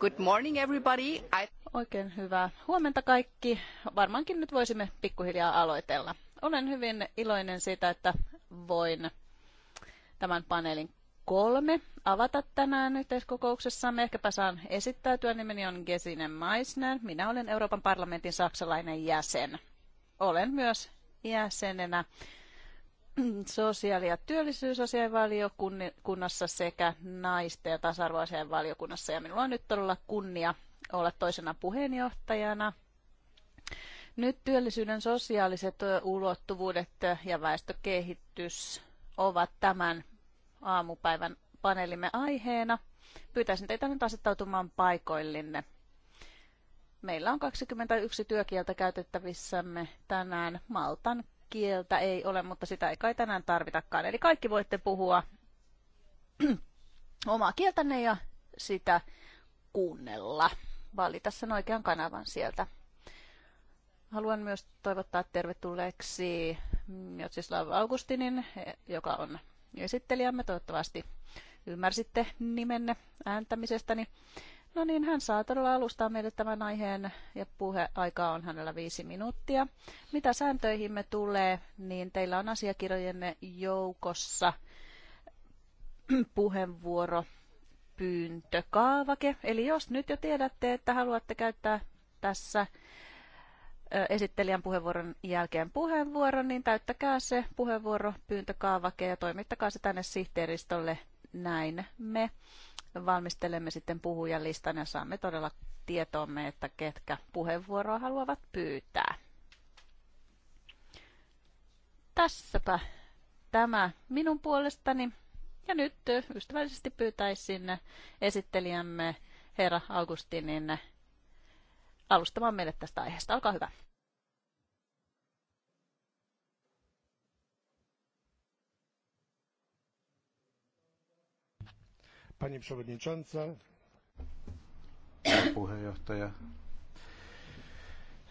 Good morning everybody. I... Oikein hyvää huomenta kaikki. Varmaankin nyt voisimme pikkuhiljaa aloitella. Olen hyvin iloinen siitä, että voin tämän paneelin kolme avata tänään yhteiskokouksessamme. Ehkäpä saan esittäytyä. Nimeni on Gesine Meissner. Minä olen Euroopan parlamentin saksalainen jäsen. Olen myös jäsenenä sosiaali- ja työllisyysasianvaliokunnassa sekä naisten ja tasa valiokunnassa Ja minulla on nyt todella kunnia olla toisena puheenjohtajana. Nyt työllisyyden sosiaaliset ulottuvuudet ja väestökehitys ovat tämän aamupäivän paneelimme aiheena. Pyytäisin teitä nyt asettautumaan paikoillinne. Meillä on 21 työkieltä käytettävissämme tänään Maltan kieltä ei ole, mutta sitä ei kai tänään tarvitakaan. Eli kaikki voitte puhua omaa kieltänne ja sitä kuunnella. Valita sen oikean kanavan sieltä. Haluan myös toivottaa tervetulleeksi Jotsislav Augustinin, joka on esittelijämme. Toivottavasti ymmärsitte nimenne ääntämisestäni. Niin No niin, hän saa todella alustaa meille tämän aiheen ja puheaika on hänellä viisi minuuttia. Mitä sääntöihimme tulee, niin teillä on asiakirjojenne joukossa puheenvuoro pyyntökaavake. Eli jos nyt jo tiedätte, että haluatte käyttää tässä esittelijän puheenvuoron jälkeen puheenvuoron, niin täyttäkää se puheenvuoro pyyntökaavake ja toimittakaa se tänne sihteeristolle Näin me valmistelemme sitten puhujalistan ja saamme todella tietoomme, että ketkä puheenvuoroa haluavat pyytää. Tässäpä tämä minun puolestani. Ja nyt ystävällisesti pyytäisin esittelijämme herra Augustinin alustamaan meille tästä aiheesta. Olkaa hyvä. Pani przewodnicząca. Puheenjohtaja.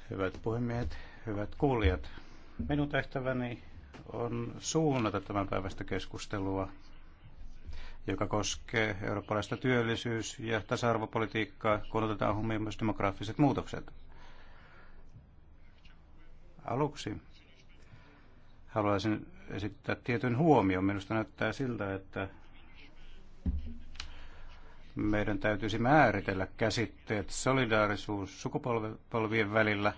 Hyvät puhemiehet, hyvät kuulijat. Minun tehtäväni on suunnata tämän päivästä keskustelua, joka koskee eurooppalaista työllisyys- ja tasa-arvopolitiikkaa, kun otetaan huomioon myös demografiset muutokset. Aluksi haluaisin esittää tietyn huomion. Minusta näyttää siltä, että meidän täytyisi määritellä käsitteet solidaarisuus sukupolvien välillä.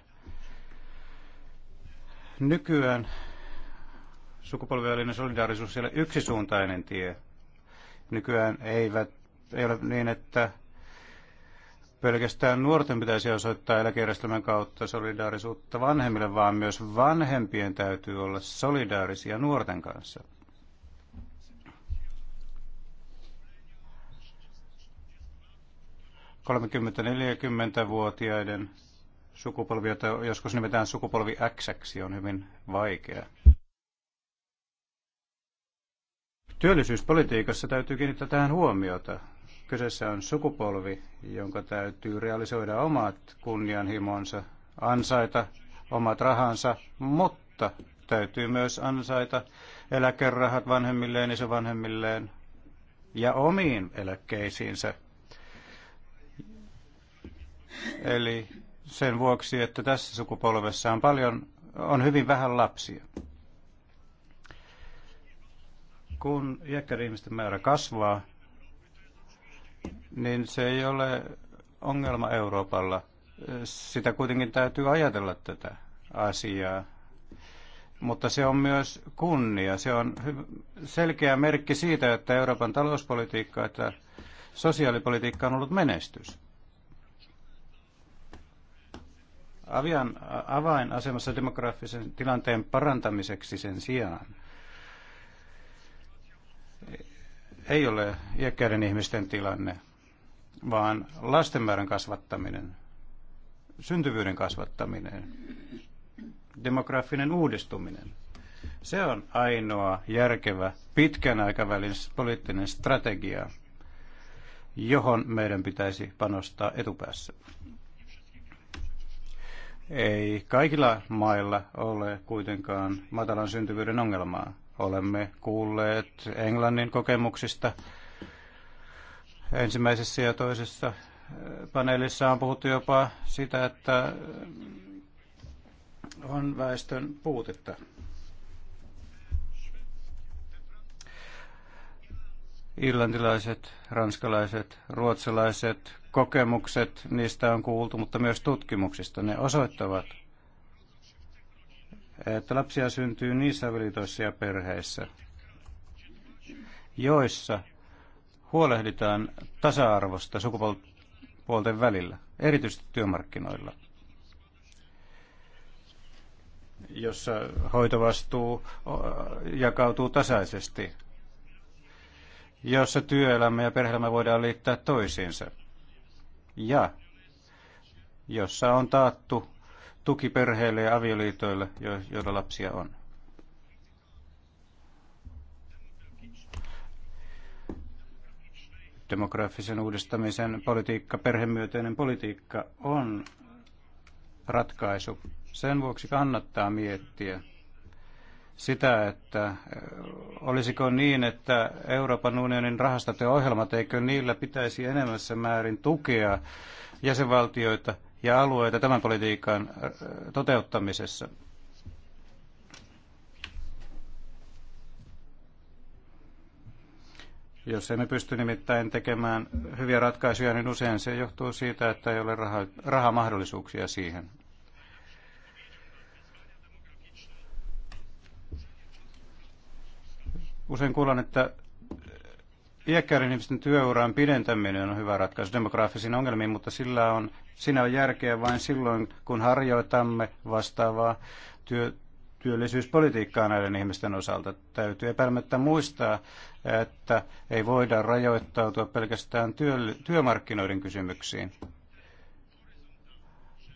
Nykyään sukupolvien välinen solidaarisuus ei ole yksisuuntainen tie. Nykyään eivät, ei ole niin, että pelkästään nuorten pitäisi osoittaa eläkejärjestelmän kautta solidaarisuutta vanhemmille, vaan myös vanhempien täytyy olla solidaarisia nuorten kanssa. 30-40-vuotiaiden sukupolvi, jota joskus nimetään sukupolvi X, on hyvin vaikea. Työllisyyspolitiikassa täytyy kiinnittää tähän huomiota. Kyseessä on sukupolvi, jonka täytyy realisoida omat kunnianhimonsa, ansaita omat rahansa, mutta täytyy myös ansaita eläkerahat vanhemmilleen, isovanhemmilleen ja omiin eläkkeisiinsä – Eli sen vuoksi, että tässä sukupolvessa on, paljon, on hyvin vähän lapsia. Kun iäkkäiden ihmisten määrä kasvaa, niin se ei ole ongelma Euroopalla. Sitä kuitenkin täytyy ajatella tätä asiaa. Mutta se on myös kunnia. Se on selkeä merkki siitä, että Euroopan talouspolitiikka, että sosiaalipolitiikka on ollut menestys. avian, avainasemassa demografisen tilanteen parantamiseksi sen sijaan ei ole iäkkäiden ihmisten tilanne, vaan lasten määrän kasvattaminen, syntyvyyden kasvattaminen, demografinen uudistuminen. Se on ainoa järkevä pitkän aikavälin poliittinen strategia, johon meidän pitäisi panostaa etupäässä. Ei kaikilla mailla ole kuitenkaan matalan syntyvyyden ongelmaa. Olemme kuulleet Englannin kokemuksista. Ensimmäisessä ja toisessa äh, paneelissa on puhuttu jopa sitä, että on väestön puutetta. Irlantilaiset, ranskalaiset, ruotsalaiset, kokemukset, niistä on kuultu, mutta myös tutkimuksista. Ne osoittavat, että lapsia syntyy niissä avioliitoissa perheissä, joissa huolehditaan tasa-arvosta sukupuolten välillä, erityisesti työmarkkinoilla, jossa hoitovastuu jakautuu tasaisesti, jossa työelämä ja perheelämä voidaan liittää toisiinsa – ja jossa on taattu tuki perheille ja avioliitoille, joilla lapsia on. demografisen uudistamisen politiikka, perhemyöteinen politiikka on ratkaisu. Sen vuoksi kannattaa miettiä sitä, että olisiko niin, että Euroopan unionin rahastot ja ohjelmat, eikö niillä pitäisi enemmässä määrin tukea jäsenvaltioita ja alueita tämän politiikan toteuttamisessa? Jos emme pysty nimittäin tekemään hyviä ratkaisuja, niin usein se johtuu siitä, että ei ole rahamahdollisuuksia siihen. Usein kuulen, että iäkkäiden ihmisten työuran pidentäminen on hyvä ratkaisu demograafisiin ongelmiin, mutta sillä on, siinä on järkeä vain silloin, kun harjoitamme vastaavaa työ, työllisyyspolitiikkaa näiden ihmisten osalta. Täytyy epäilemättä muistaa, että ei voida rajoittautua pelkästään työ, työmarkkinoiden kysymyksiin.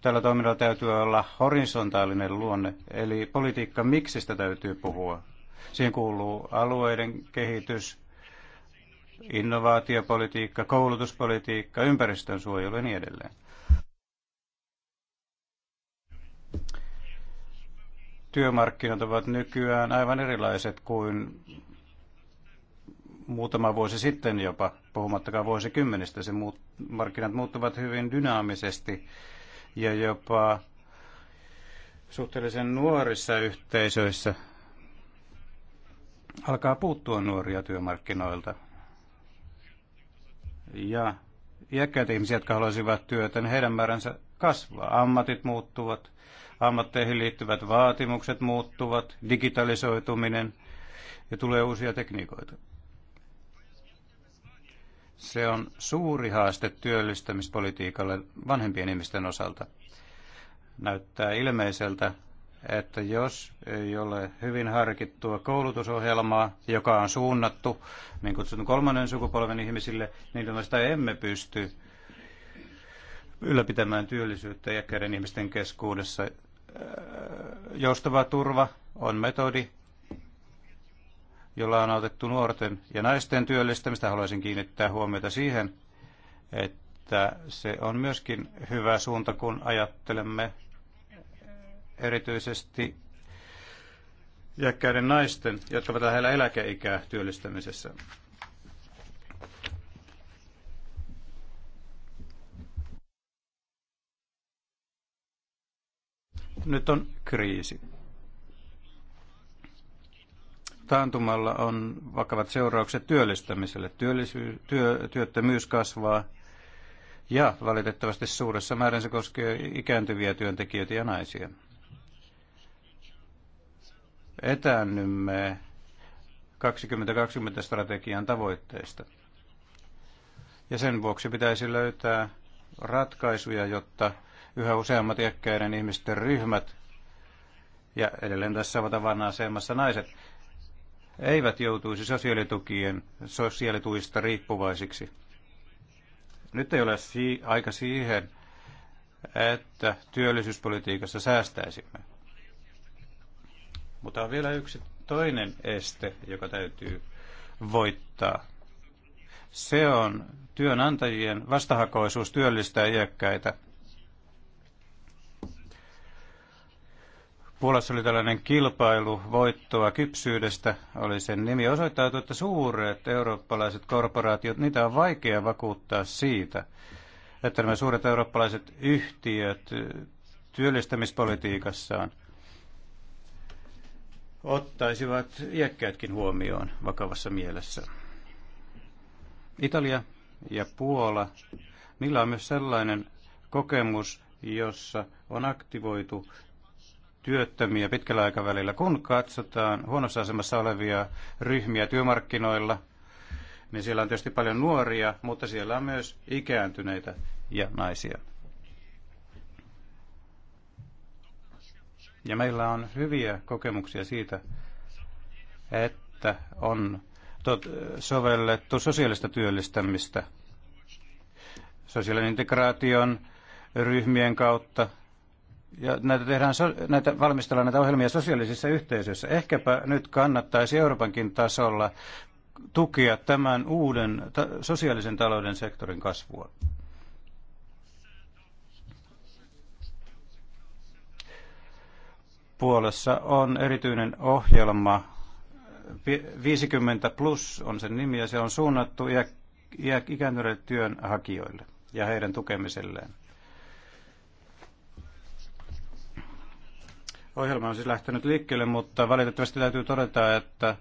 Tällä toiminnalla täytyy olla horisontaalinen luonne, eli politiikka miksistä täytyy puhua. Siihen kuuluu alueiden kehitys, innovaatiopolitiikka, koulutuspolitiikka, suojelu ja niin edelleen. Työmarkkinat ovat nykyään aivan erilaiset kuin muutama vuosi sitten jopa, puhumattakaan vuosikymmenistä. Se muut, markkinat muuttuvat hyvin dynaamisesti ja jopa suhteellisen nuorissa yhteisöissä alkaa puuttua nuoria työmarkkinoilta. Ja iäkkäät ihmiset, jotka haluaisivat työtä, niin heidän määränsä kasvaa. Ammatit muuttuvat, ammatteihin liittyvät vaatimukset muuttuvat, digitalisoituminen ja tulee uusia tekniikoita. Se on suuri haaste työllistämispolitiikalle vanhempien ihmisten osalta. Näyttää ilmeiseltä, että jos ei ole hyvin harkittua koulutusohjelmaa, joka on suunnattu niin kutsutun kolmannen sukupolven ihmisille, niin sitä emme pysty ylläpitämään työllisyyttä iäkkäiden ihmisten keskuudessa. Äh, joustava turva on metodi, jolla on autettu nuorten ja naisten työllistämistä. Haluaisin kiinnittää huomiota siihen, että se on myöskin hyvä suunta, kun ajattelemme erityisesti iäkkäiden naisten, jotka ovat lähellä eläkeikää työllistämisessä. Nyt on kriisi. Taantumalla on vakavat seuraukset työllistämiselle. Työllisyys, työ, työttömyys kasvaa ja valitettavasti suuressa määrin se koskee ikääntyviä työntekijöitä ja naisia etäännymme 2020-strategian tavoitteista. Ja sen vuoksi pitäisi löytää ratkaisuja, jotta yhä useammat iäkkäiden ihmisten ryhmät, ja edelleen tässä ovat asemassa naiset, eivät joutuisi sosiaalitukien, sosiaalituista riippuvaisiksi. Nyt ei ole aika siihen, että työllisyyspolitiikassa säästäisimme. Mutta on vielä yksi toinen este, joka täytyy voittaa. Se on työnantajien vastahakoisuus työllistää iäkkäitä. Puolassa oli tällainen kilpailu voittoa kypsyydestä, oli sen nimi. Osoittautui, että suuret eurooppalaiset korporaatiot, niitä on vaikea vakuuttaa siitä, että nämä suuret eurooppalaiset yhtiöt työllistämispolitiikassaan – ottaisivat iäkkäätkin huomioon vakavassa mielessä. Italia ja Puola, niillä on myös sellainen kokemus, jossa on aktivoitu työttömiä pitkällä aikavälillä. Kun katsotaan huonossa asemassa olevia ryhmiä työmarkkinoilla, niin siellä on tietysti paljon nuoria, mutta siellä on myös ikääntyneitä ja naisia. Ja meillä on hyviä kokemuksia siitä, että on sovellettu sosiaalista työllistämistä sosiaalinen integraation ryhmien kautta. Ja näitä, tehdään, näitä valmistellaan näitä ohjelmia sosiaalisissa yhteisöissä. Ehkäpä nyt kannattaisi Euroopankin tasolla tukea tämän uuden ta- sosiaalisen talouden sektorin kasvua. puolessa on erityinen ohjelma 50 plus on sen nimi ja se on suunnattu ikääntyneille työnhakijoille ja heidän tukemiselleen. Ohjelma on siis lähtenyt liikkeelle, mutta valitettavasti täytyy todeta, että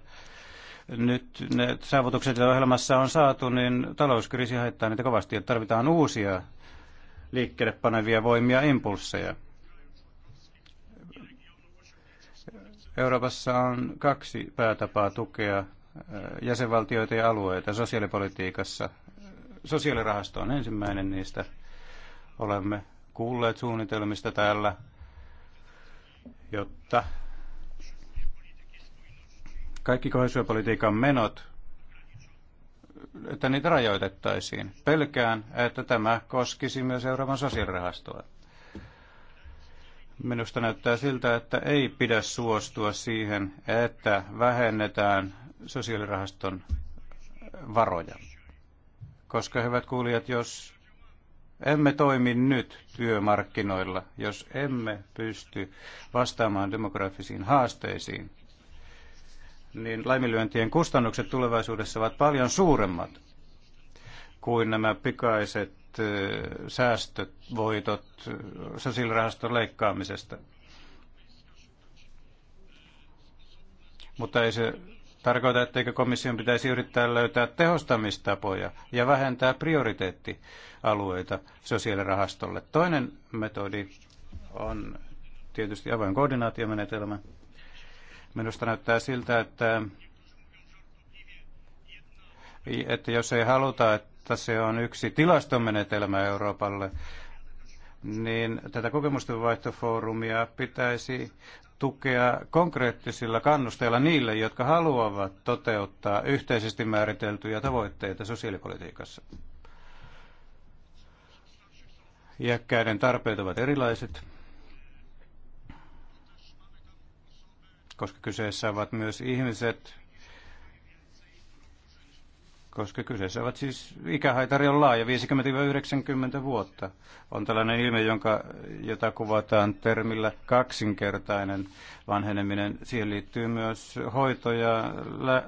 nyt ne saavutukset, joita ohjelmassa on saatu, niin talouskriisi haittaa niitä kovasti, että tarvitaan uusia liikkeelle panevia voimia, impulseja. Euroopassa on kaksi päätapaa tukea jäsenvaltioita ja alueita sosiaalipolitiikassa. Sosiaalirahasto on ensimmäinen niistä. Olemme kuulleet suunnitelmista täällä, jotta kaikki kohesiopolitiikan menot, että niitä rajoitettaisiin. Pelkään, että tämä koskisi myös Euroopan sosiaalirahastoa. Minusta näyttää siltä, että ei pidä suostua siihen, että vähennetään sosiaalirahaston varoja. Koska hyvät kuulijat, jos emme toimi nyt työmarkkinoilla, jos emme pysty vastaamaan demografisiin haasteisiin, niin laiminlyöntien kustannukset tulevaisuudessa ovat paljon suuremmat kuin nämä pikaiset säästöt, voitot sosiaalirahaston leikkaamisesta. Mutta ei se tarkoita, etteikö komission pitäisi yrittää löytää tehostamistapoja ja vähentää prioriteettialueita sosiaalirahastolle. Toinen metodi on tietysti avoin koordinaatiomenetelmä. Minusta näyttää siltä, että, että jos ei haluta, että että se on yksi tilastomenetelmä Euroopalle, niin tätä kokemustenvaihtofoorumia pitäisi tukea konkreettisilla kannusteilla niille, jotka haluavat toteuttaa yhteisesti määriteltyjä tavoitteita sosiaalipolitiikassa. Iäkkäiden tarpeet ovat erilaiset, koska kyseessä ovat myös ihmiset, koska kyseessä ovat siis ikähaitari on laaja, 50-90 vuotta. On tällainen ilme, jonka, jota kuvataan termillä kaksinkertainen vanheneminen. Siihen liittyy myös hoito- ja lä-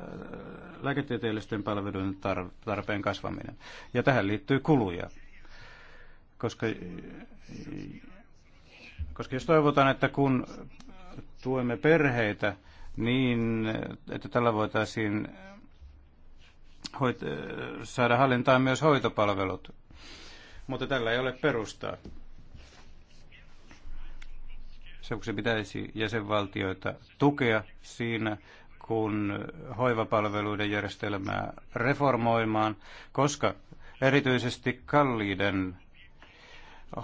lääketieteellisten palveluiden tar- tarpeen kasvaminen. Ja tähän liittyy kuluja, koska, koska jos toivotaan, että kun tuemme perheitä, niin että tällä voitaisiin hoit- saada hallintaan myös hoitopalvelut. Mutta tällä ei ole perustaa. Se pitäisi jäsenvaltioita tukea siinä, kun hoivapalveluiden järjestelmää reformoimaan, koska erityisesti kalliiden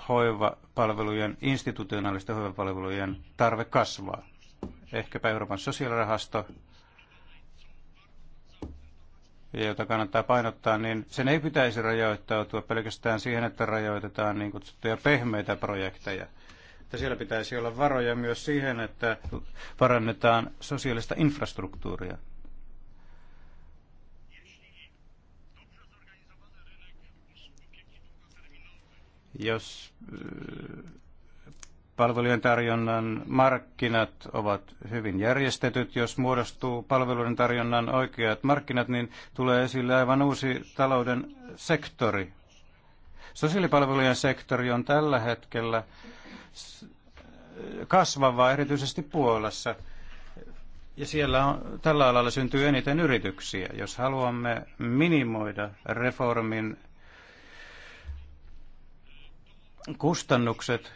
hoivapalvelujen, institutionaalisten hoivapalvelujen tarve kasvaa. Ehkäpä Euroopan sosiaalirahasto jota kannattaa painottaa, niin sen ei pitäisi rajoittautua pelkästään siihen, että rajoitetaan niin kutsuttuja pehmeitä projekteja. Että siellä pitäisi olla varoja myös siihen, että parannetaan sosiaalista infrastruktuuria. Jos Palvelujen tarjonnan markkinat ovat hyvin järjestetyt. Jos muodostuu palveluiden tarjonnan oikeat markkinat, niin tulee esille aivan uusi talouden sektori. Sosiaalipalvelujen sektori on tällä hetkellä kasvava erityisesti Puolassa. Ja siellä on, tällä alalla syntyy eniten yrityksiä. Jos haluamme minimoida reformin kustannukset,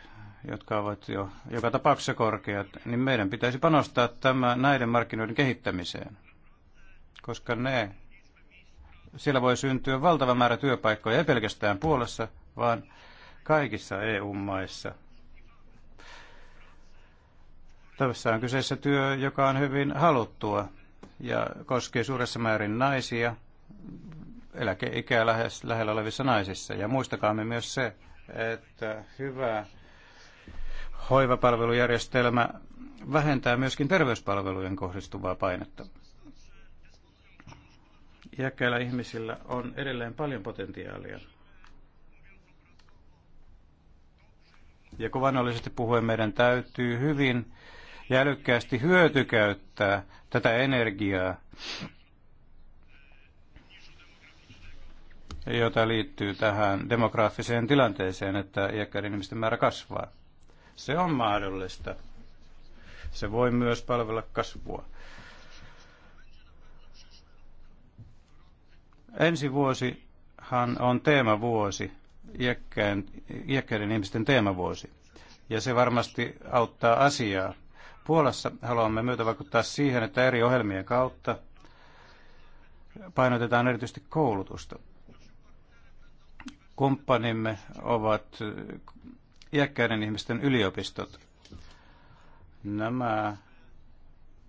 jotka ovat jo joka tapauksessa korkeat, niin meidän pitäisi panostaa tämä näiden markkinoiden kehittämiseen, koska ne, siellä voi syntyä valtava määrä työpaikkoja, ei pelkästään Puolassa, vaan kaikissa EU-maissa. Tässä on kyseessä työ, joka on hyvin haluttua ja koskee suuressa määrin naisia, eläkeikää lähes, lähellä olevissa naisissa. Ja muistakaamme myös se, että hyvä hoivapalvelujärjestelmä vähentää myöskin terveyspalvelujen kohdistuvaa painetta. Iäkkäillä ihmisillä on edelleen paljon potentiaalia. Ja kuvannollisesti puhuen meidän täytyy hyvin ja älykkäästi hyötykäyttää tätä energiaa, jota liittyy tähän demograafiseen tilanteeseen, että iäkkäiden ihmisten määrä kasvaa. Se on mahdollista. Se voi myös palvella kasvua. Ensi vuosihan on teemavuosi, iäkkään, iäkkäiden ihmisten teemavuosi. Ja se varmasti auttaa asiaa. Puolassa haluamme myötä vaikuttaa siihen, että eri ohjelmien kautta painotetaan erityisesti koulutusta. Kumppanimme ovat iäkkäiden ihmisten yliopistot. Nämä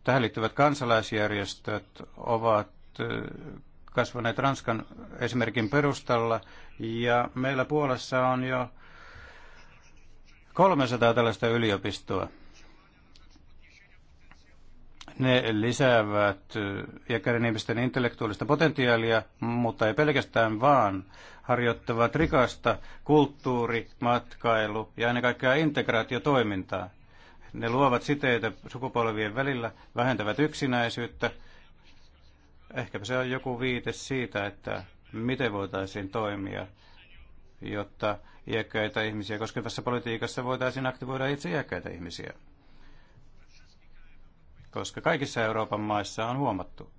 tähän liittyvät kansalaisjärjestöt ovat kasvaneet Ranskan esimerkin perustalla ja meillä Puolassa on jo 300 tällaista yliopistoa. Ne lisäävät iäkkäiden ihmisten intellektuaalista potentiaalia, mutta ei pelkästään vaan harjoittavat rikasta kulttuuri, matkailu ja ennen kaikkea integraatiotoimintaa. Ne luovat siteitä sukupolvien välillä, vähentävät yksinäisyyttä. Ehkäpä se on joku viite siitä, että miten voitaisiin toimia, jotta iäkkäitä ihmisiä koskevassa politiikassa voitaisiin aktivoida itse iäkkäitä ihmisiä koska kaikissa Euroopan maissa on huomattu,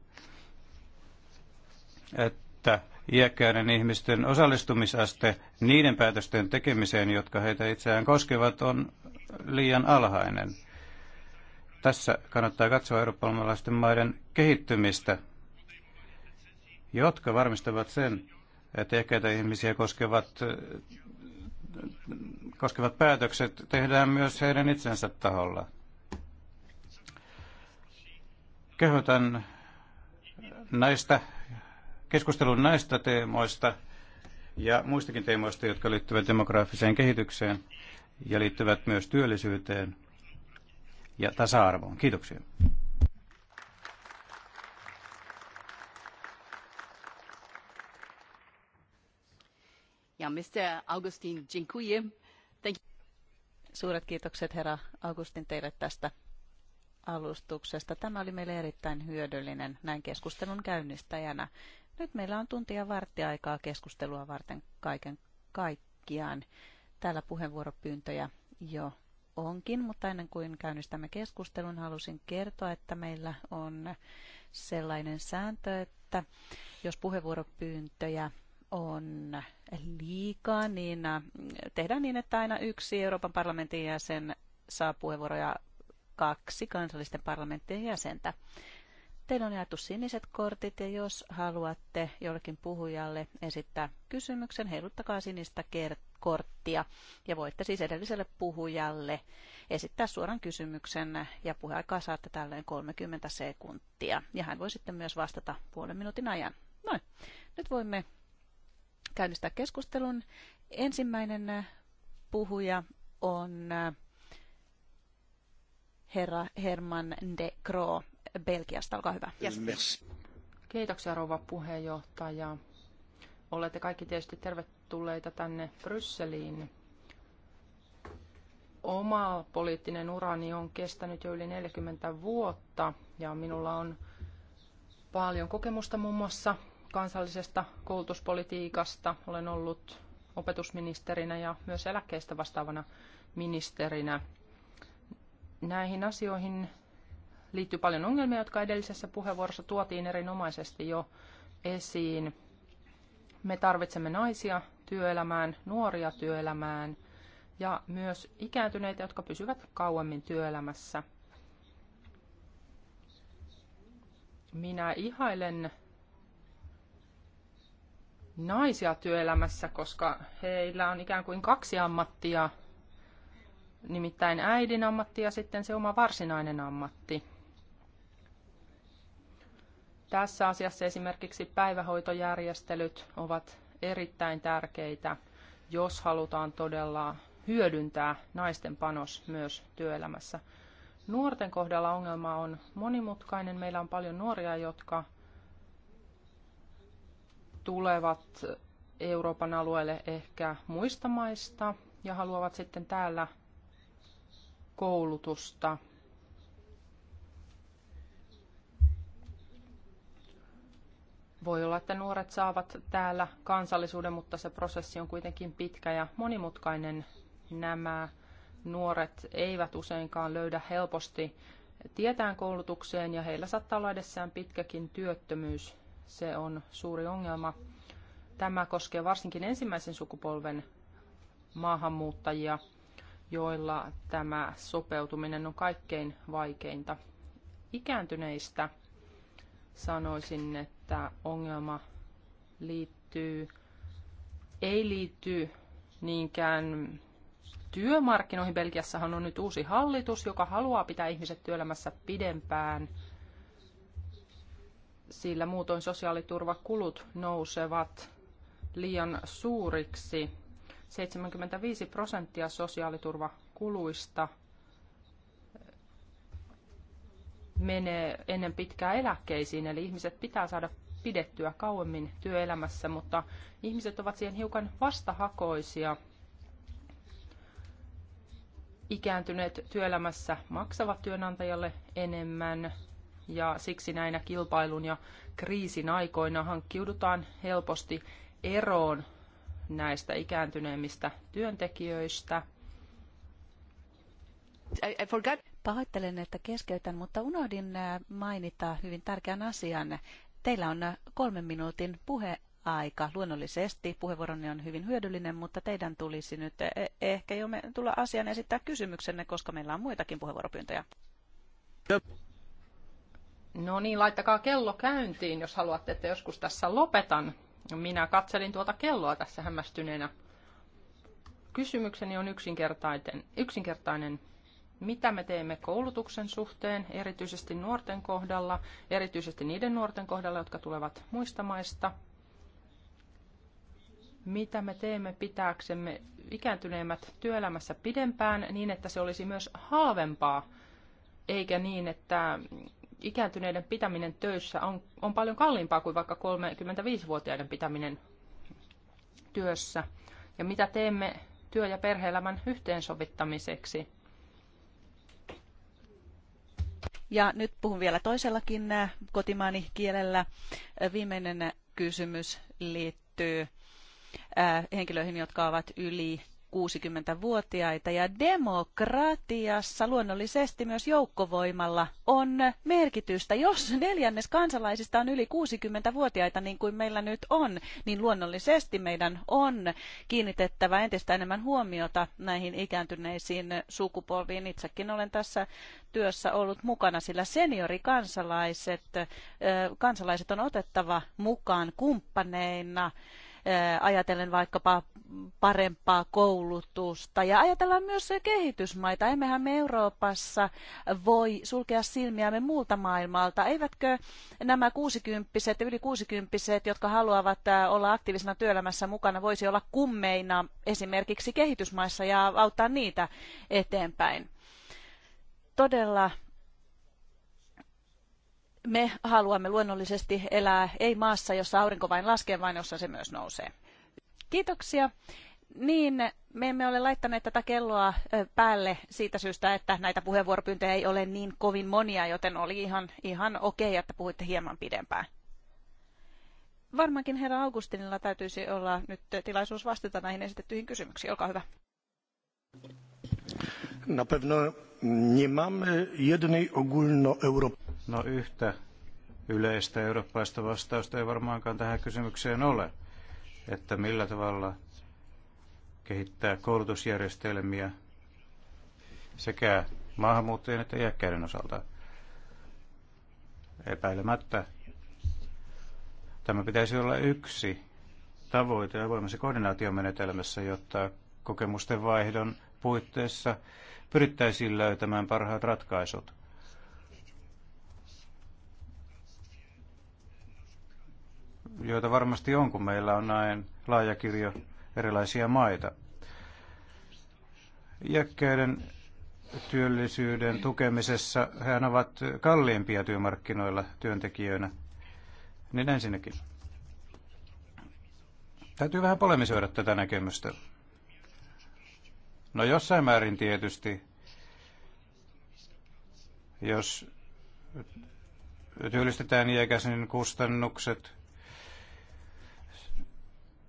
että iäkkäiden ihmisten osallistumisaste niiden päätösten tekemiseen, jotka heitä itseään koskevat, on liian alhainen. Tässä kannattaa katsoa eurooppalaisten maiden kehittymistä, jotka varmistavat sen, että iäkkäitä ihmisiä koskevat, koskevat päätökset tehdään myös heidän itsensä taholla kehotan näistä, keskustelun näistä teemoista ja muistakin teemoista, jotka liittyvät demograafiseen kehitykseen ja liittyvät myös työllisyyteen ja tasa-arvoon. Kiitoksia. Ja Mr. Augustin, dziękuję. Suuret kiitokset herra Augustin teille tästä alustuksesta. Tämä oli meille erittäin hyödyllinen näin keskustelun käynnistäjänä. Nyt meillä on tuntia varttiaikaa keskustelua varten kaiken kaikkiaan. Täällä puheenvuoropyyntöjä jo onkin, mutta ennen kuin käynnistämme keskustelun, halusin kertoa, että meillä on sellainen sääntö, että jos puheenvuoropyyntöjä on liikaa, niin äh, tehdään niin, että aina yksi Euroopan parlamentin jäsen saa puheenvuoroja kaksi kansallisten parlamenttien jäsentä. Teillä on jaettu siniset kortit ja jos haluatte jollekin puhujalle esittää kysymyksen, heiluttakaa sinistä korttia ja voitte siis edelliselle puhujalle esittää suoran kysymyksen ja puheaikaa saatte tälleen 30 sekuntia. Ja hän voi sitten myös vastata puolen minuutin ajan. Noin. Nyt voimme käynnistää keskustelun. Ensimmäinen puhuja on herra Herman de Croo Belgiasta. Olkaa hyvä. Yes. Kiitoksia rouva puheenjohtaja. Olette kaikki tietysti tervetulleita tänne Brysseliin. Oma poliittinen urani on kestänyt jo yli 40 vuotta ja minulla on paljon kokemusta muun muassa kansallisesta koulutuspolitiikasta. Olen ollut opetusministerinä ja myös eläkkeistä vastaavana ministerinä näihin asioihin liittyy paljon ongelmia, jotka edellisessä puheenvuorossa tuotiin erinomaisesti jo esiin. Me tarvitsemme naisia työelämään, nuoria työelämään ja myös ikääntyneitä, jotka pysyvät kauemmin työelämässä. Minä ihailen naisia työelämässä, koska heillä on ikään kuin kaksi ammattia – nimittäin äidin ammatti ja sitten se oma varsinainen ammatti. Tässä asiassa esimerkiksi päivähoitojärjestelyt ovat erittäin tärkeitä, jos halutaan todella hyödyntää naisten panos myös työelämässä. Nuorten kohdalla ongelma on monimutkainen. Meillä on paljon nuoria, jotka tulevat Euroopan alueelle ehkä muista maista ja haluavat sitten täällä koulutusta. Voi olla, että nuoret saavat täällä kansallisuuden, mutta se prosessi on kuitenkin pitkä ja monimutkainen. Nämä nuoret eivät useinkaan löydä helposti tietään koulutukseen ja heillä saattaa olla edessään pitkäkin työttömyys. Se on suuri ongelma. Tämä koskee varsinkin ensimmäisen sukupolven maahanmuuttajia – joilla tämä sopeutuminen on kaikkein vaikeinta. Ikääntyneistä sanoisin, että ongelma liittyy, ei liity niinkään työmarkkinoihin. Belgiassahan on nyt uusi hallitus, joka haluaa pitää ihmiset työelämässä pidempään, sillä muutoin sosiaaliturvakulut nousevat liian suuriksi 75 prosenttia sosiaaliturvakuluista menee ennen pitkää eläkkeisiin, eli ihmiset pitää saada pidettyä kauemmin työelämässä, mutta ihmiset ovat siihen hiukan vastahakoisia. Ikääntyneet työelämässä maksavat työnantajalle enemmän ja siksi näinä kilpailun ja kriisin aikoina hankkiudutaan helposti eroon näistä ikääntyneemmistä työntekijöistä. I, I forgot. Pahoittelen, että keskeytän, mutta unohdin äh, mainita hyvin tärkeän asian. Teillä on äh, kolmen minuutin puhe aika. Luonnollisesti puheenvuoronne on hyvin hyödyllinen, mutta teidän tulisi nyt eh, eh, ehkä jo me tulla asian esittää kysymyksenne, koska meillä on muitakin puheenvuoropyyntöjä. No niin, laittakaa kello käyntiin, jos haluatte, että joskus tässä lopetan. Minä katselin tuota kelloa tässä hämmästyneenä. Kysymykseni on yksinkertainen. yksinkertainen. Mitä me teemme koulutuksen suhteen, erityisesti nuorten kohdalla, erityisesti niiden nuorten kohdalla, jotka tulevat muista maista? Mitä me teemme pitääksemme ikääntyneemmät työelämässä pidempään niin, että se olisi myös halvempaa, eikä niin, että ikääntyneiden pitäminen töissä on, on paljon kalliimpaa kuin vaikka 35-vuotiaiden pitäminen työssä. Ja mitä teemme työ- ja perheelämän yhteensovittamiseksi? Ja nyt puhun vielä toisellakin äh, kotimaani kielellä. Äh, viimeinen kysymys liittyy äh, henkilöihin, jotka ovat yli 60-vuotiaita ja demokratiassa luonnollisesti myös joukkovoimalla on merkitystä. Jos neljännes kansalaisista on yli 60-vuotiaita niin kuin meillä nyt on, niin luonnollisesti meidän on kiinnitettävä entistä enemmän huomiota näihin ikääntyneisiin sukupolviin. Itsekin olen tässä työssä ollut mukana, sillä seniorikansalaiset kansalaiset on otettava mukaan kumppaneina ajatellen vaikkapa parempaa koulutusta ja ajatellaan myös kehitysmaita. Emmehän me Euroopassa voi sulkea silmiämme muulta maailmalta. Eivätkö nämä 60 yli 60 jotka haluavat olla aktiivisena työelämässä mukana, voisi olla kummeina esimerkiksi kehitysmaissa ja auttaa niitä eteenpäin? Todella me haluamme luonnollisesti elää ei maassa, jossa aurinko vain laskee, vaan jossa se myös nousee. Kiitoksia. Niin, me emme ole laittaneet tätä kelloa päälle siitä syystä, että näitä puheenvuoropyyntöjä ei ole niin kovin monia, joten oli ihan, ihan okei, okay, että puhuitte hieman pidempään. Varmaankin herra Augustinilla täytyisi olla nyt tilaisuus vastata näihin esitettyihin kysymyksiin. Olkaa hyvä. Na pewno No yhtä yleistä eurooppaista vastausta ei varmaankaan tähän kysymykseen ole, että millä tavalla kehittää koulutusjärjestelmiä sekä maahanmuuttajien että iäkkäiden osalta. Epäilemättä tämä pitäisi olla yksi tavoite avoimessa koordinaatiomenetelmässä, jotta kokemusten vaihdon puitteissa pyrittäisiin löytämään parhaat ratkaisut. joita varmasti on, kun meillä on näin laaja kirjo erilaisia maita. Iäkkäiden työllisyyden tukemisessa hän ovat kalliimpia työmarkkinoilla työntekijöinä. Niin ensinnäkin. Täytyy vähän polemisoida tätä näkemystä. No jossain määrin tietysti, jos työllistetään iäkäisen kustannukset,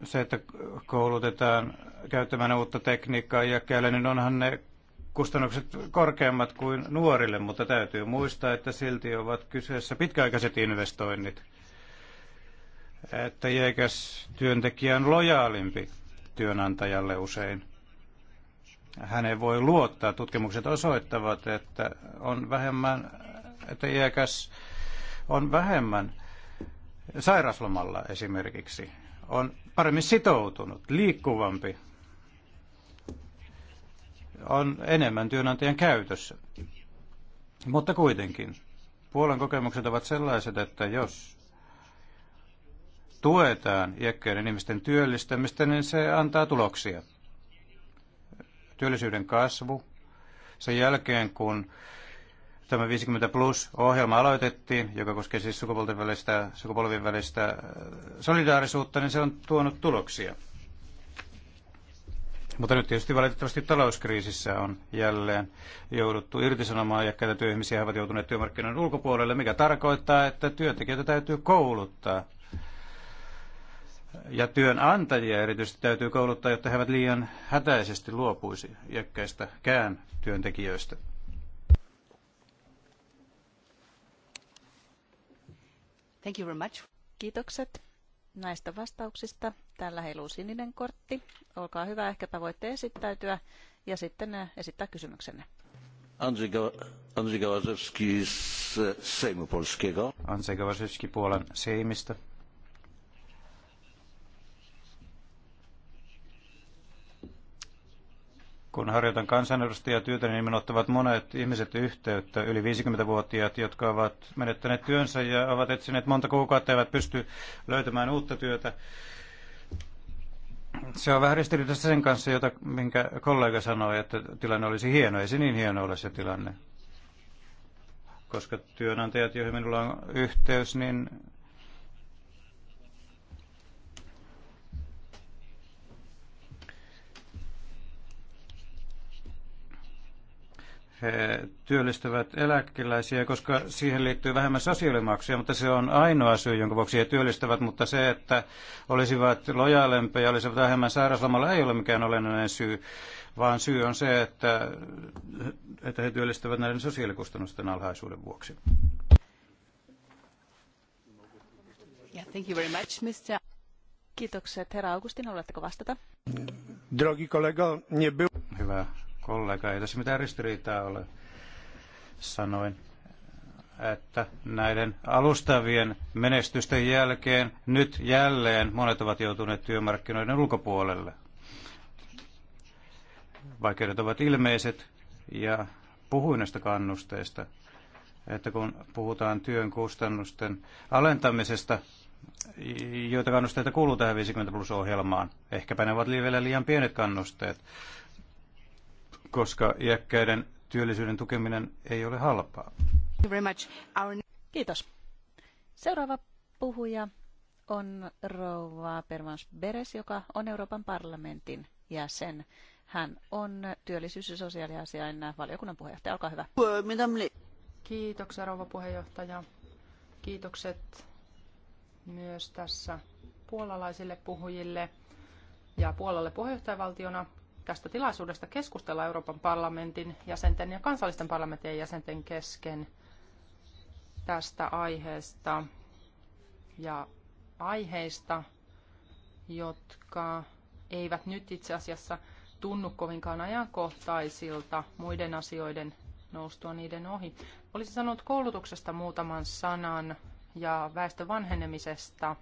se, että koulutetaan käyttämään uutta tekniikkaa iäkkäille, niin onhan ne kustannukset korkeammat kuin nuorille, mutta täytyy muistaa, että silti ovat kyseessä pitkäaikaiset investoinnit. Että iäkäs työntekijä on lojaalimpi työnantajalle usein hänen voi luottaa. Tutkimukset osoittavat, että on vähemmän, että iäkäs on vähemmän sairaslomalla esimerkiksi, on paremmin sitoutunut, liikkuvampi, on enemmän työnantajan käytössä. Mutta kuitenkin, Puolan kokemukset ovat sellaiset, että jos tuetaan iäkkäiden ihmisten työllistämistä, niin se antaa tuloksia työllisyyden kasvu sen jälkeen, kun tämä 50 plus ohjelma aloitettiin, joka koskee siis sukupolvien välistä, sukupolvien välistä äh, solidaarisuutta, niin se on tuonut tuloksia. Mutta nyt tietysti valitettavasti talouskriisissä on jälleen jouduttu irtisanomaan ja käytettyjä ihmisiä ovat joutuneet työmarkkinoiden ulkopuolelle, mikä tarkoittaa, että työntekijöitä täytyy kouluttaa ja työnantajia erityisesti täytyy kouluttaa, jotta he eivät liian hätäisesti luopuisi iäkkäistäkään työntekijöistä. Thank you very much. Kiitokset näistä vastauksista. Täällä heiluu sininen kortti. Olkaa hyvä, ehkäpä voitte esittäytyä ja sitten eh, esittää kysymyksenne. Andrzej, Gawazewski z Sejmu Polskiego. Andrzej Gawazewski Puolan Sejmistä. Kun harjoitan kansanedustajatyötä, niin minun ottavat monet ihmiset yhteyttä, yli 50-vuotiaat, jotka ovat menettäneet työnsä ja ovat etsineet monta kuukautta, eivät pysty löytämään uutta työtä. Se on vähän ristiriidassa sen kanssa, jota, minkä kollega sanoi, että tilanne olisi hieno. Ei se niin hieno ole se tilanne. Koska työnantajat, joihin minulla on yhteys, niin he työllistävät eläkeläisiä, koska siihen liittyy vähemmän sosiaalimaksuja, mutta se on ainoa syy, jonka vuoksi he työllistävät, mutta se, että olisivat lojaalempia, olisivat vähemmän sairauslomalla, ei ole mikään olennainen syy, vaan syy on se, että, että he työllistävät näiden sosiaalikustannusten alhaisuuden vuoksi. Yeah, thank you very much, Mr. Kiitokset, herra Augustin, haluatteko vastata? Drogi kollega, nie był... Hyvä kollega, ei tässä mitään ristiriitaa ole. Sanoin, että näiden alustavien menestysten jälkeen nyt jälleen monet ovat joutuneet työmarkkinoiden ulkopuolelle. Vaikeudet ovat ilmeiset ja puhuin näistä kannusteista, että kun puhutaan työn kustannusten alentamisesta, joita kannusteita kuuluu tähän 50 plus ohjelmaan. Ehkäpä ne ovat vielä liian pienet kannusteet koska iäkkäiden työllisyyden tukeminen ei ole halpaa. Kiitos. Seuraava puhuja on rouva Pervans Beres, joka on Euroopan parlamentin jäsen. Hän on työllisyys- ja sosiaaliasiain valiokunnan puheenjohtaja. Olkaa hyvä. Kiitoksia rouva puheenjohtaja. Kiitokset myös tässä puolalaisille puhujille ja Puolalle puheenjohtajavaltiona tästä tilaisuudesta keskustella Euroopan parlamentin jäsenten ja kansallisten parlamenttien jäsenten kesken tästä aiheesta ja aiheista, jotka eivät nyt itse asiassa tunnu kovinkaan ajankohtaisilta muiden asioiden noustua niiden ohi. Olisin sanonut koulutuksesta muutaman sanan ja väestön vanhenemisesta.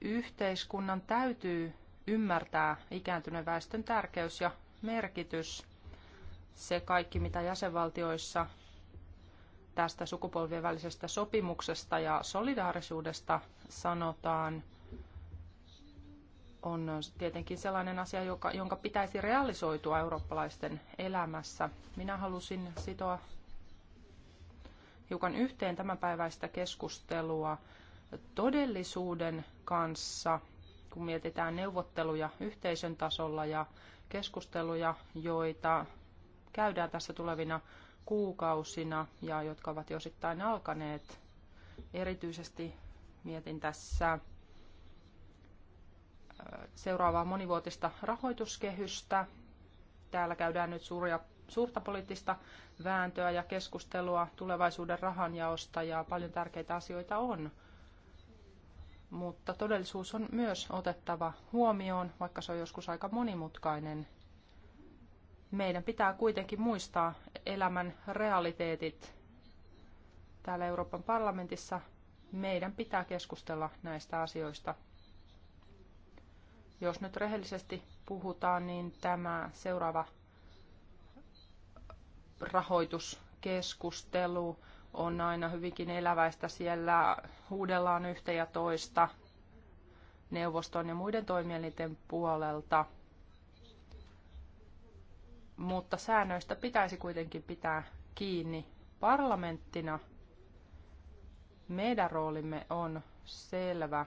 Yhteiskunnan täytyy ymmärtää ikääntyneen väestön tärkeys ja merkitys. Se kaikki, mitä jäsenvaltioissa tästä sukupolvien välisestä sopimuksesta ja solidaarisuudesta sanotaan, on tietenkin sellainen asia, joka, jonka pitäisi realisoitua eurooppalaisten elämässä. Minä halusin sitoa hiukan yhteen tämänpäiväistä keskustelua todellisuuden kanssa – kun mietitään neuvotteluja yhteisön tasolla ja keskusteluja, joita käydään tässä tulevina kuukausina ja jotka ovat jo osittain alkaneet. Erityisesti mietin tässä seuraavaa monivuotista rahoituskehystä. Täällä käydään nyt suuria, suurta poliittista vääntöä ja keskustelua tulevaisuuden rahanjaosta ja paljon tärkeitä asioita on mutta todellisuus on myös otettava huomioon, vaikka se on joskus aika monimutkainen. Meidän pitää kuitenkin muistaa elämän realiteetit. Täällä Euroopan parlamentissa meidän pitää keskustella näistä asioista. Jos nyt rehellisesti puhutaan, niin tämä seuraava rahoituskeskustelu on aina hyvinkin eläväistä. Siellä huudellaan yhtä ja toista neuvoston ja muiden toimielinten puolelta. Mutta säännöistä pitäisi kuitenkin pitää kiinni parlamenttina. Meidän roolimme on selvä.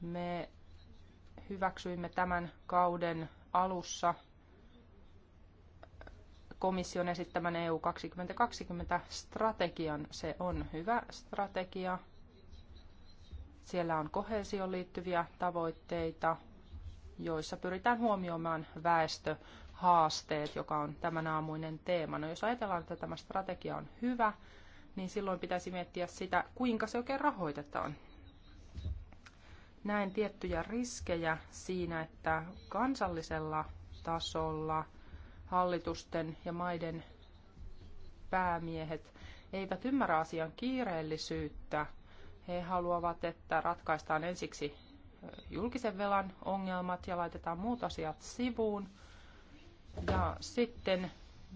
Me hyväksyimme tämän kauden alussa komission esittämän EU 2020-strategian. Se on hyvä strategia. Siellä on kohesioon liittyviä tavoitteita, joissa pyritään huomioimaan väestöhaasteet, joka on tämän aamuinen teema. No, jos ajatellaan, että tämä strategia on hyvä, niin silloin pitäisi miettiä sitä, kuinka se oikein rahoitetaan. Näen tiettyjä riskejä siinä, että kansallisella tasolla – hallitusten ja maiden päämiehet eivät ymmärrä asian kiireellisyyttä. He haluavat, että ratkaistaan ensiksi julkisen velan ongelmat ja laitetaan muut asiat sivuun. Ja sitten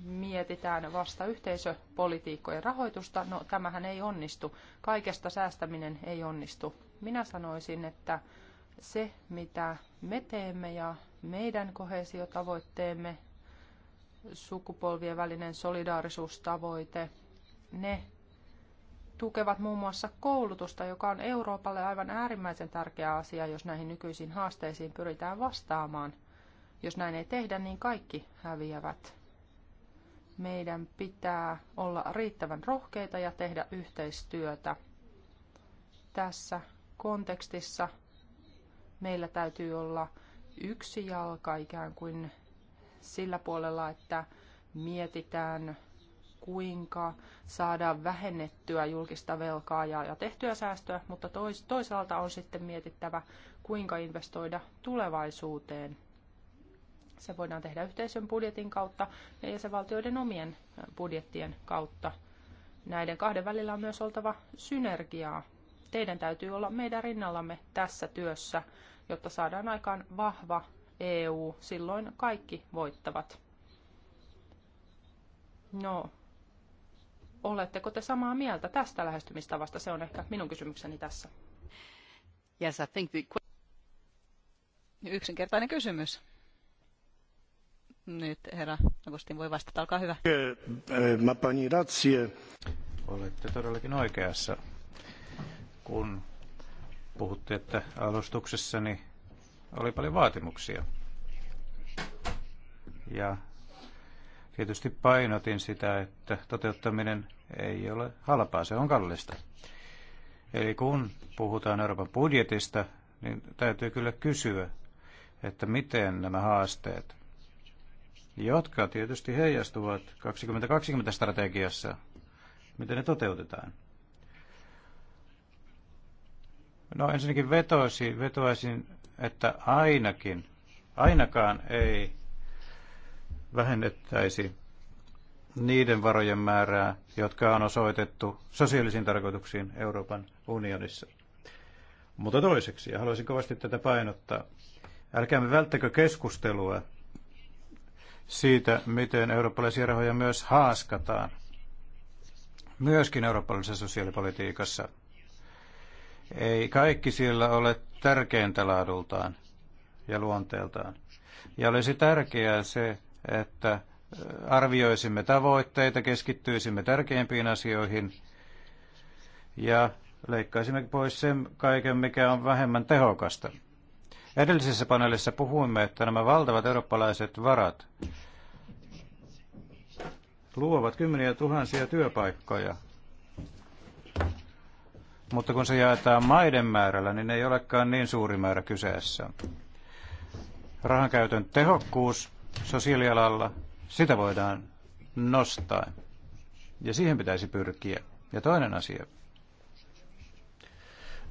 mietitään vasta yhteisöpolitiikkojen rahoitusta. No tämähän ei onnistu. Kaikesta säästäminen ei onnistu. Minä sanoisin, että se mitä me teemme ja meidän kohesiotavoitteemme sukupolvien välinen solidaarisuustavoite, ne tukevat muun muassa koulutusta, joka on Euroopalle aivan äärimmäisen tärkeä asia, jos näihin nykyisiin haasteisiin pyritään vastaamaan. Jos näin ei tehdä, niin kaikki häviävät. Meidän pitää olla riittävän rohkeita ja tehdä yhteistyötä. Tässä kontekstissa meillä täytyy olla yksi jalka ikään kuin sillä puolella, että mietitään kuinka saadaan vähennettyä julkista velkaa ja, ja tehtyä säästöä, mutta tois, toisaalta on sitten mietittävä, kuinka investoida tulevaisuuteen. Se voidaan tehdä yhteisön budjetin kautta ja jäsenvaltioiden omien budjettien kautta. Näiden kahden välillä on myös oltava synergiaa. Teidän täytyy olla meidän rinnallamme tässä työssä, jotta saadaan aikaan vahva EU, silloin kaikki voittavat. No, oletteko te samaa mieltä tästä lähestymistavasta? Se on ehkä minun kysymykseni tässä. Yes, I think the... Yksinkertainen kysymys. Nyt herra Agustin voi vastata, olkaa hyvä. Eh, eh, Mä pani ratsie. Olette todellakin oikeassa, kun puhutte, että alustuksessani oli paljon vaatimuksia. Ja tietysti painotin sitä, että toteuttaminen ei ole halpaa, se on kallista. Eli kun puhutaan Euroopan budjetista, niin täytyy kyllä kysyä, että miten nämä haasteet, jotka tietysti heijastuvat 2020-strategiassa, miten ne toteutetaan. No ensinnäkin vetoisin, vetoaisin että ainakin, ainakaan ei vähennettäisi niiden varojen määrää, jotka on osoitettu sosiaalisiin tarkoituksiin Euroopan unionissa. Mutta toiseksi, ja haluaisin kovasti tätä painottaa, älkäämme välttäkö keskustelua siitä, miten eurooppalaisia rahoja myös haaskataan, myöskin eurooppalaisessa sosiaalipolitiikassa – ei kaikki siellä ole tärkeintä laadultaan ja luonteeltaan. Ja olisi tärkeää se, että arvioisimme tavoitteita, keskittyisimme tärkeimpiin asioihin ja leikkaisimme pois sen kaiken, mikä on vähemmän tehokasta. Edellisessä paneelissa puhuimme, että nämä valtavat eurooppalaiset varat luovat kymmeniä tuhansia työpaikkoja mutta kun se jaetaan maiden määrällä, niin ei olekaan niin suuri määrä kyseessä. Rahankäytön tehokkuus sosiaalialalla, sitä voidaan nostaa. Ja siihen pitäisi pyrkiä. Ja toinen asia,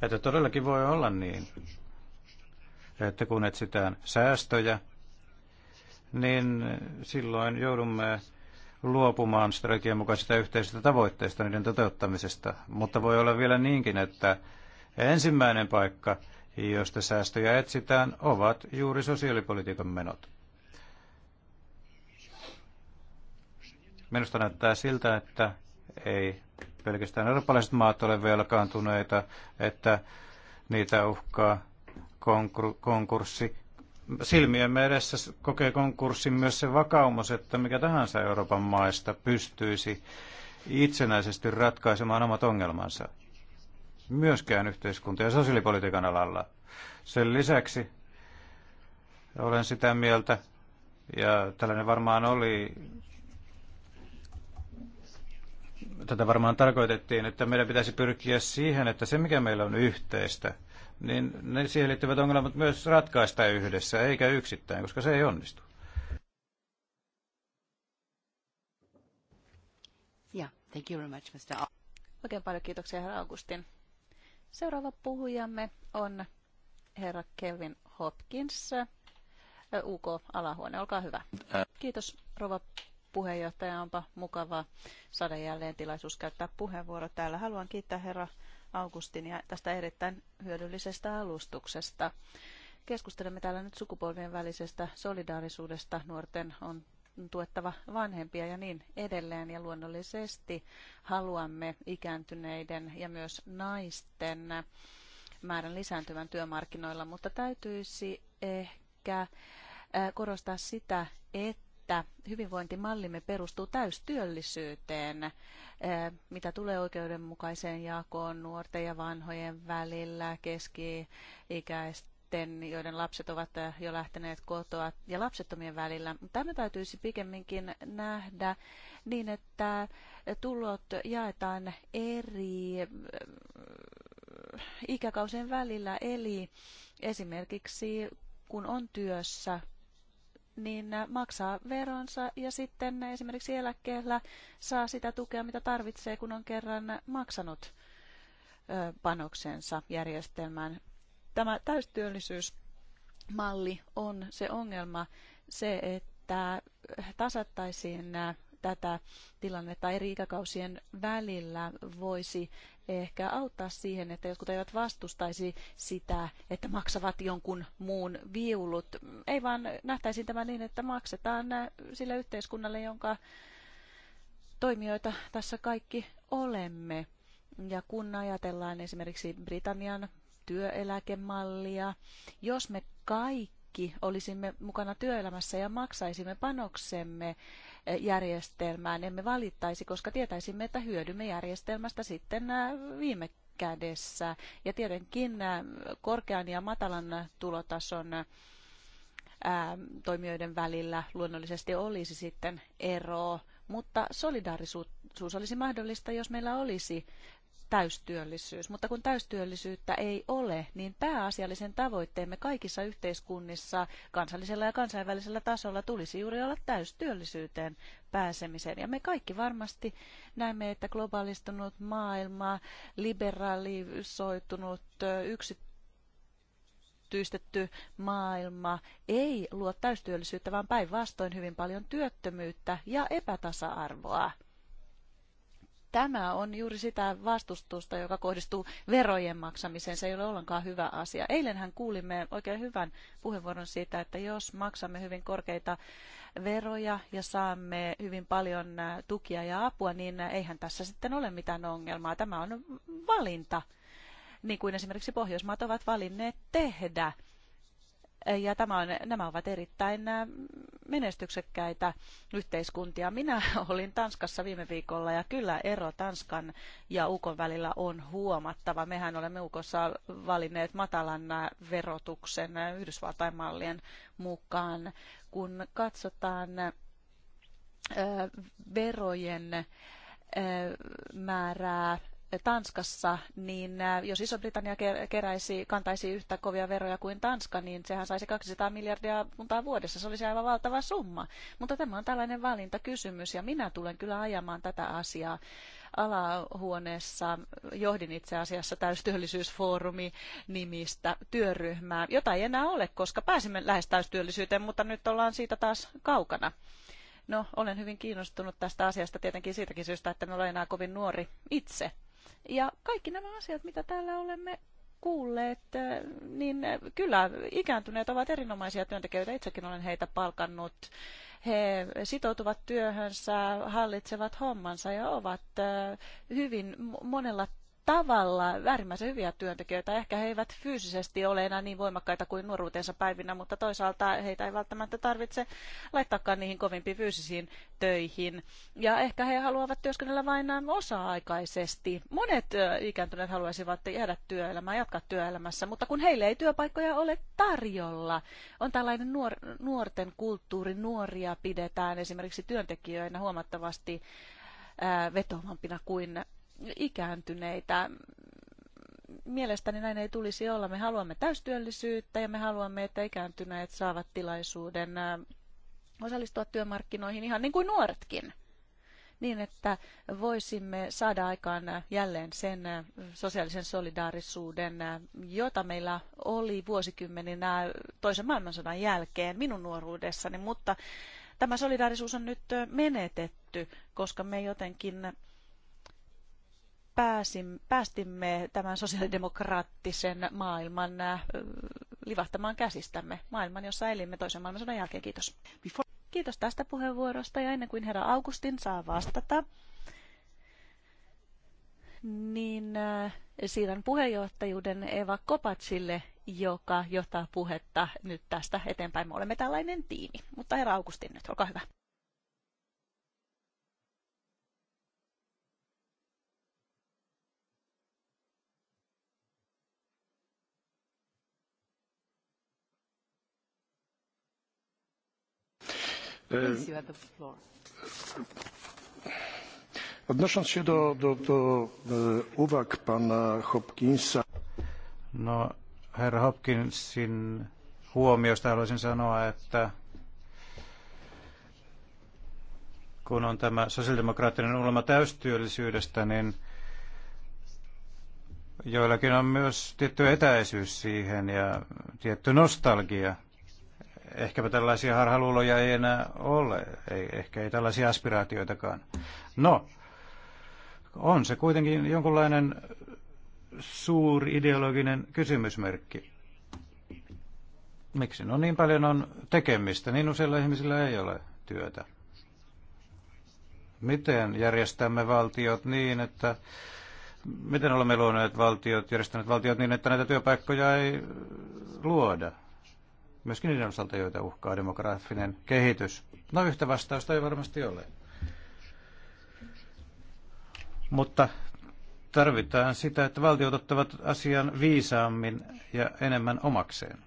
että todellakin voi olla niin, että kun etsitään säästöjä, niin silloin joudumme luopumaan strategian mukaisista yhteisistä tavoitteista niiden toteuttamisesta. Mutta voi olla vielä niinkin, että ensimmäinen paikka, josta säästöjä etsitään, ovat juuri sosiaalipolitiikan menot. Minusta näyttää siltä, että ei pelkästään eurooppalaiset maat ole velkaantuneita, että niitä uhkaa konkurssi silmiemme edessä kokee konkurssin myös se vakaumus, että mikä tahansa Euroopan maista pystyisi itsenäisesti ratkaisemaan omat ongelmansa. Myöskään yhteiskunta- ja sosiaalipolitiikan alalla. Sen lisäksi olen sitä mieltä, ja tällainen varmaan oli, tätä varmaan tarkoitettiin, että meidän pitäisi pyrkiä siihen, että se mikä meillä on yhteistä – niin ne siihen liittyvät ongelmat myös ratkaista yhdessä, eikä yksittäin, koska se ei onnistu. Yeah, thank you very much, Mr. Oikein paljon kiitoksia, herra Augustin. Seuraava puhujamme on herra Kelvin Hopkins, eh, UK-alahuone. Olkaa hyvä. Äh. Kiitos, rouva puheenjohtaja. Onpa mukava saada jälleen tilaisuus käyttää puheenvuoro täällä. Haluan kiittää herra Augustinia tästä erittäin hyödyllisestä alustuksesta. Keskustelemme täällä nyt sukupolvien välisestä solidaarisuudesta. Nuorten on tuettava vanhempia ja niin edelleen. Ja luonnollisesti haluamme ikääntyneiden ja myös naisten määrän lisääntyvän työmarkkinoilla, mutta täytyisi ehkä korostaa sitä, että että hyvinvointimallimme perustuu täystyöllisyyteen, eh, mitä tulee oikeudenmukaiseen jakoon nuorten ja vanhojen välillä, keski-ikäisten joiden lapset ovat eh, jo lähteneet kotoa ja lapsettomien välillä. Tämä täytyisi pikemminkin nähdä niin, että tulot jaetaan eri eh, ikäkausien välillä, eli esimerkiksi kun on työssä niin äh, maksaa veronsa ja sitten esimerkiksi eläkkeellä saa sitä tukea, mitä tarvitsee, kun on kerran maksanut panoksensa järjestelmään. Tämä täystyöllisyysmalli on se ongelma, se, että tasattaisiin äh, tätä tilannetta eri ikäkausien välillä voisi ehkä auttaa siihen, että jotkut eivät vastustaisi sitä, että maksavat jonkun muun viulut. Ei vaan nähtäisi tämä niin, että maksetaan äh, sille yhteiskunnalle, jonka toimijoita tässä kaikki olemme. Ja kun ajatellaan esimerkiksi Britannian työeläkemallia, jos me kaikki olisimme mukana työelämässä ja maksaisimme panoksemme, järjestelmään emme valittaisi, koska tietäisimme, että hyödymme järjestelmästä sitten äh, viime kädessä. Ja tietenkin äh, korkean ja matalan tulotason äh, toimijoiden välillä luonnollisesti olisi sitten ero, mutta solidaarisuus olisi mahdollista, jos meillä olisi täystyöllisyys. Mutta kun täystyöllisyyttä ei ole, niin pääasiallisen tavoitteemme kaikissa yhteiskunnissa kansallisella ja kansainvälisellä tasolla tulisi juuri olla täystyöllisyyteen pääsemiseen Ja me kaikki varmasti näemme, että globaalistunut maailma, liberalisoitunut yksityistetty maailma ei luo täystyöllisyyttä, vaan päinvastoin hyvin paljon työttömyyttä ja epätasa-arvoa tämä on juuri sitä vastustusta, joka kohdistuu verojen maksamiseen. Se ei ole ollenkaan hyvä asia. Eilenhän kuulimme oikein hyvän puheenvuoron siitä, että jos maksamme hyvin korkeita veroja ja saamme hyvin paljon tukia ja apua, niin eihän tässä sitten ole mitään ongelmaa. Tämä on valinta, niin kuin esimerkiksi Pohjoismaat ovat valinneet tehdä. Ja tämä on, nämä ovat erittäin menestyksekkäitä yhteiskuntia. Minä olin Tanskassa viime viikolla ja kyllä ero Tanskan ja Ukon välillä on huomattava. Mehän olemme Ukossa valinneet matalan verotuksen Yhdysvaltain mallien mukaan. Kun katsotaan verojen määrää Tanskassa, niin äh, jos Iso-Britannia keräisi, kantaisi yhtä kovia veroja kuin Tanska, niin sehän saisi 200 miljardia puntaa vuodessa. Se olisi aivan valtava summa. Mutta tämä on tällainen valintakysymys ja minä tulen kyllä ajamaan tätä asiaa alahuoneessa. Johdin itse asiassa täystyöllisyysfoorumi nimistä työryhmää, jota ei enää ole, koska pääsimme lähes täystyöllisyyteen, mutta nyt ollaan siitä taas kaukana. No, olen hyvin kiinnostunut tästä asiasta tietenkin siitäkin syystä, että en ole enää kovin nuori itse. Ja kaikki nämä asiat, mitä täällä olemme kuulleet, eh, niin eh, kyllä ikääntyneet ovat erinomaisia työntekijöitä. Itsekin olen heitä palkannut. He sitoutuvat työhönsä, hallitsevat hommansa ja ovat eh, hyvin monella tavallaan äärimmäisen hyviä työntekijöitä. Ehkä he eivät fyysisesti ole enää niin voimakkaita kuin nuoruutensa päivinä, mutta toisaalta heitä ei välttämättä tarvitse laittaakaan niihin kovimpiin fyysisiin töihin. Ja ehkä he haluavat työskennellä vain osa-aikaisesti. Monet ikääntyneet haluaisivat jäädä työelämään, jatkaa työelämässä, mutta kun heille ei työpaikkoja ole tarjolla, on tällainen nuor- nuorten kulttuuri, nuoria pidetään esimerkiksi työntekijöinä huomattavasti vetoavampina kuin ikääntyneitä. Mielestäni näin ei tulisi olla. Me haluamme täystyöllisyyttä ja me haluamme, että ikääntyneet saavat tilaisuuden osallistua työmarkkinoihin ihan niin kuin nuoretkin niin, että voisimme saada aikaan jälleen sen sosiaalisen solidaarisuuden, jota meillä oli vuosikymmeninä toisen maailmansodan jälkeen minun nuoruudessani, mutta tämä solidaarisuus on nyt menetetty, koska me jotenkin pääsim, päästimme tämän sosiaalidemokraattisen maailman äh, livahtamaan käsistämme. Maailman, jossa elimme toisen maailmansodan jälkeen. Kiitos. Kiitos tästä puheenvuorosta ja ennen kuin herra Augustin saa vastata, niin äh, siirrän puheenjohtajuuden Eva Kopatsille, joka johtaa puhetta nyt tästä eteenpäin. Me olemme tällainen tiimi, mutta herra Augustin nyt, olkaa hyvä. Odnosząc się do, uwag pana Hopkinsa. No, herra Hopkinsin huomiosta haluaisin sanoa, että kun on tämä sosiaalidemokraattinen unelma täystyöllisyydestä, niin joillakin on myös tietty etäisyys siihen ja tietty nostalgia ehkäpä tällaisia harhaluuloja ei enää ole, ei, ehkä ei tällaisia aspiraatioitakaan. No, on se kuitenkin jonkunlainen suuri ideologinen kysymysmerkki. Miksi? No niin paljon on tekemistä, niin useilla ihmisillä ei ole työtä. Miten järjestämme valtiot niin, että miten olemme luoneet valtiot, järjestäneet valtiot niin, että näitä työpaikkoja ei luoda? myöskin niiden osalta, joita uhkaa demografinen kehitys. No yhtä vastausta ei varmasti ole. Mutta tarvitaan sitä, että valtiot ottavat asian viisaammin ja enemmän omakseen.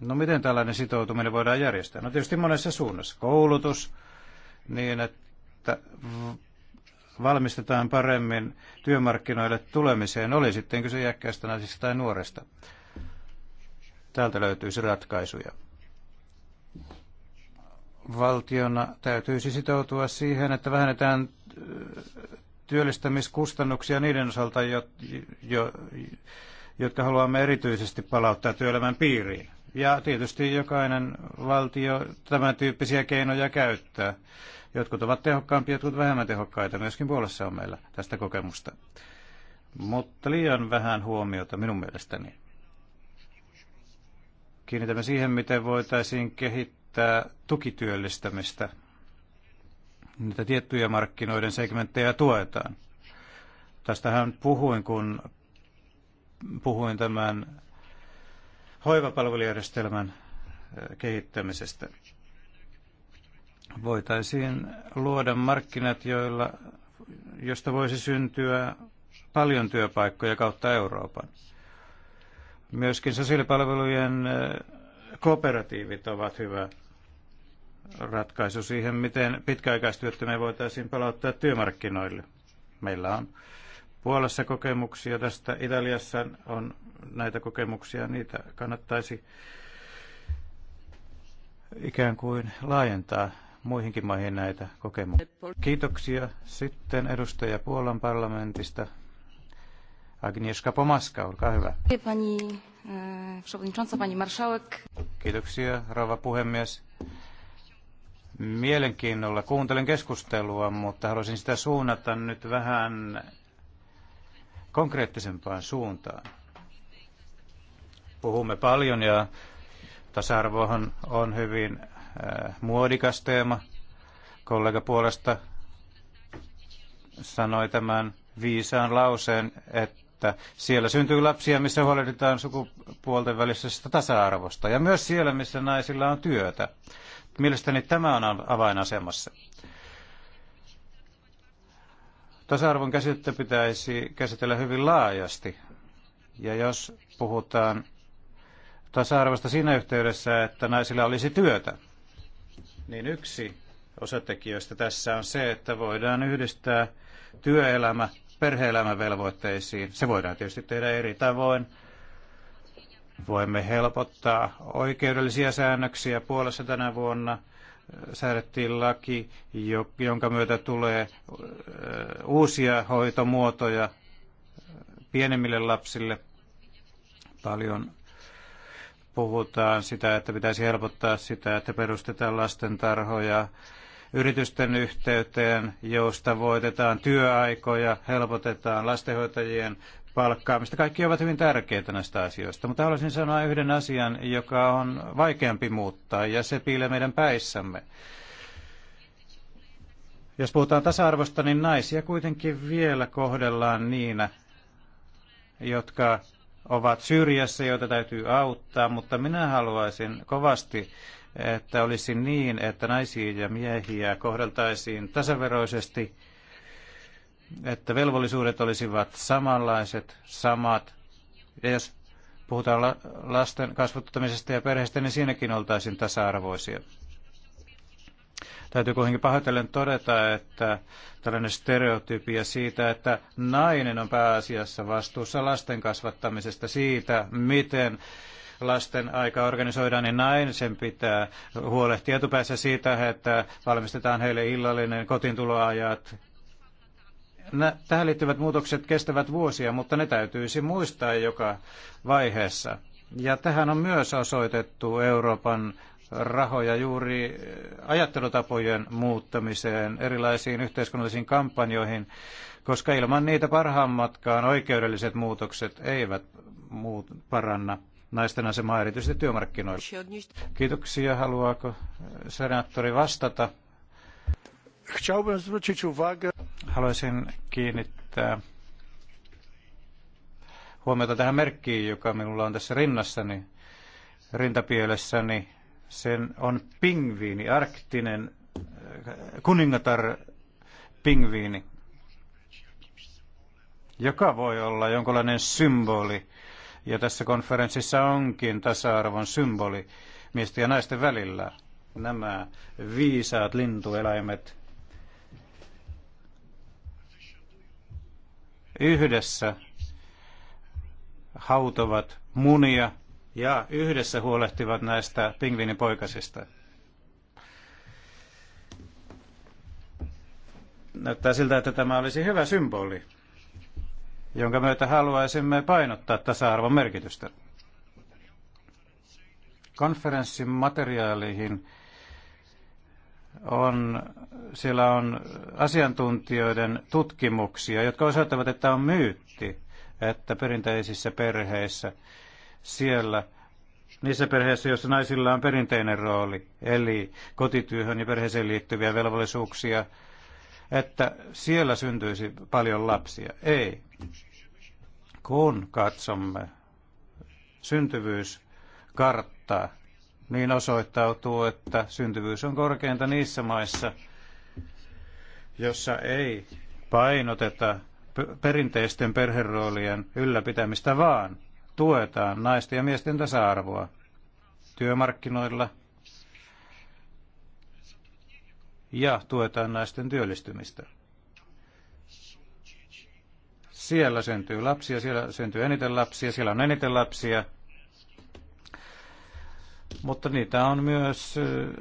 No miten tällainen sitoutuminen voidaan järjestää? No tietysti monessa suunnassa. Koulutus, niin että valmistetaan paremmin työmarkkinoille tulemiseen, oli sitten kyse iäkkäästä naisista tai nuoresta. Täältä löytyisi ratkaisuja. Valtiona täytyisi sitoutua siihen, että vähennetään äh, työllistämiskustannuksia niiden osalta, jo, jo, jotka haluamme erityisesti palauttaa työelämän piiriin. Ja tietysti jokainen valtio tämän tyyppisiä keinoja käyttää. Jotkut ovat tehokkaampia, jotkut vähemmän tehokkaita. Myöskin puolessa on meillä tästä kokemusta. Mutta liian vähän huomiota minun mielestäni kiinnitämme siihen, miten voitaisiin kehittää tukityöllistämistä. Niitä tiettyjä markkinoiden segmenttejä tuetaan. Tästähän puhuin, kun puhuin tämän hoivapalvelujärjestelmän eh, kehittämisestä. Voitaisiin luoda markkinat, joilla, josta voisi syntyä paljon työpaikkoja kautta Euroopan. Myöskin sosiaalipalvelujen kooperatiivit ovat hyvä ratkaisu siihen, miten pitkäaikaistyöttömiä voitaisiin palauttaa työmarkkinoille. Meillä on Puolassa kokemuksia tästä, Italiassa on näitä kokemuksia, niitä kannattaisi ikään kuin laajentaa muihinkin maihin näitä kokemuksia. Kiitoksia sitten edustaja Puolan parlamentista. Agnieszka Pomaska, olkaa hyvä. Pani e, przewodnicząca, pani marszałek. Kiitoksia, rouva puhemies. Mielenkiinnolla kuuntelen keskustelua, mutta haluaisin sitä suunnata nyt vähän konkreettisempaan suuntaan. Puhumme paljon ja tasa-arvohan on hyvin äh, muodikas teema. Kollega puolesta sanoi tämän viisaan lauseen, että että siellä syntyy lapsia, missä huolehditaan sukupuolten välisestä tasa-arvosta ja myös siellä, missä naisilla on työtä. Mielestäni tämä on avainasemassa. Tasa-arvon käsitettä pitäisi käsitellä hyvin laajasti. Ja jos puhutaan tasa-arvosta siinä yhteydessä, että naisilla olisi työtä, niin yksi osatekijöistä tässä on se, että voidaan yhdistää työelämä perhe-elämän velvoitteisiin. Se voidaan tietysti tehdä eri tavoin. Voimme helpottaa oikeudellisia säännöksiä. Puolessa tänä vuonna äh, säädettiin laki, jonka myötä tulee äh, uusia hoitomuotoja äh, pienemmille lapsille. Paljon puhutaan sitä, että pitäisi helpottaa sitä, että perustetaan lastentarhoja yritysten yhteyteen, joustavoitetaan työaikoja, helpotetaan lastenhoitajien palkkaamista. Kaikki ovat hyvin tärkeitä näistä asioista, mutta haluaisin sanoa yhden asian, joka on vaikeampi muuttaa ja se piilee meidän päissämme. Jos puhutaan tasa-arvosta, niin naisia kuitenkin vielä kohdellaan niinä, jotka ovat syrjässä, joita täytyy auttaa, mutta minä haluaisin kovasti että olisi niin, että naisia ja miehiä kohdeltaisiin tasaveroisesti, että velvollisuudet olisivat samanlaiset, samat. Ja jos puhutaan lasten kasvattamisesta ja perheestä, niin siinäkin oltaisiin tasa-arvoisia. Täytyy kuitenkin pahoitellen todeta, että tällainen stereotypia siitä, että nainen on pääasiassa vastuussa lasten kasvattamisesta siitä, miten lasten aika organisoidaan, niin naisen pitää huolehtia etupäässä siitä, että valmistetaan heille illallinen kotiintuloajat, tähän liittyvät muutokset kestävät vuosia, mutta ne täytyisi muistaa joka vaiheessa. Ja tähän on myös osoitettu Euroopan rahoja juuri ajattelutapojen muuttamiseen, erilaisiin yhteiskunnallisiin kampanjoihin, koska ilman niitä parhaammatkaan oikeudelliset muutokset eivät muut paranna naisten asemaa erityisesti työmarkkinoilla. Kiitoksia. Haluaako äh, senaattori vastata? Haluaisin kiinnittää huomiota tähän merkkiin, joka minulla on tässä rinnassani, rintapielessäni. Sen on pingviini, arktinen äh, kuningatar pingviini, joka voi olla jonkinlainen symboli ja tässä konferenssissa onkin tasa-arvon symboli miesten ja naisten välillä. Nämä viisaat lintueläimet yhdessä hautovat munia ja yhdessä huolehtivat näistä pingviinipoikasista. Näyttää siltä, että tämä olisi hyvä symboli jonka myötä haluaisimme painottaa tasa-arvon merkitystä. Konferenssin materiaaliin on, siellä on asiantuntijoiden tutkimuksia, jotka osoittavat, että on myytti, että perinteisissä perheissä siellä niissä perheissä, joissa naisilla on perinteinen rooli, eli kotityöhön ja perheeseen liittyviä velvollisuuksia, että siellä syntyisi paljon lapsia. Ei. Kun katsomme syntyvyyskarttaa, niin osoittautuu, että syntyvyys on korkeinta niissä maissa, jossa ei painoteta perinteisten perheroolien ylläpitämistä, vaan tuetaan naisten ja miesten tasa-arvoa työmarkkinoilla ja tuetaan naisten työllistymistä. Siellä syntyy lapsia, siellä syntyy eniten lapsia, siellä on eniten lapsia. Mutta niitä on myös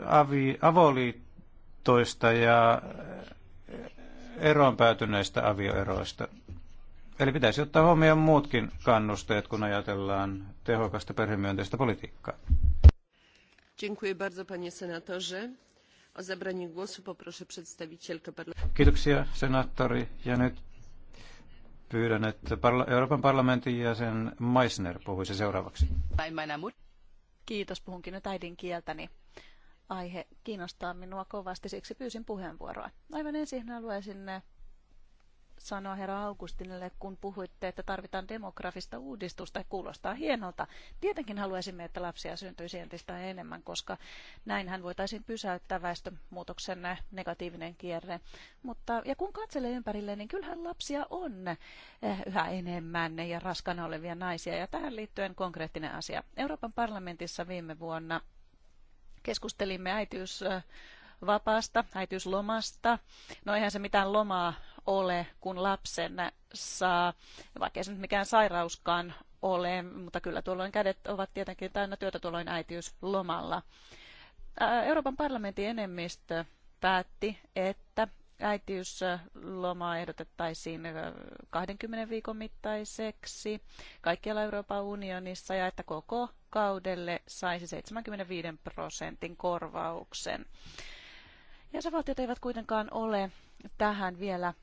avi, avoliittoista ja eroon päätyneistä avioeroista. Eli pitäisi ottaa huomioon muutkin kannusteet, kun ajatellaan tehokasta perhemyönteistä politiikkaa. Dziękuję bardzo, panie senatorze. O zabranie głosu poproszę przedstawicielkę parlamentu. Kiitoksia, senaattori. Ja nyt Pyydän, että Euroopan parlamentin jäsen Meissner puhuisi seuraavaksi. Kiitos, puhunkin nyt äidinkieltäni. Aihe kiinnostaa minua kovasti, siksi pyysin puheenvuoroa. Aivan ensin haluaisin sanoa herra Augustinille, kun puhuitte, että tarvitaan demografista uudistusta. ja Kuulostaa hienolta. Tietenkin haluaisimme, että lapsia syntyisi entistä enemmän, koska näinhän voitaisiin pysäyttää väestömuutoksen negatiivinen kierre. Mutta, ja kun katselee ympärille, niin kyllähän lapsia on eh, yhä enemmän ja raskana olevia naisia. Ja tähän liittyen konkreettinen asia. Euroopan parlamentissa viime vuonna keskustelimme äitiys vapaasta, äitiyslomasta. No eihän se mitään lomaa ole, kun lapsen saa, vaikka se nyt mikään sairauskaan ole, mutta kyllä tuolloin kädet ovat tietenkin täynnä työtä tuolloin äitiyslomalla. Euroopan parlamentin enemmistö päätti, että äitiyslomaa ehdotettaisiin 20 viikon mittaiseksi kaikkialla Euroopan unionissa ja että koko kaudelle saisi 75 prosentin korvauksen. Jäsenvaltiot eivät kuitenkaan ole tähän vielä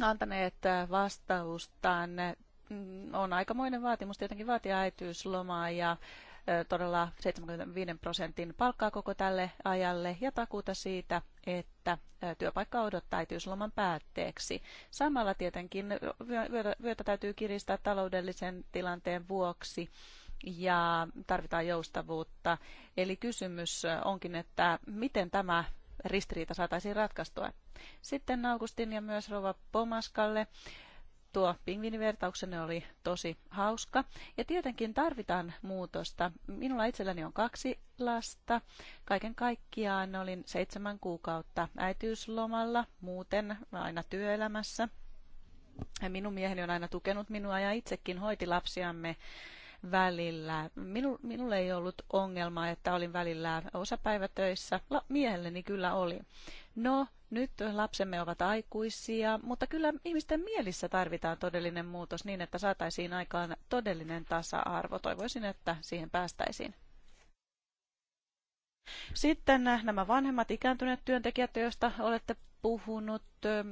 antaneet äh, vastaustaan. Mm, on aikamoinen vaatimus tietenkin vaatia äitiyslomaa ja äh, todella 75 prosentin palkkaa koko tälle ajalle ja takuuta siitä, että äh, työpaikka odottaa äitiysloman päätteeksi. Samalla tietenkin vyötä, täytyy kiristää taloudellisen tilanteen vuoksi ja tarvitaan joustavuutta. Eli kysymys onkin, että miten tämä ristiriita saataisiin ratkaistua. Sitten Augustin ja myös Rova Pomaskalle tuo pingviinivertauksenne oli tosi hauska. Ja tietenkin tarvitaan muutosta. Minulla itselläni on kaksi lasta. Kaiken kaikkiaan olin seitsemän kuukautta äitiyslomalla, muuten aina työelämässä. Minun mieheni on aina tukenut minua ja itsekin hoiti lapsiamme välillä. Minu, minulle ei ollut ongelma, että olin välillä osapäivätöissä. La, miehelleni kyllä oli. No, nyt lapsemme ovat aikuisia, mutta kyllä ihmisten mielissä tarvitaan todellinen muutos niin, että saataisiin aikaan todellinen tasa-arvo. Toivoisin, että siihen päästäisiin. Sitten nämä vanhemmat ikääntyneet työntekijät, joista olette puhunut.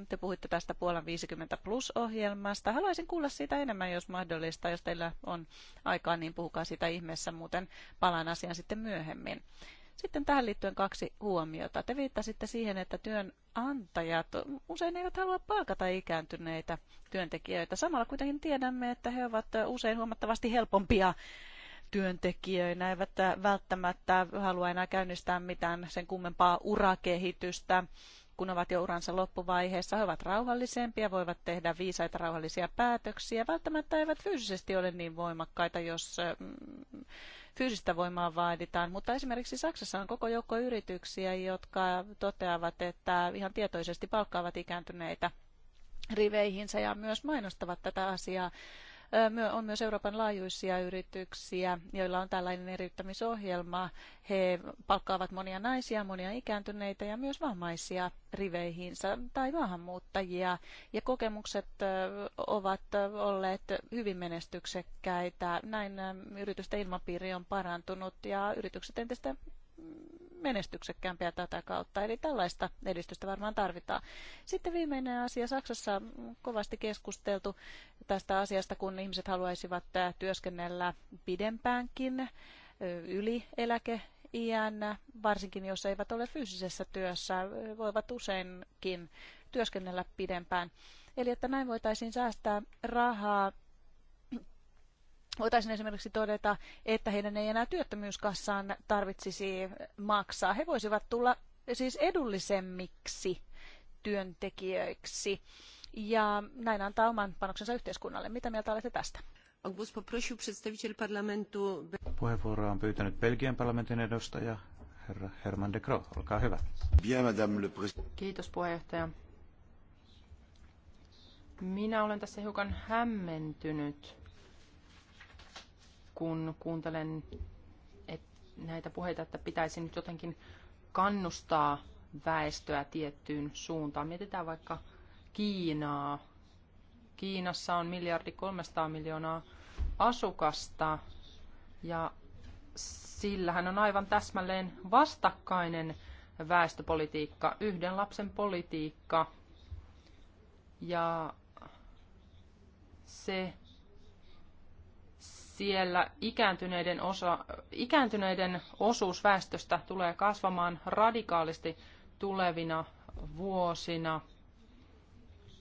Te puhuitte tästä Puolan 50 plus-ohjelmasta. Haluaisin kuulla siitä enemmän, jos mahdollista. Jos teillä on aikaa, niin puhukaa siitä ihmeessä. Muuten palaan asiaan sitten myöhemmin. Sitten tähän liittyen kaksi huomiota. Te viittasitte siihen, että työnantajat usein eivät halua palkata ikääntyneitä työntekijöitä. Samalla kuitenkin tiedämme, että he ovat usein huomattavasti helpompia työntekijöinä, eivät välttämättä halua enää käynnistää mitään sen kummempaa urakehitystä kun ovat jo uransa loppuvaiheessa, he ovat rauhallisempia, voivat tehdä viisaita rauhallisia päätöksiä. Välttämättä eivät fyysisesti ole niin voimakkaita, jos mm, fyysistä voimaa vaaditaan, mutta esimerkiksi Saksassa on koko joukko yrityksiä, jotka toteavat, että ihan tietoisesti palkkaavat ikääntyneitä riveihinsä ja myös mainostavat tätä asiaa on myös Euroopan laajuisia yrityksiä, joilla on tällainen eriyttämisohjelma. He palkkaavat monia naisia, monia ikääntyneitä ja myös vammaisia riveihinsä tai maahanmuuttajia. Ja kokemukset ovat olleet hyvin menestyksekkäitä. Näin yritysten ilmapiiri on parantunut ja yritykset entistä menestyksekkäämpiä tätä kautta. Eli tällaista edistystä varmaan tarvitaan. Sitten viimeinen asia. Saksassa on kovasti keskusteltu tästä asiasta, kun ihmiset haluaisivat äh, työskennellä pidempäänkin äh, yli eläke iän, varsinkin jos eivät ole fyysisessä työssä, äh, voivat useinkin työskennellä pidempään. Eli että näin voitaisiin säästää rahaa Voitaisiin esimerkiksi todeta, että heidän ei enää työttömyyskassaan tarvitsisi maksaa. He voisivat tulla siis edullisemmiksi työntekijöiksi ja näin antaa oman panoksensa yhteiskunnalle. Mitä mieltä olette tästä? Puheenvuoroa on pyytänyt Belgian parlamentin edustaja herra Herman de Croo. Olkaa hyvä. Kiitos puheenjohtaja. Minä olen tässä hiukan hämmentynyt kun kuuntelen et näitä puheita, että pitäisi nyt jotenkin kannustaa väestöä tiettyyn suuntaan. Mietitään vaikka Kiinaa. Kiinassa on miljardi 300 miljoonaa asukasta ja sillähän on aivan täsmälleen vastakkainen väestöpolitiikka, yhden lapsen politiikka. Ja se siellä ikääntyneiden, osa, ikääntyneiden osuus väestöstä tulee kasvamaan radikaalisti tulevina vuosina.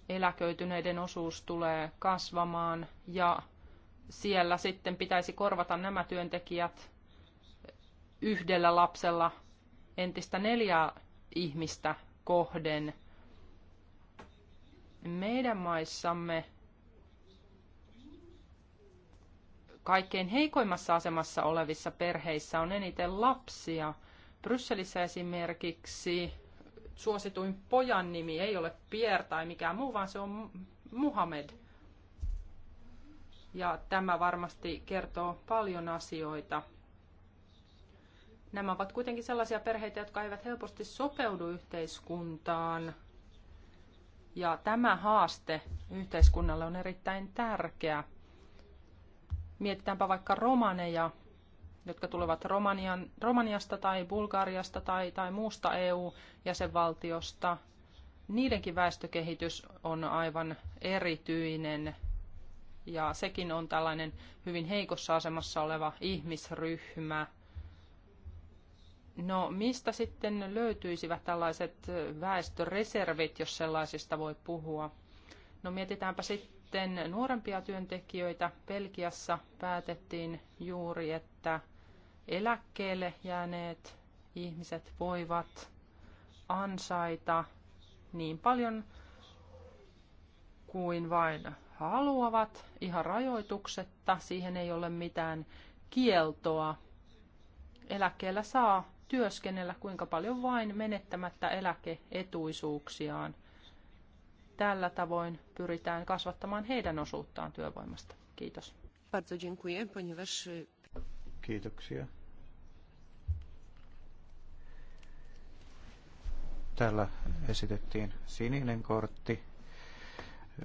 Eläköityneiden osuus tulee kasvamaan ja siellä sitten pitäisi korvata nämä työntekijät yhdellä lapsella entistä neljää ihmistä kohden. Meidän maissamme kaikkein heikoimmassa asemassa olevissa perheissä on eniten lapsia. Brysselissä esimerkiksi suosituin pojan nimi ei ole Pierre tai mikään muu, vaan se on Muhammed. Ja tämä varmasti kertoo paljon asioita. Nämä ovat kuitenkin sellaisia perheitä, jotka eivät helposti sopeudu yhteiskuntaan. Ja tämä haaste yhteiskunnalle on erittäin tärkeä. Mietitäänpä vaikka romaneja, jotka tulevat Romanian, Romaniasta tai Bulgariasta tai, tai muusta EU-jäsenvaltiosta. Niidenkin väestökehitys on aivan erityinen ja sekin on tällainen hyvin heikossa asemassa oleva ihmisryhmä. No mistä sitten löytyisivät tällaiset väestöreservit, jos sellaisista voi puhua? No mietitäänpä sitten sitten nuorempia työntekijöitä Belgiassa päätettiin juuri, että eläkkeelle jääneet ihmiset voivat ansaita niin paljon kuin vain haluavat, ihan rajoituksetta, siihen ei ole mitään kieltoa. Eläkkeellä saa työskennellä kuinka paljon vain menettämättä eläkeetuisuuksiaan – tällä tavoin pyritään kasvattamaan heidän osuuttaan työvoimasta. Kiitos. Bardzo dziękuję, ponieważ... Kiitoksia. Täällä esitettiin sininen kortti,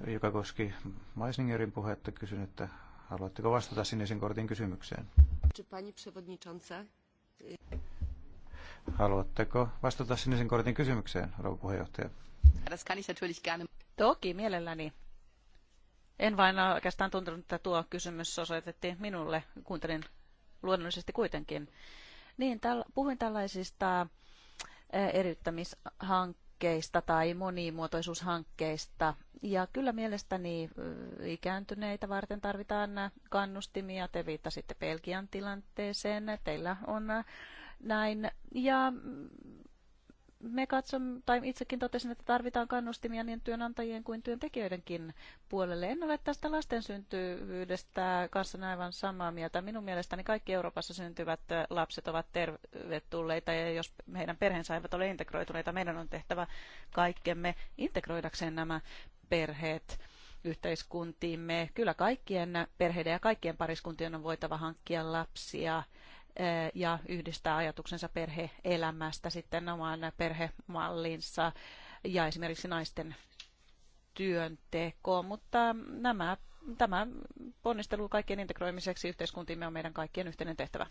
joka koski Meisningerin puhetta. Kysyn, että haluatteko vastata sinisen kortin kysymykseen? Haluatteko vastata sinisen kortin kysymykseen, rouva puheenjohtaja? Das kann ich natürlich gerne. Toki mielelläni. En vain oikeastaan tuntunut, että tuo kysymys osoitettiin minulle. Kuuntelin luonnollisesti kuitenkin. Niin, täl, puhuin tällaisista eriyttämishankkeista tai monimuotoisuushankkeista. Ja kyllä mielestäni ikääntyneitä varten tarvitaan kannustimia. Te viittasitte Belgian tilanteeseen. Teillä on näin. Ja mm, me katsomme, tai itsekin totesin, että tarvitaan kannustimia niin työnantajien kuin työntekijöidenkin puolelle. En ole tästä lasten syntyvyydestä kanssa aivan samaa mieltä. Minun mielestäni kaikki Euroopassa syntyvät lapset ovat tervetulleita, ja jos heidän perheensä eivät ole integroituneita, meidän on tehtävä kaikkemme integroidakseen nämä perheet yhteiskuntiimme. Kyllä kaikkien perheiden ja kaikkien pariskuntien on voitava hankkia lapsia. Eh, ja yhdistää ajatuksensa perheelämästä sitten omaan perhemallinsa ja esimerkiksi naisten työntekoon, mutta nämä Tämä ponnistelu kaikkien integroimiseksi yhteiskuntiimme on meidän kaikkien yhteinen tehtävä.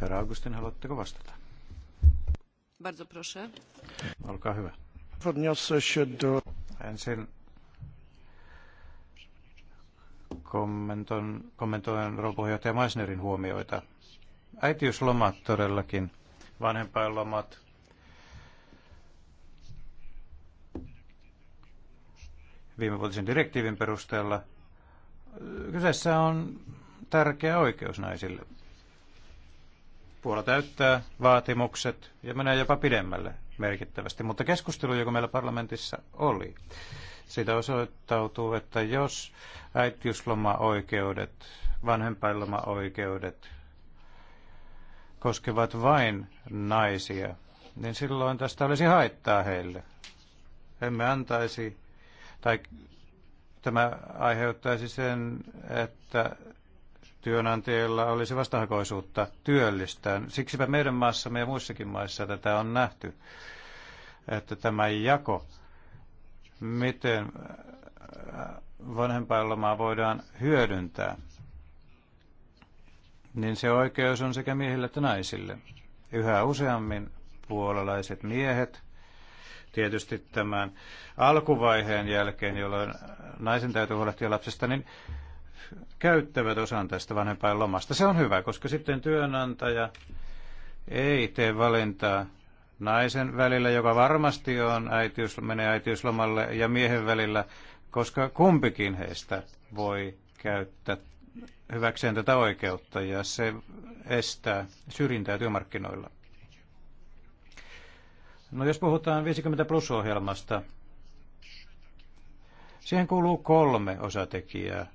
Herra Augustin, haluatteko vastata? Bardzo proszę. Olkaa hyvä. Ensin kommentoin, kommentoin rouva Maisnerin huomioita. Äitiyslomat todellakin, vanhempainlomat. Viimevuotisen direktiivin perusteella kyseessä on tärkeä oikeus naisille. Puola täyttää vaatimukset ja menee jopa pidemmälle merkittävästi, mutta keskustelu, joka meillä parlamentissa oli, siitä osoittautuu, että jos äitiyslomaoikeudet, vanhempainlomaoikeudet koskevat vain naisia, niin silloin tästä olisi haittaa heille. Emme antaisi, tai tämä aiheuttaisi sen, että työnantajilla olisi vastahakoisuutta työllistään. Siksipä meidän maassamme ja muissakin maissa tätä on nähty, että tämä jako miten vanhempainlomaa voidaan hyödyntää, niin se oikeus on sekä miehille että naisille. Yhä useammin puolalaiset miehet, tietysti tämän alkuvaiheen jälkeen, jolloin naisen täytyy huolehtia lapsesta, niin käyttävät osan tästä vanhempainlomasta. Se on hyvä, koska sitten työnantaja ei tee valintaa naisen välillä, joka varmasti on äitiys, menee äitiyslomalle, ja miehen välillä, koska kumpikin heistä voi käyttää hyväkseen tätä oikeutta, ja se estää syrjintää työmarkkinoilla. No jos puhutaan 50 plus-ohjelmasta, siihen kuuluu kolme osatekijää.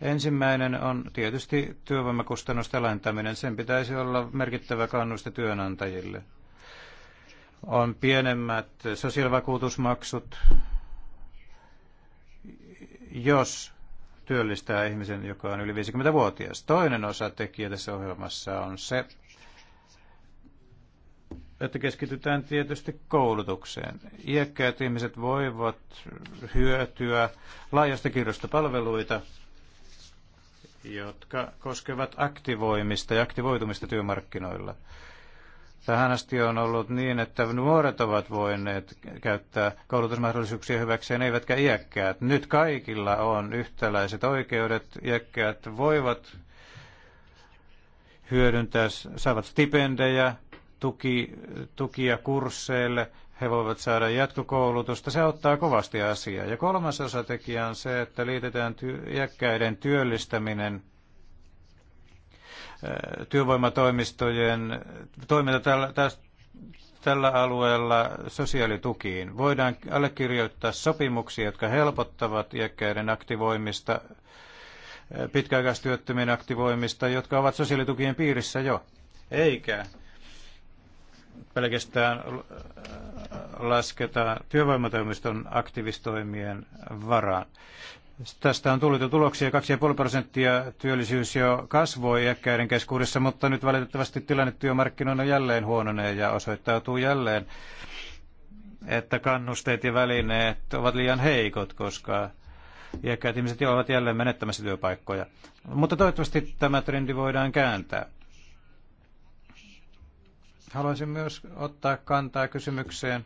Ensimmäinen on tietysti työvoimakustannusten alentaminen. Sen pitäisi olla merkittävä kannuste työnantajille – on pienemmät sosiaalivakuutusmaksut, jos työllistää ihmisen, joka on yli 50-vuotias. Toinen osa tekijä tässä ohjelmassa on se, että keskitytään tietysti koulutukseen. Iäkkäät ihmiset voivat hyötyä laajasta kirjosta palveluita, jotka koskevat aktivoimista ja aktivoitumista työmarkkinoilla. Tähän asti on ollut niin, että nuoret ovat voineet käyttää koulutusmahdollisuuksia hyväkseen, eivätkä iäkkäät. Nyt kaikilla on yhtäläiset oikeudet. Iäkkäät voivat hyödyntää, saavat stipendejä, tuki, tukia kursseille, he voivat saada jatkokoulutusta. Se auttaa kovasti asiaa. Ja kolmas osatekijä on se, että liitetään ty- iäkkäiden työllistäminen – työvoimatoimistojen toiminta tällä, tästä, tällä alueella sosiaalitukiin. Voidaan allekirjoittaa sopimuksia, jotka helpottavat iäkkäiden aktivoimista, pitkäaikaistyöttömien aktivoimista, jotka ovat sosiaalitukien piirissä jo. Eikä pelkästään lasketa työvoimatoimiston aktivistoimien varaan. Tästä on tullut jo tuloksia. 2,5 prosenttia työllisyys jo kasvoi iäkkäiden keskuudessa, mutta nyt valitettavasti tilanne työmarkkinoilla jälleen huononee ja osoittautuu jälleen, että kannusteet ja välineet ovat liian heikot, koska iäkkäät ihmiset jo ovat jälleen menettämässä työpaikkoja. Mutta toivottavasti tämä trendi voidaan kääntää. Haluaisin myös ottaa kantaa kysymykseen,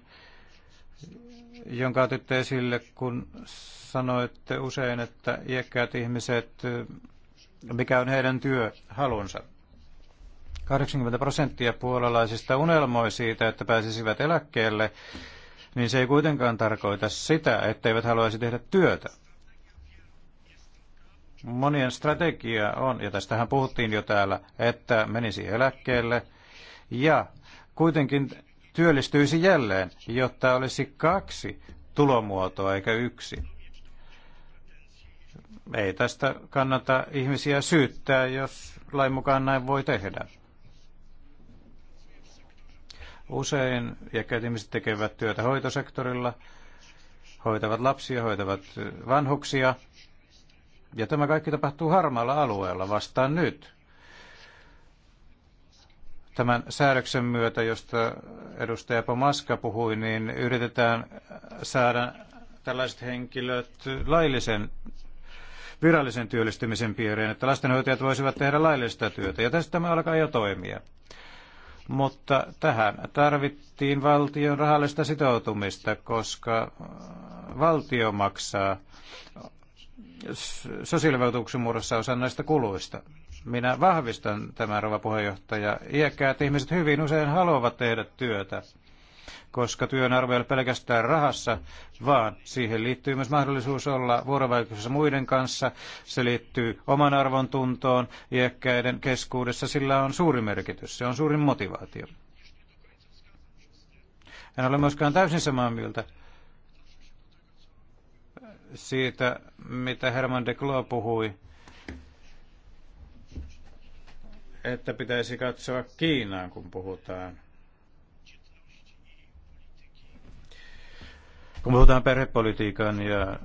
jonka otitte esille, kun sanoitte usein, että iäkkäät ihmiset, mikä on heidän työhalunsa. 80 prosenttia puolalaisista unelmoi siitä, että pääsisivät eläkkeelle, niin se ei kuitenkaan tarkoita sitä, etteivät haluaisi tehdä työtä. Monien strategia on, ja tästähän puhuttiin jo täällä, että menisi eläkkeelle ja kuitenkin työllistyisi jälleen, jotta olisi kaksi tulomuotoa eikä yksi. Ei tästä kannata ihmisiä syyttää, jos lain mukaan näin voi tehdä. Usein iäkkäät ihmiset tekevät työtä hoitosektorilla, hoitavat lapsia, hoitavat vanhuksia. Ja tämä kaikki tapahtuu harmaalla alueella vastaan nyt. Tämän säädöksen myötä, josta edustaja Pomaska puhui, niin yritetään saada tällaiset henkilöt laillisen virallisen työllistymisen piiriin, että lastenhoitajat voisivat tehdä laillista työtä. Ja tästä tämä alkaa jo toimia. Mutta tähän tarvittiin valtion rahallista sitoutumista, koska valtio maksaa sosiaalivaltuuksen muodossa osan näistä kuluista. Minä vahvistan tämän, rouva puheenjohtaja. Iäkkäät ihmiset hyvin usein haluavat tehdä työtä, koska työn arvo ei ole pelkästään rahassa, vaan siihen liittyy myös mahdollisuus olla vuorovaikutuksessa muiden kanssa. Se liittyy oman arvon tuntoon iäkkäiden keskuudessa. Sillä on suuri merkitys. Se on suurin motivaatio. En ole myöskään täysin samaa mieltä siitä, mitä Herman de Cloo puhui että pitäisi katsoa Kiinaan, kun puhutaan. Kun puhutaan perhepolitiikan ja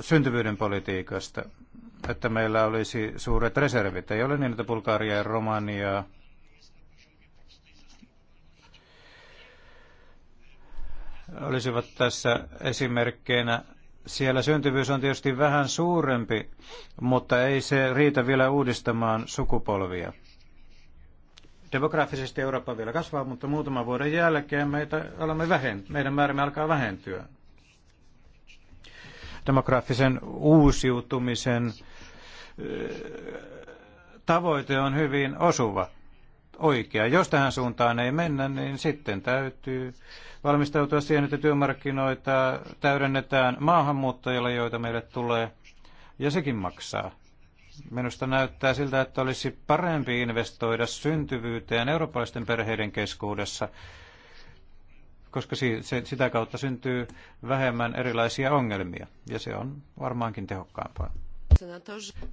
syntyvyyden politiikasta, että meillä olisi suuret reservit. Ei ole niin, että Bulgaria ja Romania olisivat tässä esimerkkeinä siellä syntyvyys on tietysti vähän suurempi, mutta ei se riitä vielä uudistamaan sukupolvia. Demografisesti Eurooppa vielä kasvaa, mutta muutaman vuoden jälkeen meitä alamme vähen, meidän määrämme alkaa vähentyä. Demografisen uusiutumisen tavoite on hyvin osuva oikea. Jos tähän suuntaan ei mennä, niin sitten täytyy valmistautua siihen, että työmarkkinoita täydennetään maahanmuuttajilla, joita meille tulee, ja sekin maksaa. Minusta näyttää siltä, että olisi parempi investoida syntyvyyteen eurooppalaisten perheiden keskuudessa, koska sitä kautta syntyy vähemmän erilaisia ongelmia, ja se on varmaankin tehokkaampaa.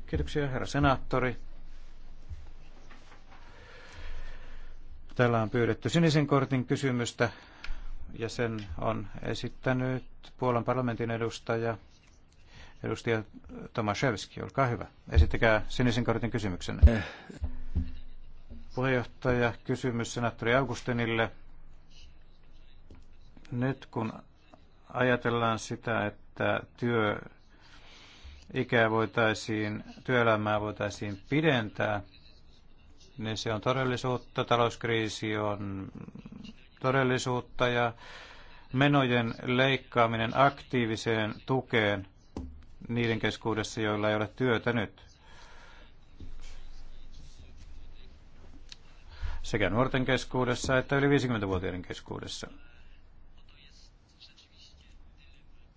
Kiitoksia, herra senaattori. Täällä on pyydetty sinisen kortin kysymystä ja sen on esittänyt Puolan parlamentin edustaja, edustaja Tomaszewski. Olkaa hyvä. Esittäkää sinisen kortin kysymyksenne. Eh. Puheenjohtaja, kysymys senaattori Augustinille. Nyt kun ajatellaan sitä, että työ ikää voitaisiin, työelämää voitaisiin pidentää, niin se on todellisuutta, talouskriisi on todellisuutta ja menojen leikkaaminen aktiiviseen tukeen niiden keskuudessa, joilla ei ole työtä nyt. Sekä nuorten keskuudessa että yli 50-vuotiaiden keskuudessa.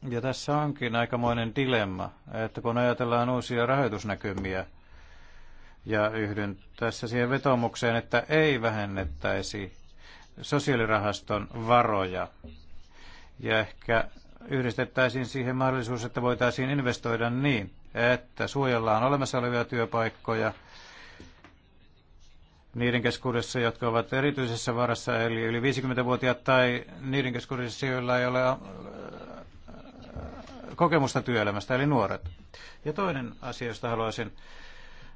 Ja tässä onkin aikamoinen dilemma, että kun ajatellaan uusia rahoitusnäkymiä – ja yhdyn tässä siihen vetomukseen, että ei vähennettäisi sosiaalirahaston varoja. Ja ehkä yhdistettäisiin siihen mahdollisuus, että voitaisiin investoida niin, että suojellaan olemassa olevia työpaikkoja niiden keskuudessa, jotka ovat erityisessä varassa, eli yli 50-vuotiaat, tai niiden keskuudessa, joilla ei ole äh, kokemusta työelämästä, eli nuoret. Ja toinen asia, josta haluaisin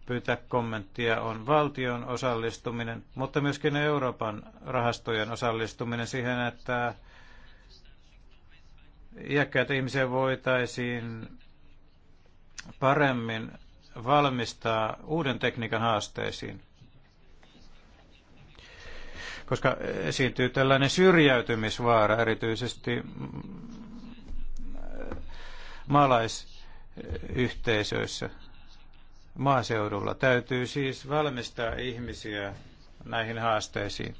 pyytää kommenttia, on valtion osallistuminen, mutta myöskin Euroopan rahastojen osallistuminen siihen, että iäkkäitä ihmisiä voitaisiin paremmin valmistaa uuden tekniikan haasteisiin. Koska esiintyy tällainen syrjäytymisvaara erityisesti maalaisyhteisöissä maaseudulla. Täytyy siis valmistaa ihmisiä näihin haasteisiin.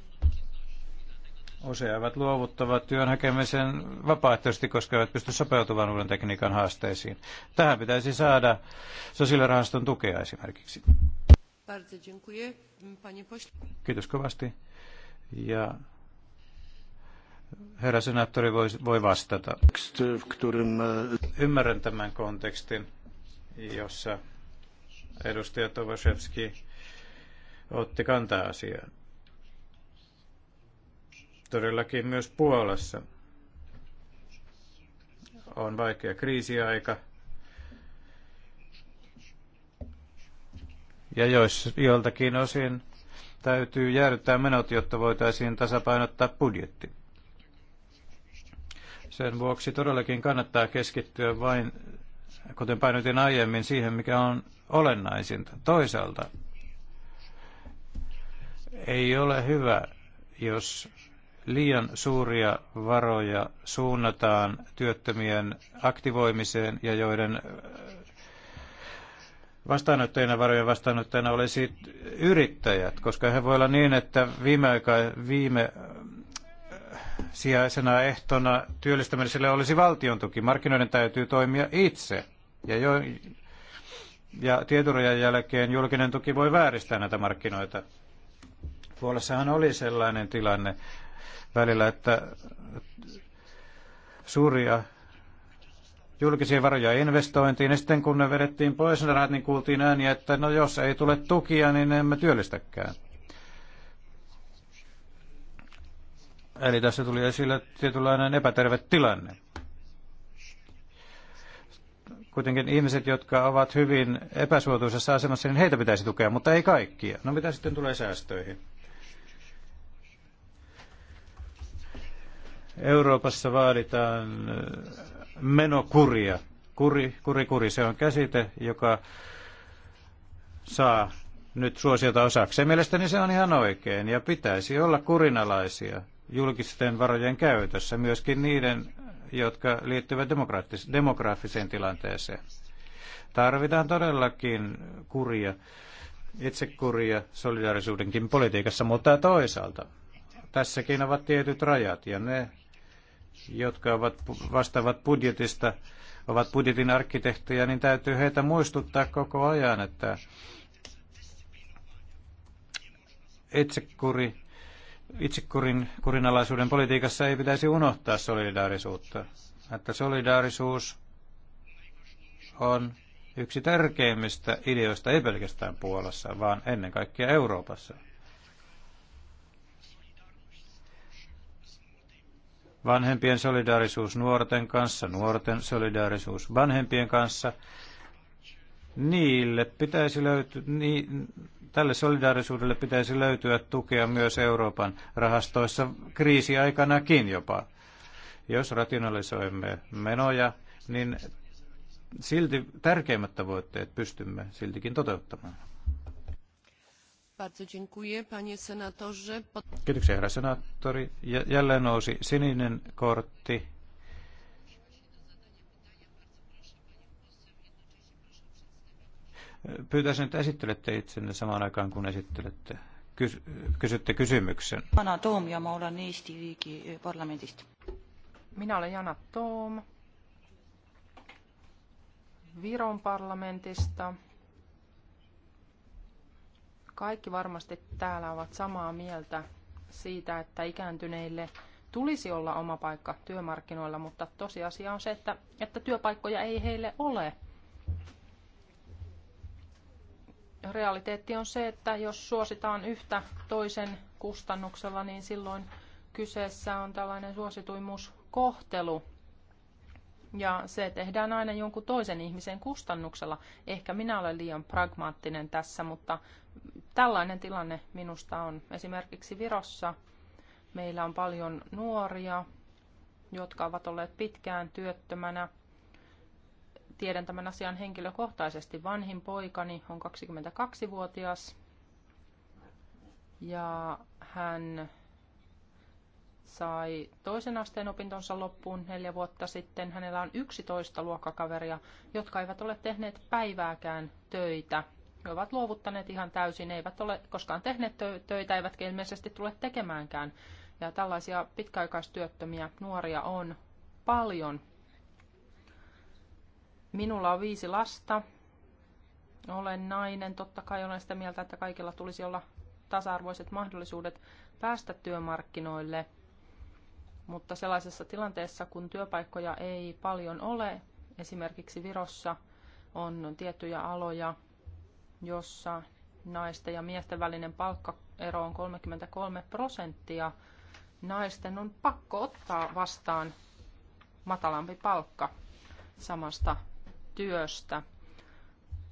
Useat luovuttavat työn hakemisen vapaaehtoisesti, koska eivät pysty sopeutumaan uuden tekniikan haasteisiin. Tähän pitäisi saada sosiaalirahaston tukea esimerkiksi. Kiitos kovasti. Ja herra senaattori voi, voi vastata. E, Ymmärrän tämän kontekstin, jossa edustaja Tovashevski otti kantaa asiaan. Todellakin myös Puolassa on vaikea kriisiaika. Ja jos joltakin osin täytyy jäädyttää menot, jotta voitaisiin tasapainottaa budjetti. Sen vuoksi todellakin kannattaa keskittyä vain, kuten painotin aiemmin, siihen, mikä on olennaisinta. Toisaalta ei ole hyvä, jos liian suuria varoja suunnataan työttömien aktivoimiseen ja joiden äh, vastaanottajina, varojen vastaanottajina olisi yrittäjät, koska he voi olla niin, että viime, aika, viime äh, sijaisena ehtona työllistämiselle olisi valtion tuki. Markkinoiden täytyy toimia itse. Ja jo, ja tietorajan jälkeen julkinen tuki voi vääristää näitä markkinoita. Puolessahan oli sellainen tilanne välillä, että suuria julkisia varoja investointiin, ja sitten kun ne vedettiin pois niin kuultiin ääniä, että no jos ei tule tukia, niin emme työllistäkään. Eli tässä tuli esille tietynlainen epäterve tilanne. Kuitenkin ihmiset, jotka ovat hyvin epäsuotuisessa asemassa, niin heitä pitäisi tukea, mutta ei kaikkia. No mitä sitten tulee säästöihin? Euroopassa vaaditaan äh, menokuria. Kuri, kuri, kuri, se on käsite, joka saa nyt suosiota osaksi. Mielestäni se on ihan oikein ja pitäisi olla kurinalaisia julkisten varojen käytössä, myöskin niiden jotka liittyvät demograafiseen tilanteeseen. Tarvitaan todellakin kuria, itsekuria solidaarisuudenkin politiikassa, mutta toisaalta tässäkin ovat tietyt rajat ja ne, jotka ovat, vastaavat budjetista, ovat budjetin arkkitehtejä, niin täytyy heitä muistuttaa koko ajan, että itsekuri itsekurin kurinalaisuuden politiikassa ei pitäisi unohtaa solidaarisuutta. Että solidaarisuus on yksi tärkeimmistä ideoista ei pelkästään Puolassa, vaan ennen kaikkea Euroopassa. Vanhempien solidaarisuus nuorten kanssa, nuorten solidaarisuus vanhempien kanssa, niille pitäisi löytyä, ni, niin, tälle solidaarisuudelle pitäisi löytyä tukea myös Euroopan rahastoissa kriisiaikanakin jopa. Jos rationalisoimme menoja, niin silti tärkeimmät tavoitteet pystymme siltikin toteuttamaan. Kiitoksia herra senaattori. Jälleen nousi sininen kortti Pyytäisin, että esittelette itsenne samaan aikaan, kun esittelette, kys- kysytte kysymyksen. Jana Toom ja mä olen Eesti eh, parlamentista. Minä olen Jana Toom Viron parlamentista. Kaikki varmasti täällä ovat samaa mieltä siitä, että ikääntyneille tulisi olla oma paikka työmarkkinoilla, mutta tosiasia on se, että, että työpaikkoja ei heille ole – realiteetti on se, että jos suositaan yhtä toisen kustannuksella, niin silloin kyseessä on tällainen suosituimuskohtelu Ja se tehdään aina jonkun toisen ihmisen kustannuksella. Ehkä minä olen liian pragmaattinen tässä, mutta tällainen tilanne minusta on. Esimerkiksi Virossa meillä on paljon nuoria, jotka ovat olleet pitkään työttömänä – tiedän tämän asian henkilökohtaisesti. Vanhin poikani on 22-vuotias ja hän sai toisen asteen opintonsa loppuun neljä vuotta sitten. Hänellä on 11 luokkakaveria, jotka eivät ole tehneet päivääkään töitä. He ovat luovuttaneet ihan täysin, eivät ole koskaan tehneet töitä, eivätkä ilmeisesti tule tekemäänkään. Ja tällaisia pitkäaikaistyöttömiä nuoria on paljon Minulla on viisi lasta. Olen nainen. Totta kai olen sitä mieltä, että kaikilla tulisi olla tasa-arvoiset mahdollisuudet päästä työmarkkinoille. Mutta sellaisessa tilanteessa, kun työpaikkoja ei paljon ole, esimerkiksi Virossa on tiettyjä aloja, jossa naisten ja miesten välinen palkkaero on 33 prosenttia, naisten on pakko ottaa vastaan matalampi palkka samasta työstä.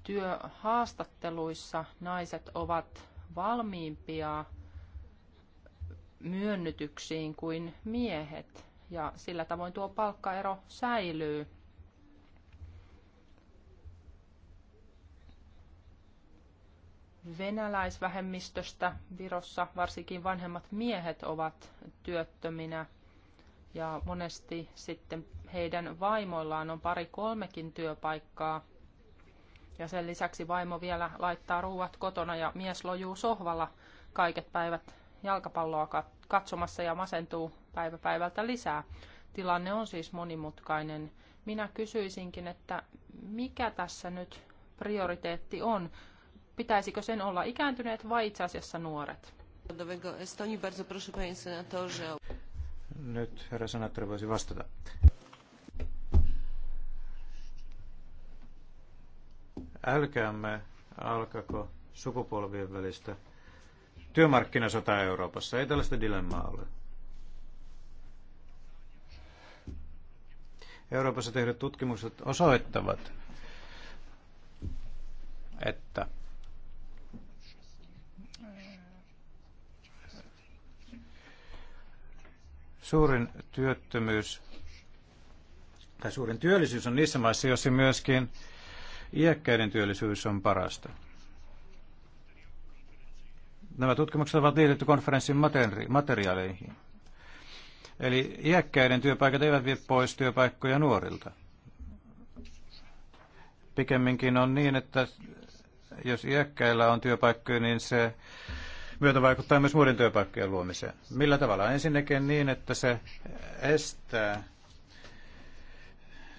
Työhaastatteluissa naiset ovat valmiimpia myönnytyksiin kuin miehet ja sillä tavoin tuo palkkaero säilyy. Venäläisvähemmistöstä Virossa varsinkin vanhemmat miehet ovat työttöminä ja monesti sitten heidän vaimoillaan on pari kolmekin työpaikkaa. Ja sen lisäksi vaimo vielä laittaa ruuat kotona ja mies lojuu sohvalla kaiket päivät jalkapalloa katsomassa ja masentuu päivä päivältä lisää. Tilanne on siis monimutkainen. Minä kysyisinkin, että mikä tässä nyt prioriteetti on? Pitäisikö sen olla ikääntyneet vai itse asiassa nuoret? Nyt herra senaattori voisi vastata. Älkäämme alkako sukupolvien välistä työmarkkinasota Euroopassa. Ei tällaista dilemmaa ole. Euroopassa tehdyt tutkimukset osoittavat, että Suurin työttömyys tai suurin työllisyys on niissä maissa, joissa myöskin iäkkäiden työllisyys on parasta. Nämä tutkimukset ovat liitetty konferenssin materiaaleihin. Eli iäkkäiden työpaikat eivät vie pois työpaikkoja nuorilta. Pikemminkin on niin, että jos iäkkäillä on työpaikkoja, niin se myötä vaikuttaa myös muiden työpaikkojen luomiseen. Millä tavalla? Ensinnäkin niin, että se estää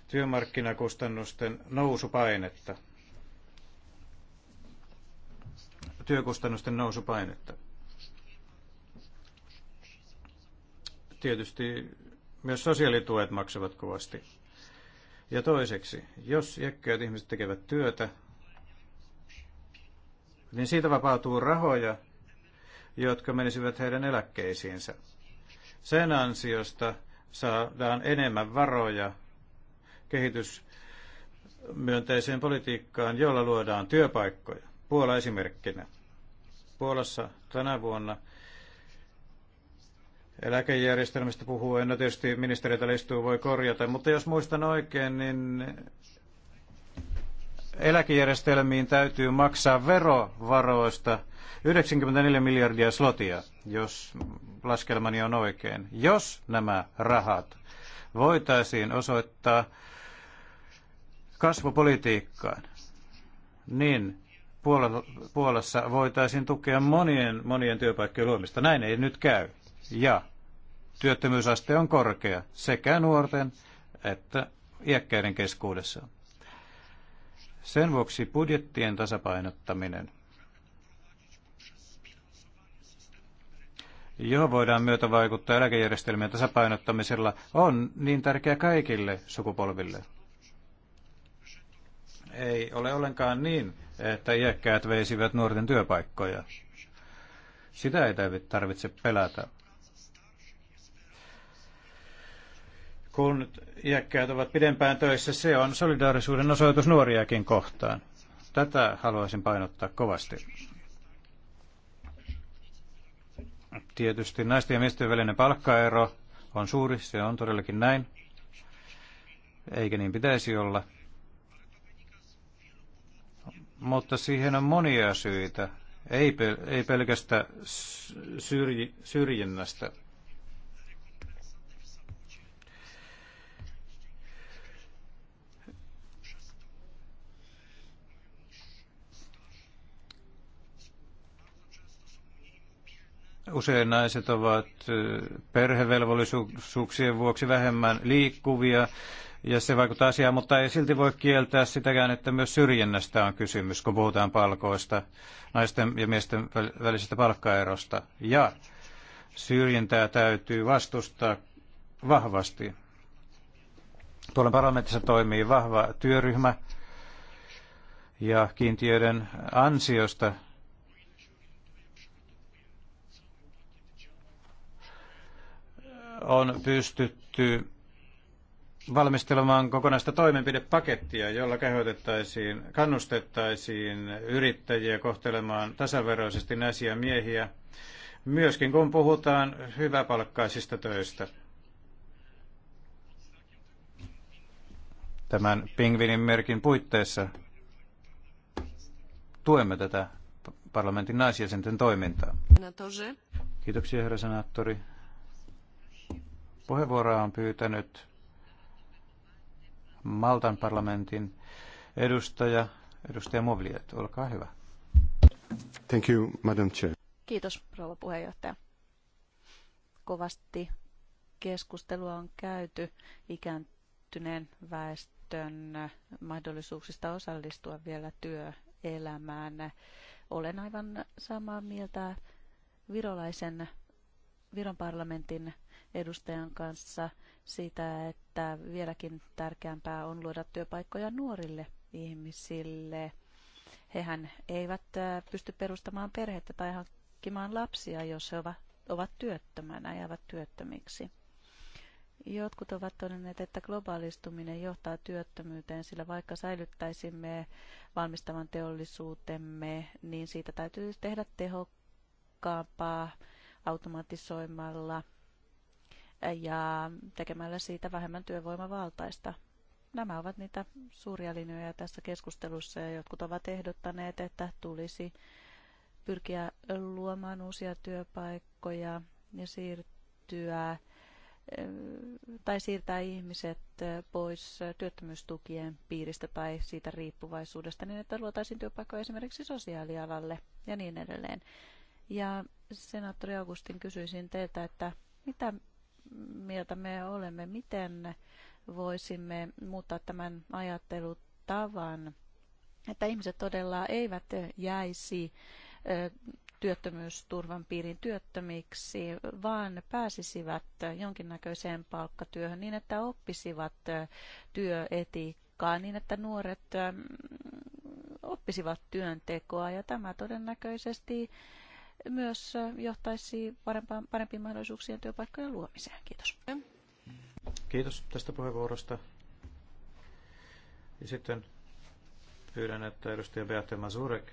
työmarkkinakustannusten nousupainetta. Työkustannusten nousupainetta. Tietysti myös sosiaalituet maksavat kovasti. Ja toiseksi, jos jäkkäät ihmiset tekevät työtä, niin siitä vapautuu rahoja, jotka menisivät heidän eläkkeisiinsä. Sen ansiosta saadaan enemmän varoja kehitysmyönteiseen politiikkaan, jolla luodaan työpaikkoja. Puola esimerkkinä. Puolassa tänä vuonna eläkejärjestelmistä puhuu, en no tietysti ministeri listuu voi korjata, mutta jos muistan oikein, niin eläkejärjestelmiin täytyy maksaa verovaroista 94 miljardia slotia, jos laskelmani on oikein. Jos nämä rahat voitaisiin osoittaa kasvupolitiikkaan, niin Puolassa voitaisiin tukea monien, monien työpaikkojen luomista. Näin ei nyt käy. Ja työttömyysaste on korkea sekä nuorten että iäkkäiden keskuudessa. Sen vuoksi budjettien tasapainottaminen, johon voidaan myötä vaikuttaa eläkejärjestelmien tasapainottamisella, on niin tärkeä kaikille sukupolville. Ei ole ollenkaan niin, että iäkkäät veisivät nuorten työpaikkoja. Sitä ei tarvitse pelätä. Kun iäkkäät ovat pidempään töissä, se on solidaarisuuden osoitus nuoriakin kohtaan. Tätä haluaisin painottaa kovasti. Tietysti naisten ja miesten välinen palkkaero on suuri, se on todellakin näin, eikä niin pitäisi olla. Mutta siihen on monia syitä, ei, pel- ei pelkästä syrji- syrjinnästä Usein naiset ovat perhevelvollisuuksien vuoksi vähemmän liikkuvia ja se vaikuttaa asiaan, mutta ei silti voi kieltää sitäkään, että myös syrjinnästä on kysymys, kun puhutaan palkoista, naisten ja miesten välisestä palkkaerosta. Ja syrjintää täytyy vastustaa vahvasti. Tuolla parlamentissa toimii vahva työryhmä ja kiintiöiden ansiosta on pystytty valmistelemaan kokonaista toimenpidepakettia, jolla kehotettaisiin, kannustettaisiin yrittäjiä kohtelemaan tasaveroisesti naisia ja miehiä, myöskin kun puhutaan hyväpalkkaisista töistä. Tämän pingvinin merkin puitteissa tuemme tätä parlamentin naisjäsenten toimintaa. Kiitoksia, herra senaattori. Puheenvuoroa on pyytänyt Maltan parlamentin edustaja, edustaja Movliet. Olkaa hyvä. Thank you, Madam Chair. Kiitos, rouva puheenjohtaja. Kovasti keskustelua on käyty ikääntyneen väestön mahdollisuuksista osallistua vielä työelämään. Olen aivan samaa mieltä virolaisen Viron parlamentin edustajan kanssa siitä, että vieläkin tärkeämpää on luoda työpaikkoja nuorille ihmisille. Hehän eivät pysty perustamaan perhettä tai hankkimaan lapsia, jos he ovat työttömänä, ovat työttömiksi. Jotkut ovat todenneet, että globaalistuminen johtaa työttömyyteen, sillä vaikka säilyttäisimme valmistavan teollisuutemme, niin siitä täytyy tehdä tehokkaampaa automatisoimalla ja tekemällä siitä vähemmän työvoimavaltaista. Nämä ovat niitä suuria linjoja tässä keskustelussa ja jotkut ovat ehdottaneet, että tulisi pyrkiä luomaan uusia työpaikkoja ja siirtyä eh, tai siirtää ihmiset eh, pois työttömyystukien piiristä tai siitä riippuvaisuudesta niin, että luotaisiin työpaikkoja esimerkiksi sosiaalialalle ja niin edelleen. Ja senaattori Augustin kysyisin teiltä, että mitä mieltä me olemme, miten voisimme muuttaa tämän ajattelutavan, että ihmiset todella eivät jäisi työttömyysturvan piirin työttömiksi, vaan pääsisivät jonkinnäköiseen palkkatyöhön niin, että oppisivat työetiikkaa, niin että nuoret oppisivat työntekoa ja tämä todennäköisesti myös johtaisi parempaan, parempiin mahdollisuuksien työpaikkojen luomiseen. Kiitos. Kiitos tästä puheenvuorosta. Ja sitten pyydän, että edustaja Beate Mazurek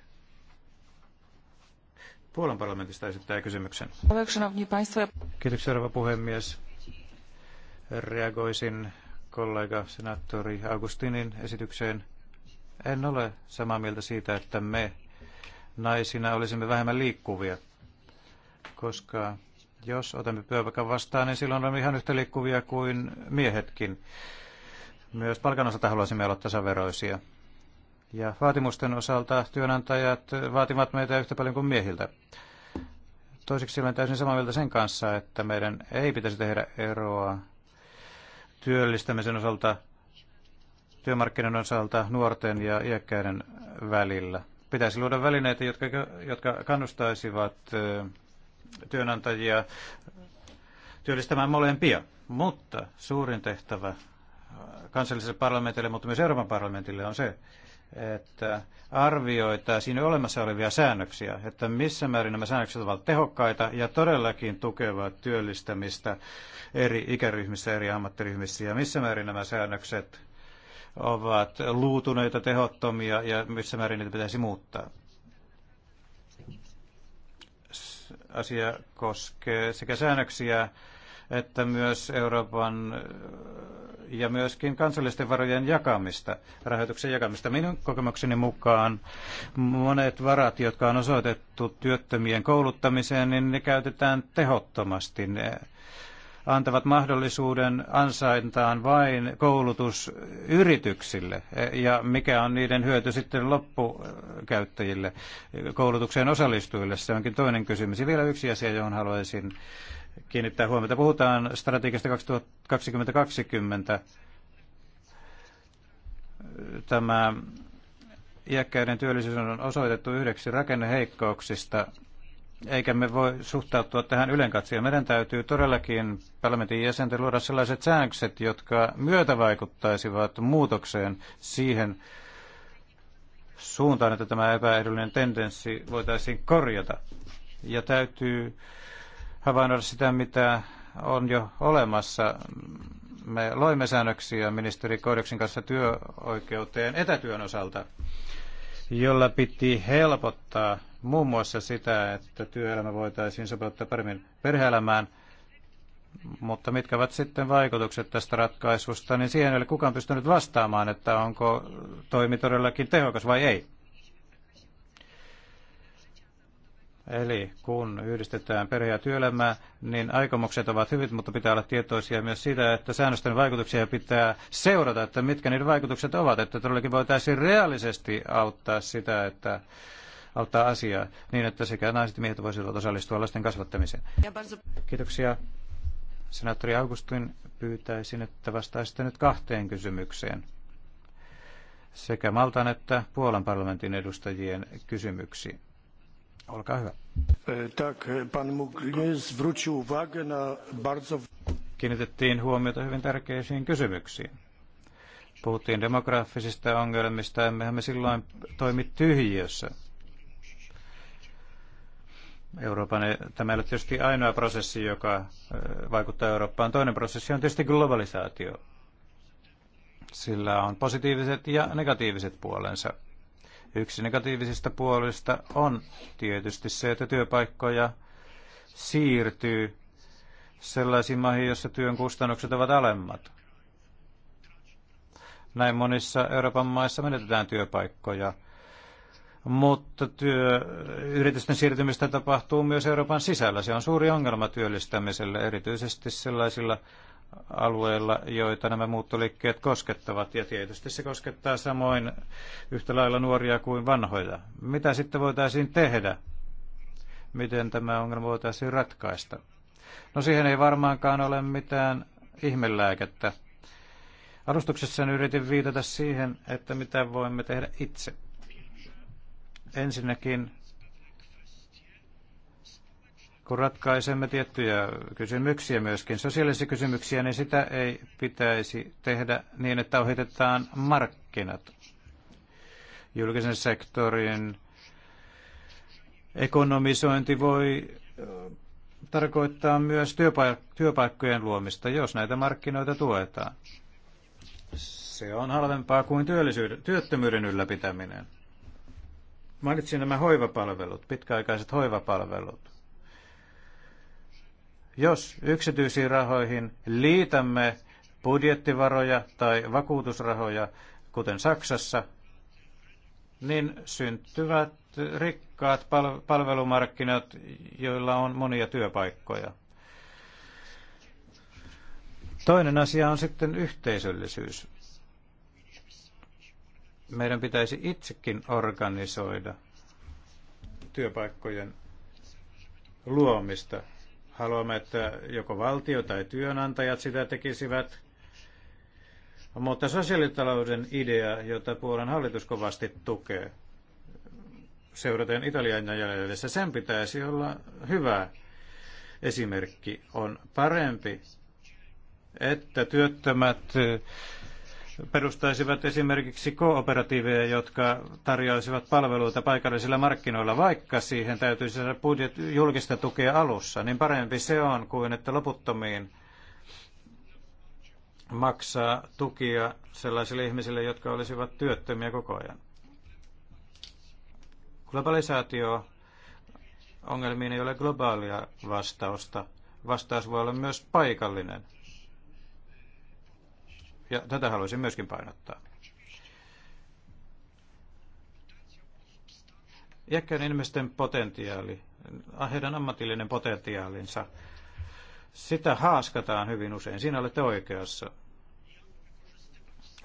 Puolan parlamentista esittää kysymyksen. Kiitoksia, rouva puhemies. Reagoisin kollega senaattori Augustinin esitykseen. En ole samaa mieltä siitä, että me naisina olisimme vähemmän liikkuvia, koska jos otamme työpaikan vastaan, niin silloin olemme ihan yhtä liikkuvia kuin miehetkin. Myös palkan osalta haluaisimme olla tasaveroisia. Ja vaatimusten osalta työnantajat vaativat meitä yhtä paljon kuin miehiltä. Toiseksi olen täysin samaa mieltä sen kanssa, että meidän ei pitäisi tehdä eroa työllistämisen osalta, työmarkkinoiden osalta nuorten ja iäkkäiden välillä. Pitäisi luoda välineitä, jotka, jotka kannustaisivat työnantajia työllistämään molempia. Mutta suurin tehtävä kansalliselle parlamentille, mutta myös Euroopan parlamentille on se, että arvioitaisiin olemassa olevia säännöksiä, että missä määrin nämä säännökset ovat tehokkaita ja todellakin tukevat työllistämistä eri ikäryhmissä, eri ammattiryhmissä ja missä määrin nämä säännökset ovat luutuneita, tehottomia ja missä määrin niitä pitäisi muuttaa. Asia koskee sekä säännöksiä että myös Euroopan äh, ja myöskin kansallisten varojen jakamista, rahoituksen jakamista. Minun kokemukseni mukaan monet varat, jotka on osoitettu työttömien kouluttamiseen, niin ne käytetään tehottomasti. Ne antavat mahdollisuuden ansaintaan vain koulutusyrityksille e, ja mikä on niiden hyöty sitten loppukäyttäjille, koulutukseen osallistujille, se onkin toinen kysymys. Ja vielä yksi asia, johon haluaisin kiinnittää huomiota. Puhutaan strategiasta 2020. Tämä iäkkäiden työllisyys on osoitettu yhdeksi rakenneheikkouksista eikä me voi suhtautua tähän ylenkatsia. Meidän täytyy todellakin parlamentin jäsenten luoda sellaiset säännökset, jotka myötävaikuttaisivat muutokseen siihen suuntaan, että tämä epäedullinen tendenssi voitaisiin korjata. Ja täytyy havainnoida sitä, mitä on jo olemassa. Me loimme säännöksiä ministeri Koidoksen kanssa työoikeuteen etätyön osalta, jolla piti helpottaa muun muassa sitä, että työelämä voitaisiin sopeuttaa paremmin perheelämään, mutta mitkä ovat sitten vaikutukset tästä ratkaisusta, niin siihen ei ole kukaan pystynyt vastaamaan, että onko toimi todellakin tehokas vai ei. Eli kun yhdistetään perhe- ja työelämää, niin aikomukset ovat hyvät, mutta pitää olla tietoisia myös siitä, että säännösten vaikutuksia pitää seurata, että mitkä niiden vaikutukset ovat, että todellakin voitaisiin reaalisesti auttaa sitä, että auttaa asiaa niin, että sekä naiset että miehet voisivat osallistua lasten kasvattamiseen. Kiitoksia. Senaattori Augustin pyytäisin, että vastaisitte nyt kahteen kysymykseen sekä Maltan että Puolan parlamentin edustajien kysymyksiin. Olkaa hyvä. E, tak, pan uwagę na bardzo... Kiinnitettiin huomiota hyvin tärkeisiin kysymyksiin. Puhuttiin demograafisista ongelmista, emmehän me silloin toimi tyhjiössä. Euroopan, tämä ei ole tietysti ainoa prosessi, joka vaikuttaa Eurooppaan. Toinen prosessi on tietysti globalisaatio. Sillä on positiiviset ja negatiiviset puolensa. Yksi negatiivisista puolista on tietysti se, että työpaikkoja siirtyy sellaisiin maihin, joissa työn kustannukset ovat alemmat. Näin monissa Euroopan maissa menetetään työpaikkoja mutta työ, yritysten siirtymistä tapahtuu myös Euroopan sisällä. Se on suuri ongelma työllistämiselle, erityisesti sellaisilla alueilla, joita nämä muuttoliikkeet koskettavat. Ja tietysti se koskettaa samoin yhtä lailla nuoria kuin vanhoja. Mitä sitten voitaisiin tehdä? Miten tämä ongelma voitaisiin ratkaista? No siihen ei varmaankaan ole mitään ihmelääkettä. Alustuksessani yritin viitata siihen, että mitä voimme tehdä itse. Ensinnäkin, kun ratkaisemme tiettyjä kysymyksiä, myöskin sosiaalisia kysymyksiä, niin sitä ei pitäisi tehdä niin, että ohitetaan markkinat. Julkisen sektorin ekonomisointi voi tarkoittaa myös työpaik- työpaikkojen luomista, jos näitä markkinoita tuetaan. Se on halvempaa kuin työttömyyden ylläpitäminen. Mainitsin nämä hoivapalvelut, pitkäaikaiset hoivapalvelut. Jos yksityisiin rahoihin liitämme budjettivaroja tai vakuutusrahoja, kuten Saksassa, niin syntyvät rikkaat palvelumarkkinat, joilla on monia työpaikkoja. Toinen asia on sitten yhteisöllisyys meidän pitäisi itsekin organisoida työpaikkojen luomista. Haluamme, että joko valtio tai työnantajat sitä tekisivät, mutta sosiaalitalouden idea, jota Puolan hallitus kovasti tukee, seuraten Italian jäljellä, sen pitäisi olla hyvä esimerkki. On parempi, että työttömät perustaisivat esimerkiksi kooperatiiveja, jotka tarjoaisivat palveluita paikallisilla markkinoilla, vaikka siihen täytyisi saada budjet, julkista tukea alussa, niin parempi se on kuin että loputtomiin maksaa tukia sellaisille ihmisille, jotka olisivat työttömiä koko ajan. Globalisaatio ongelmiin ei ole globaalia vastausta. Vastaus voi olla myös paikallinen ja tätä haluaisin myöskin painottaa. Iäkkäiden ihmisten potentiaali, heidän ammatillinen potentiaalinsa, sitä haaskataan hyvin usein. Siinä olette oikeassa.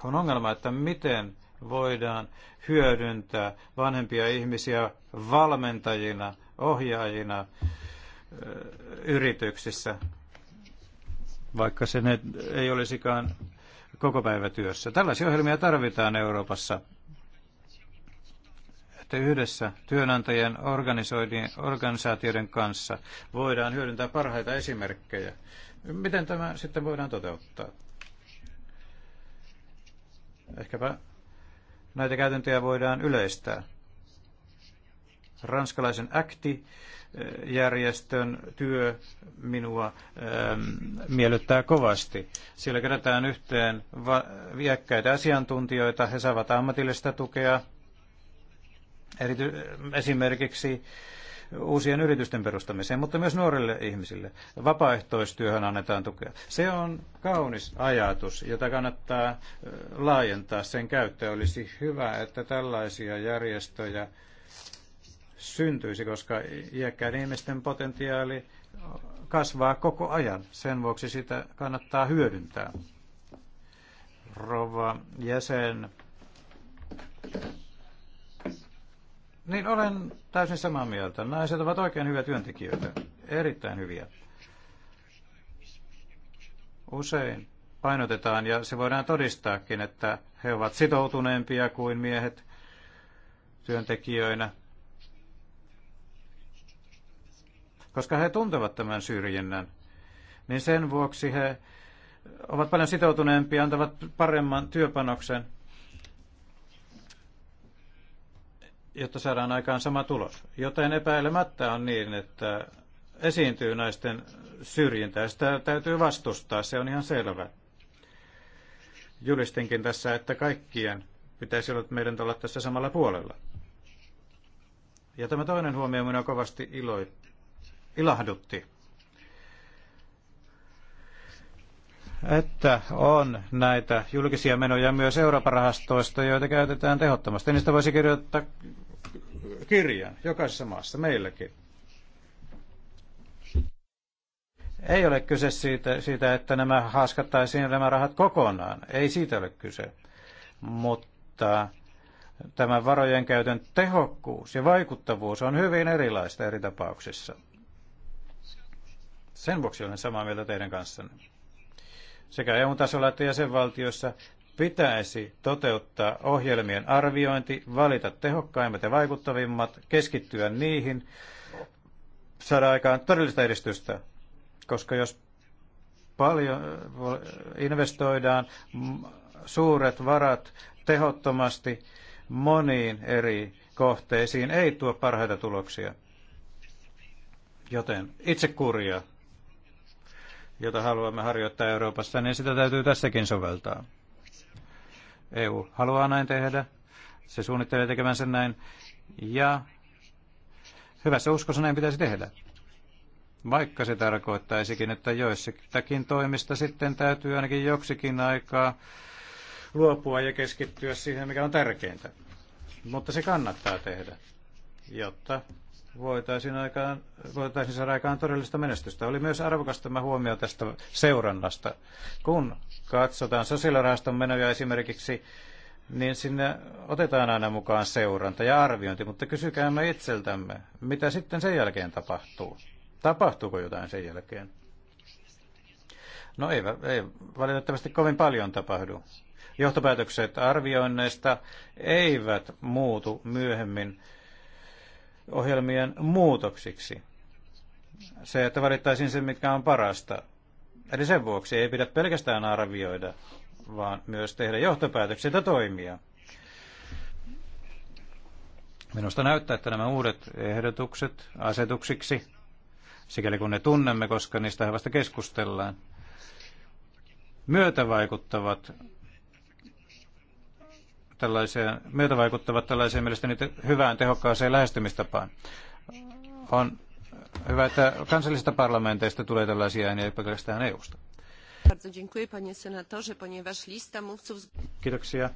On ongelma, että miten voidaan hyödyntää vanhempia ihmisiä valmentajina, ohjaajina yrityksissä, vaikka se ei olisikaan koko työssä. Tällaisia ohjelmia tarvitaan Euroopassa, että yhdessä työnantajien organisaatioiden kanssa voidaan hyödyntää parhaita esimerkkejä. Miten tämä sitten voidaan toteuttaa? Ehkäpä näitä käytäntöjä voidaan yleistää. Ranskalaisen ACTI järjestön työ minua ähm, miellyttää kovasti. Siellä kerätään yhteen va- viekkäitä asiantuntijoita, he saavat ammatillista tukea erity- esimerkiksi uusien yritysten perustamiseen, mutta myös nuorille ihmisille. Vapaaehtoistyöhön annetaan tukea. Se on kaunis ajatus, jota kannattaa laajentaa. Sen käyttöön. olisi hyvä, että tällaisia järjestöjä syntyisi, koska iäkkäiden ihmisten potentiaali kasvaa koko ajan. Sen vuoksi sitä kannattaa hyödyntää. Rova jäsen. Niin olen täysin samaa mieltä. Naiset ovat oikein hyviä työntekijöitä. Erittäin hyviä. Usein painotetaan ja se voidaan todistaakin, että he ovat sitoutuneempia kuin miehet työntekijöinä – koska he tuntevat tämän syrjinnän, niin sen vuoksi he ovat paljon sitoutuneempia, antavat paremman työpanoksen, jotta saadaan aikaan sama tulos. Joten epäilemättä on niin, että esiintyy naisten syrjintää. Sitä täytyy vastustaa, se on ihan selvä. Julistinkin tässä, että kaikkien pitäisi olla meidän olla tässä samalla puolella. Ja tämä toinen huomio minua kovasti iloitti ilahdutti, että on näitä julkisia menoja myös Euroopan rahastoista, joita käytetään tehottomasti. Niistä voisi kirjoittaa kirjan jokaisessa maassa, meilläkin. Ei ole kyse siitä, siitä, että nämä haaskattaisiin nämä rahat kokonaan. Ei siitä ole kyse. Mutta tämä varojen käytön tehokkuus ja vaikuttavuus on hyvin erilaista eri tapauksissa. Sen vuoksi olen samaa mieltä teidän kanssanne. Sekä EU-tasolla että jäsenvaltioissa pitäisi toteuttaa ohjelmien arviointi, valita tehokkaimmat ja vaikuttavimmat, keskittyä niihin, saada aikaan todellista edistystä. Koska jos paljon investoidaan suuret varat tehottomasti moniin eri kohteisiin, ei tuo parhaita tuloksia. Joten itse kurjaa jota haluamme harjoittaa Euroopassa, niin sitä täytyy tässäkin soveltaa. EU haluaa näin tehdä, se suunnittelee tekemään sen näin, ja hyvässä uskossa näin pitäisi tehdä. Vaikka se tarkoittaisikin, että joissakin toimista sitten täytyy ainakin joksikin aikaa luopua ja keskittyä siihen, mikä on tärkeintä. Mutta se kannattaa tehdä, jotta voitaisiin, aikaan, voitaisiin saada aikaan todellista menestystä. Oli myös arvokas tämä huomio tästä seurannasta. Kun katsotaan sosiaalirahaston menoja esimerkiksi, niin sinne otetaan aina mukaan seuranta ja arviointi, mutta kysykäämme itseltämme, mitä sitten sen jälkeen tapahtuu. Tapahtuuko jotain sen jälkeen? No ei, ei valitettavasti kovin paljon tapahdu. Johtopäätökset arvioinneista eivät muutu myöhemmin ohjelmien muutoksiksi. Se, että valittaisiin se, mikä on parasta. Eli sen vuoksi ei pidä pelkästään arvioida, vaan myös tehdä johtopäätöksiä ja toimia. Minusta näyttää, että nämä uudet ehdotukset asetuksiksi, sikäli kun ne tunnemme, koska niistä vasta keskustellaan, myötävaikuttavat tällaiseen, myötävaikuttavat tällaiseen mielestäni hyvään tehokkaaseen lähestymistapaan. On hyvä, että kansallisista parlamenteista tulee tällaisia ääniä, ei pelkästään EU-sta. Kiitoksia.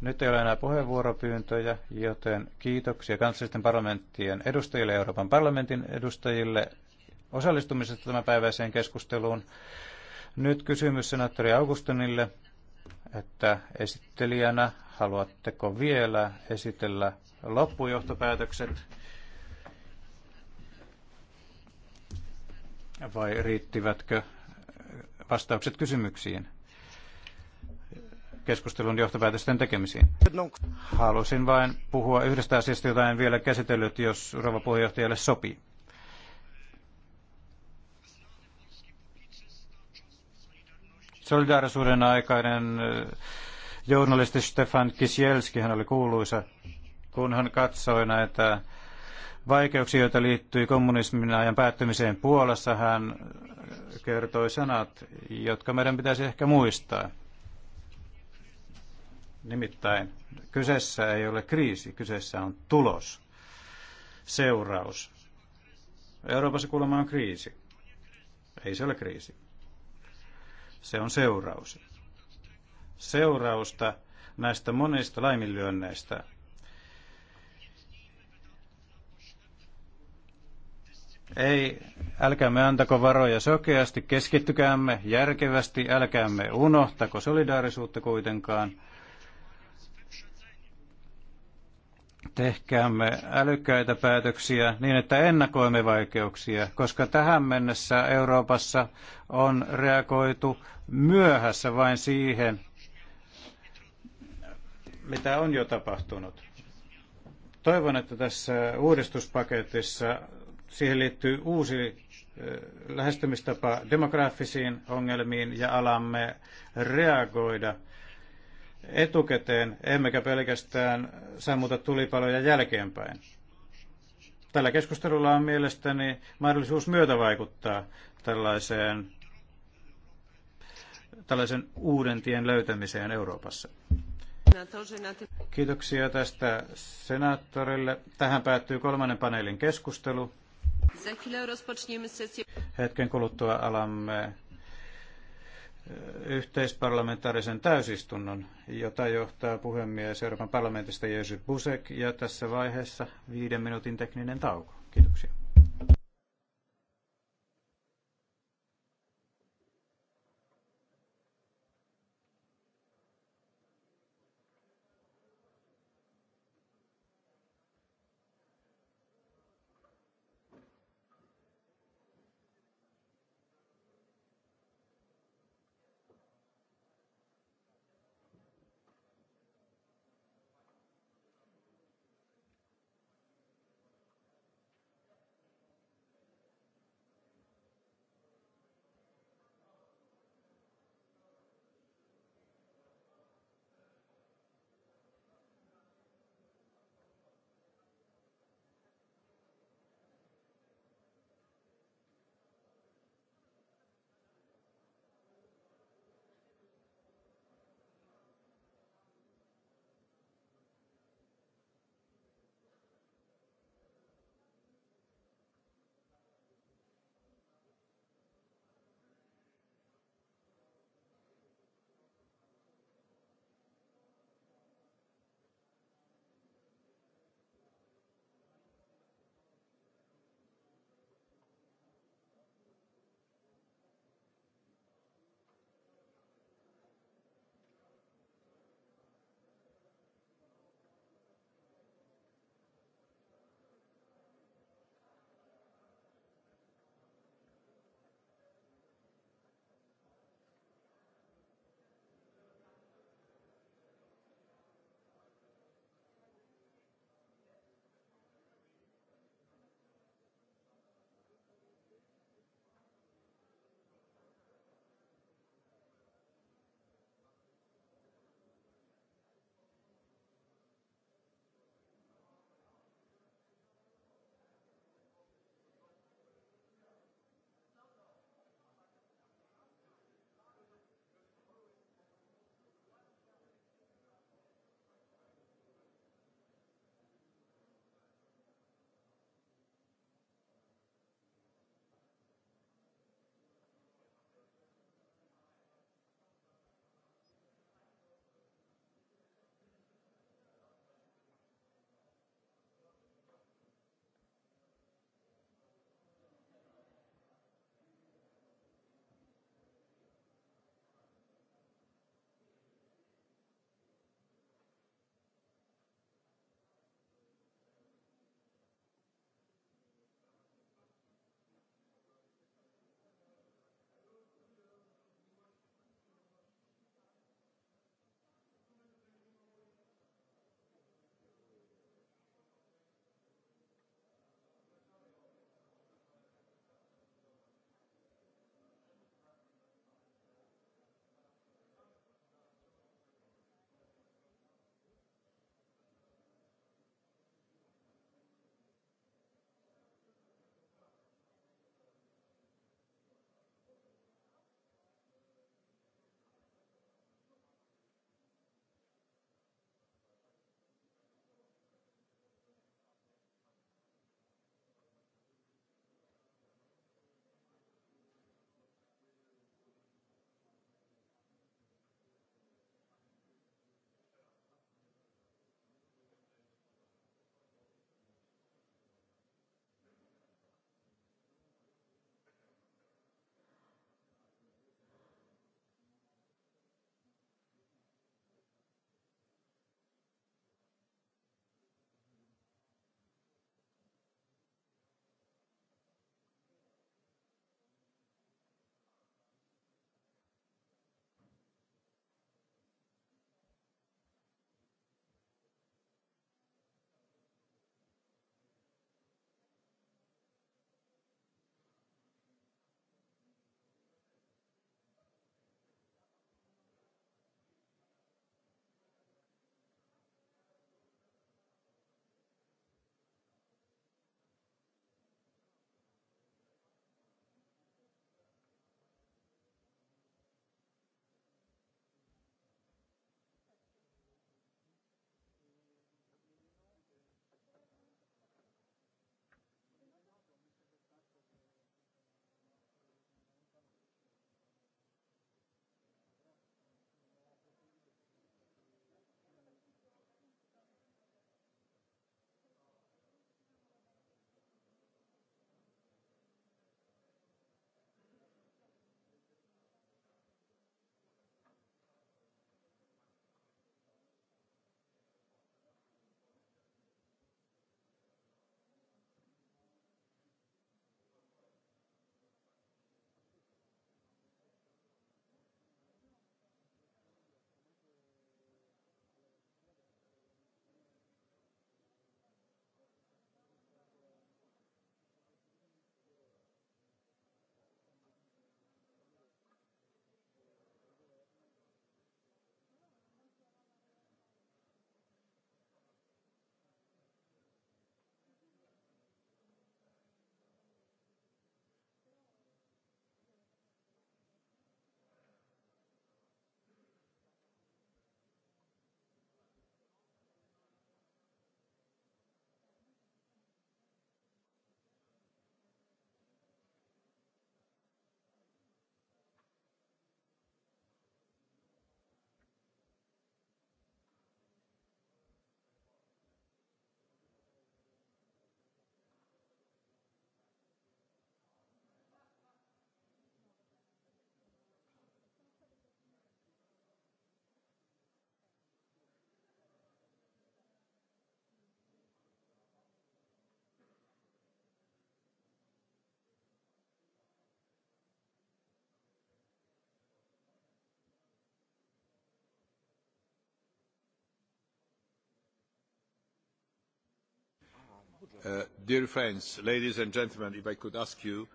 Nyt ei ole enää puheenvuoropyyntöjä, joten kiitoksia kansallisten parlamenttien edustajille ja Euroopan parlamentin edustajille osallistumisesta tämän päiväiseen keskusteluun. Nyt kysymys senaattori Augustinille että esittelijänä haluatteko vielä esitellä loppujohtopäätökset vai riittivätkö vastaukset kysymyksiin? keskustelun johtopäätösten tekemisiin. Halusin vain puhua yhdestä asiasta, jota en vielä käsitellyt, jos rouva puheenjohtajalle sopii. Solidaarisuuden aikainen eh, journalisti Stefan Kisielski, hän oli kuuluisa, kun hän katsoi näitä vaikeuksia, joita liittyi kommunismin ajan päättymiseen Puolassa, hän eh, kertoi sanat, jotka meidän pitäisi ehkä muistaa. Nimittäin kyseessä ei ole kriisi, kyseessä on tulos, seuraus. Euroopassa kuulemma on kriisi. Ei se ole kriisi. Se on seuraus. Seurausta näistä monista laiminlyönneistä. Ei, älkäämme antako varoja sokeasti, keskittykäämme järkevästi, älkäämme unohtako solidaarisuutta kuitenkaan. tehkäämme älykkäitä päätöksiä niin, että ennakoimme vaikeuksia, koska tähän mennessä Euroopassa on reagoitu myöhässä vain siihen, mitä on jo tapahtunut. Toivon, että tässä uudistuspaketissa siihen liittyy uusi eh, lähestymistapa demograafisiin ongelmiin ja alamme reagoida – etukäteen, emmekä pelkästään sammuta tulipaloja jälkeenpäin. Tällä keskustelulla on mielestäni mahdollisuus myötävaikuttaa tällaiseen, tällaisen uuden tien löytämiseen Euroopassa. Kiitoksia tästä senaattorille. Tähän päättyy kolmannen paneelin keskustelu. Hetken kuluttua alamme yhteisparlamentaarisen täysistunnon, jota johtaa puhemies Euroopan parlamentista Jerzy Busek, ja tässä vaiheessa viiden minuutin tekninen tauko. Kiitoksia. Uh, dear friends, ladies and gentlemen, if I could ask you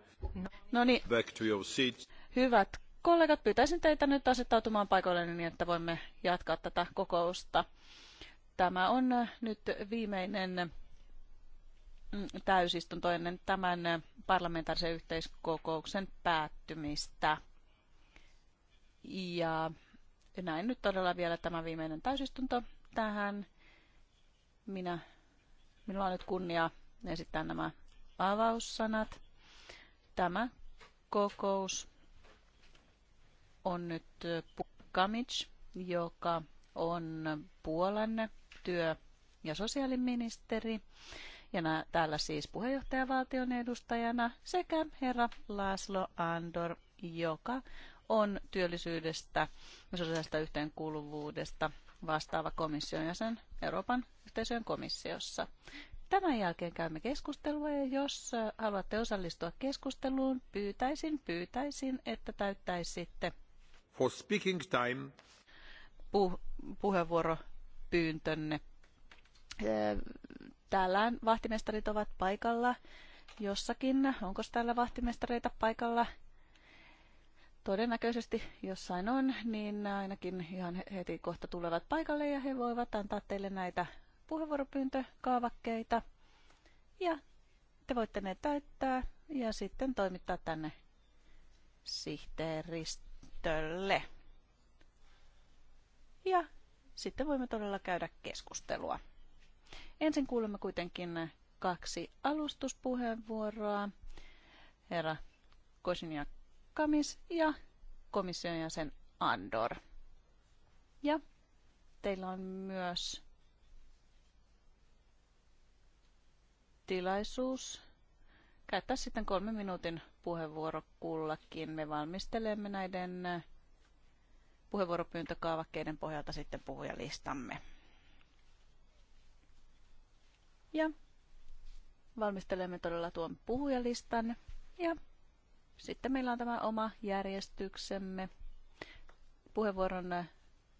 no niin. back to your seats. Hyvät kollegat, pyytäisin teitä nyt asettautumaan paikoille niin, että voimme jatkaa tätä kokousta. Tämä on äh, nyt viimeinen mm, täysistunto ennen tämän äh, parlamentaarisen yhteiskokouksen päättymistä. Ja näin nyt todella vielä tämä viimeinen täysistunto tähän. Minä, minulla on nyt kunnia esittää nämä avaussanat. Tämä kokous on nyt Pukkamic, joka on Puolan työ- ja sosiaaliministeri. Ja nä, täällä siis puheenjohtajavaltion edustajana sekä herra Laslo Andor, joka on työllisyydestä ja sosiaalista yhteenkuuluvuudesta vastaava komission jäsen Euroopan yhteisöjen komissiossa. Tämän jälkeen käymme keskustelua ja jos haluatte osallistua keskusteluun, pyytäisin, pyytäisin, että täyttäisitte For speaking time. Pu- puheenvuoropyyntönne. Täällä vahtimestarit ovat paikalla jossakin. Onko täällä vahtimestareita paikalla? todennäköisesti jossain on, niin ainakin ihan heti kohta tulevat paikalle ja he voivat antaa teille näitä puheenvuoropyyntökaavakkeita ja te voitte ne täyttää ja sitten toimittaa tänne sihteeristölle. Ja sitten voimme todella käydä keskustelua. Ensin kuulemme kuitenkin kaksi alustuspuheenvuoroa. Herra Kosinia Kamis ja komission jäsen Andor. Ja teillä on myös tilaisuus käyttää sitten kolmen minuutin puheenvuoro kullakin. Me valmistelemme näiden puheenvuoropyyntökaavakkeiden pohjalta sitten puhujalistamme. Ja valmistelemme todella tuon puhujalistan. Ja sitten meillä on tämä oma järjestyksemme. Puheenvuoron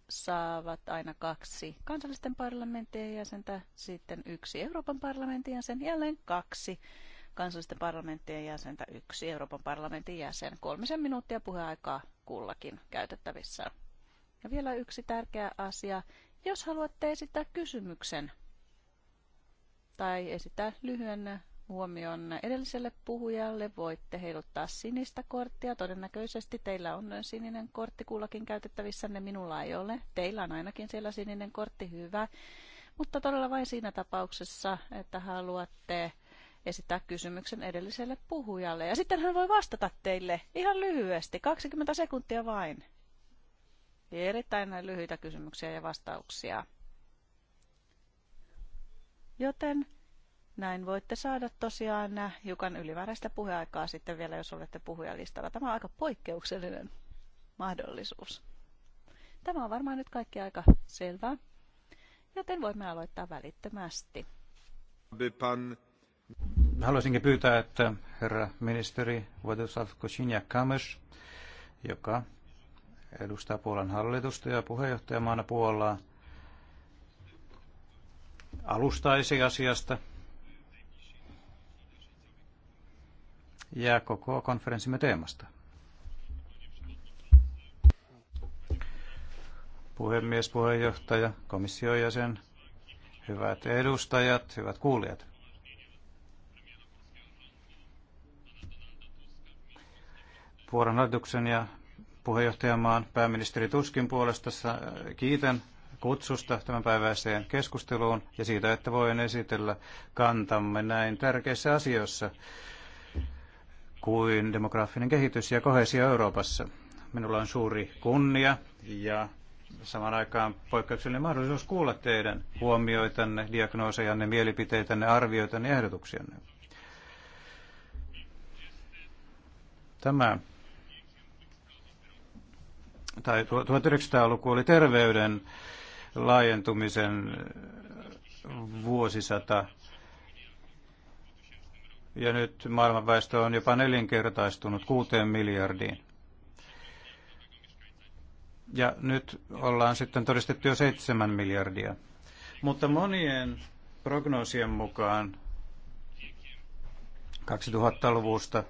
saavat aina kaksi kansallisten parlamenttien jäsentä, sitten yksi Euroopan parlamentin jäsen, jälleen kaksi kansallisten parlamenttien jäsentä, yksi Euroopan parlamentin jäsen. Kolmisen minuuttia puheaikaa kullakin käytettävissä. Ja vielä yksi tärkeä asia. Jos haluatte esittää kysymyksen tai esittää lyhyen huomion edelliselle puhujalle. Voitte heiluttaa sinistä korttia. Todennäköisesti teillä on sininen kortti kullakin käytettävissänne. Minulla ei ole. Teillä on ainakin siellä sininen kortti. Hyvä. Mutta todella vain siinä tapauksessa, että haluatte esittää kysymyksen edelliselle puhujalle. Ja sitten hän voi vastata teille ihan lyhyesti, 20 sekuntia vain. Erittäin lyhyitä kysymyksiä ja vastauksia. Joten näin voitte saada tosiaan hiukan ylimääräistä puheaikaa sitten vielä, jos olette puhujalistalla. Tämä on aika poikkeuksellinen mahdollisuus. Tämä on varmaan nyt kaikki aika selvää, joten voimme aloittaa välittömästi. Haluaisinkin pyytää, että herra ministeri Władysław Kosiniak-Kamysz, joka edustaa Puolan hallitusta ja puheenjohtajamaana Puolaa, alustaisi asiasta – ja koko konferenssimme teemasta. Puhemies, puheenjohtaja, komission jäsen, hyvät edustajat, hyvät kuulijat. Puolan hallituksen ja puheenjohtajamaan pääministeri Tuskin puolesta kiitän kutsusta tämän päiväiseen keskusteluun ja siitä, että voin esitellä kantamme näin tärkeissä asioissa, kuin demografinen kehitys ja kohesio Euroopassa. Minulla on suuri kunnia ja saman aikaan poikkeuksellinen mahdollisuus kuulla teidän huomioitanne, diagnoosejanne, mielipiteitänne, arvioitanne ja ehdotuksianne. Tämä tai 1900-luku oli terveyden laajentumisen vuosisata ja nyt maailmanväestö on jopa nelinkertaistunut kuuteen miljardiin. Ja nyt ollaan sitten todistettu jo seitsemän miljardia. Mutta monien prognoosien mukaan 2000-luvusta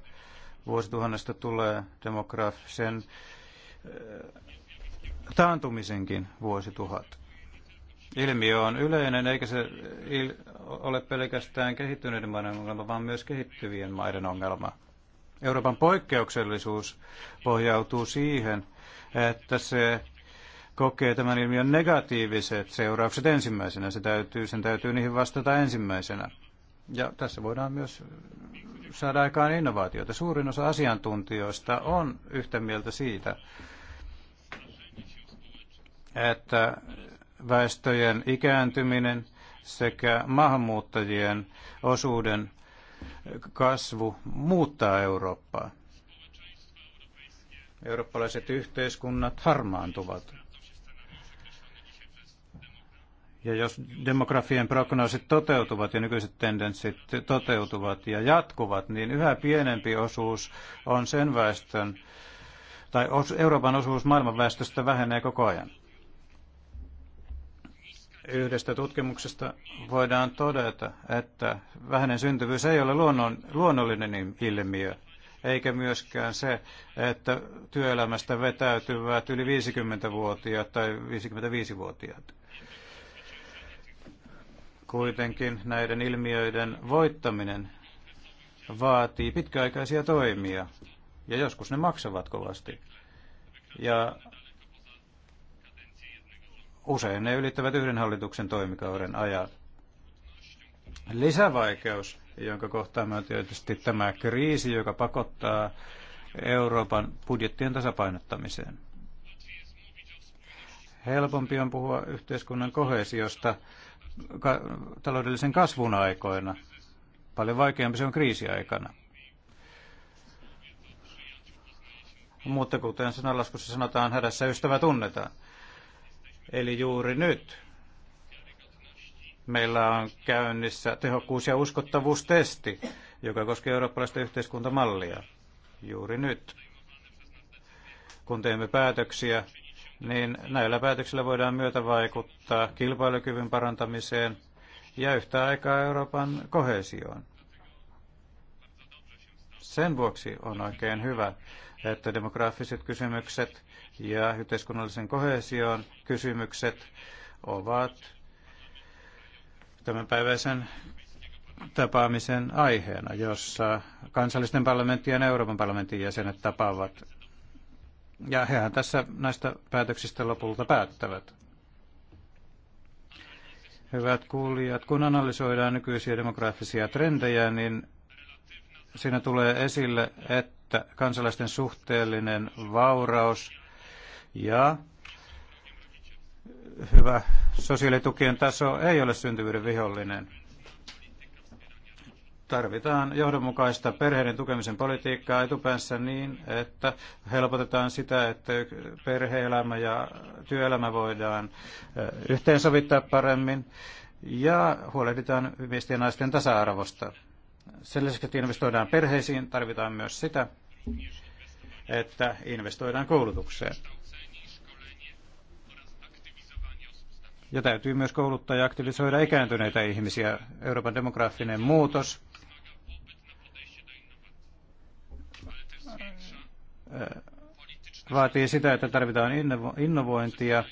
vuosituhannesta tulee demografisen äh, taantumisenkin vuosituhat ilmiö on yleinen, eikä se ole pelkästään kehittyneiden maiden ongelma, vaan myös kehittyvien maiden ongelma. Euroopan poikkeuksellisuus pohjautuu siihen, että se kokee tämän ilmiön negatiiviset seuraukset ensimmäisenä. Se täytyy, sen täytyy niihin vastata ensimmäisenä. Ja tässä voidaan myös saada aikaan innovaatioita. Suurin osa asiantuntijoista on yhtä mieltä siitä, että väestöjen ikääntyminen sekä maahanmuuttajien osuuden kasvu muuttaa Eurooppaa. Eurooppalaiset yhteiskunnat harmaantuvat. Ja jos demografien prognoosit toteutuvat ja nykyiset tendenssit toteutuvat ja jatkuvat, niin yhä pienempi osuus on sen väestön, tai Euroopan osuus maailman väestöstä vähenee koko ajan. Yhdestä tutkimuksesta voidaan todeta, että vähäinen syntyvyys ei ole luonnon, luonnollinen ilmiö, eikä myöskään se, että työelämästä vetäytyvät yli 50-vuotiaat tai 55-vuotiaat. Kuitenkin näiden ilmiöiden voittaminen vaatii pitkäaikaisia toimia, ja joskus ne maksavat kovasti. Ja Usein ne ylittävät yhden hallituksen toimikauden ajan. Lisävaikeus, jonka kohtaamme on tietysti tämä kriisi, joka pakottaa Euroopan budjettien tasapainottamiseen. Helpompi on puhua yhteiskunnan kohesiosta ka- taloudellisen kasvun aikoina. Paljon vaikeampi se on kriisiaikana. Mutta kuten sanalaskussa sanotaan, hädässä ystävä tunnetaan. Eli juuri nyt meillä on käynnissä tehokkuus- ja uskottavuustesti, joka koskee eurooppalaista yhteiskuntamallia. Juuri nyt, kun teemme päätöksiä, niin näillä päätöksillä voidaan myötä vaikuttaa kilpailukyvyn parantamiseen ja yhtä aikaa Euroopan kohesioon. Sen vuoksi on oikein hyvä, että demograafiset kysymykset ja yhteiskunnallisen kohesion kysymykset ovat tämänpäiväisen tapaamisen aiheena, jossa kansallisten parlamenttien ja Euroopan parlamentin jäsenet tapaavat. Ja hehän tässä näistä päätöksistä lopulta päättävät. Hyvät kuulijat, kun analysoidaan nykyisiä demograafisia trendejä, niin siinä tulee esille, että kansalaisten suhteellinen vauraus ja hyvä sosiaalitukien taso ei ole syntyvyyden vihollinen. Tarvitaan johdonmukaista perheiden tukemisen politiikkaa etupäässä niin, että helpotetaan sitä, että perheelämä ja työelämä voidaan yhteensovittaa paremmin ja huolehditaan miesten ja naisten tasa-arvosta. Sen lisäksi, että investoidaan perheisiin, tarvitaan myös sitä, että investoidaan koulutukseen Ja täytyy myös kouluttaa ja aktivisoida ikääntyneitä ihmisiä. Euroopan demografinen muutos äh, vaatii sitä, että tarvitaan innovointia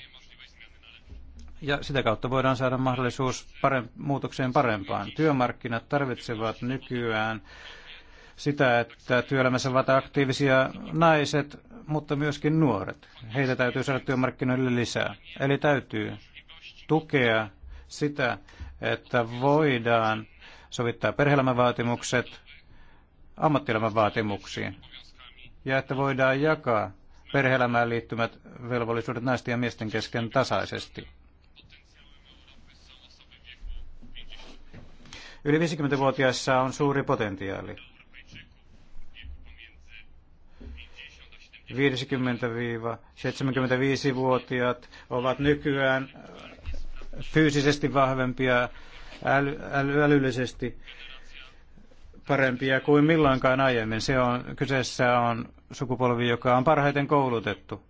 ja sitä kautta voidaan saada mahdollisuus paremp- muutokseen parempaan. Työmarkkinat tarvitsevat nykyään sitä, että työelämässä ovat aktiivisia naiset, mutta myöskin nuoret. Heitä täytyy saada työmarkkinoille lisää. Eli täytyy tukea sitä, että voidaan sovittaa perhe vaatimukset ammattielämän vaatimuksiin ja että voidaan jakaa perheelämään liittymät velvollisuudet naisten ja miesten kesken tasaisesti. Yli 50-vuotiaissa on suuri potentiaali. 50-75-vuotiaat ovat nykyään fyysisesti vahvempia, äly, äly, älyllisesti parempia kuin milloinkaan aiemmin. Se on, kyseessä on sukupolvi, joka on parhaiten koulutettu.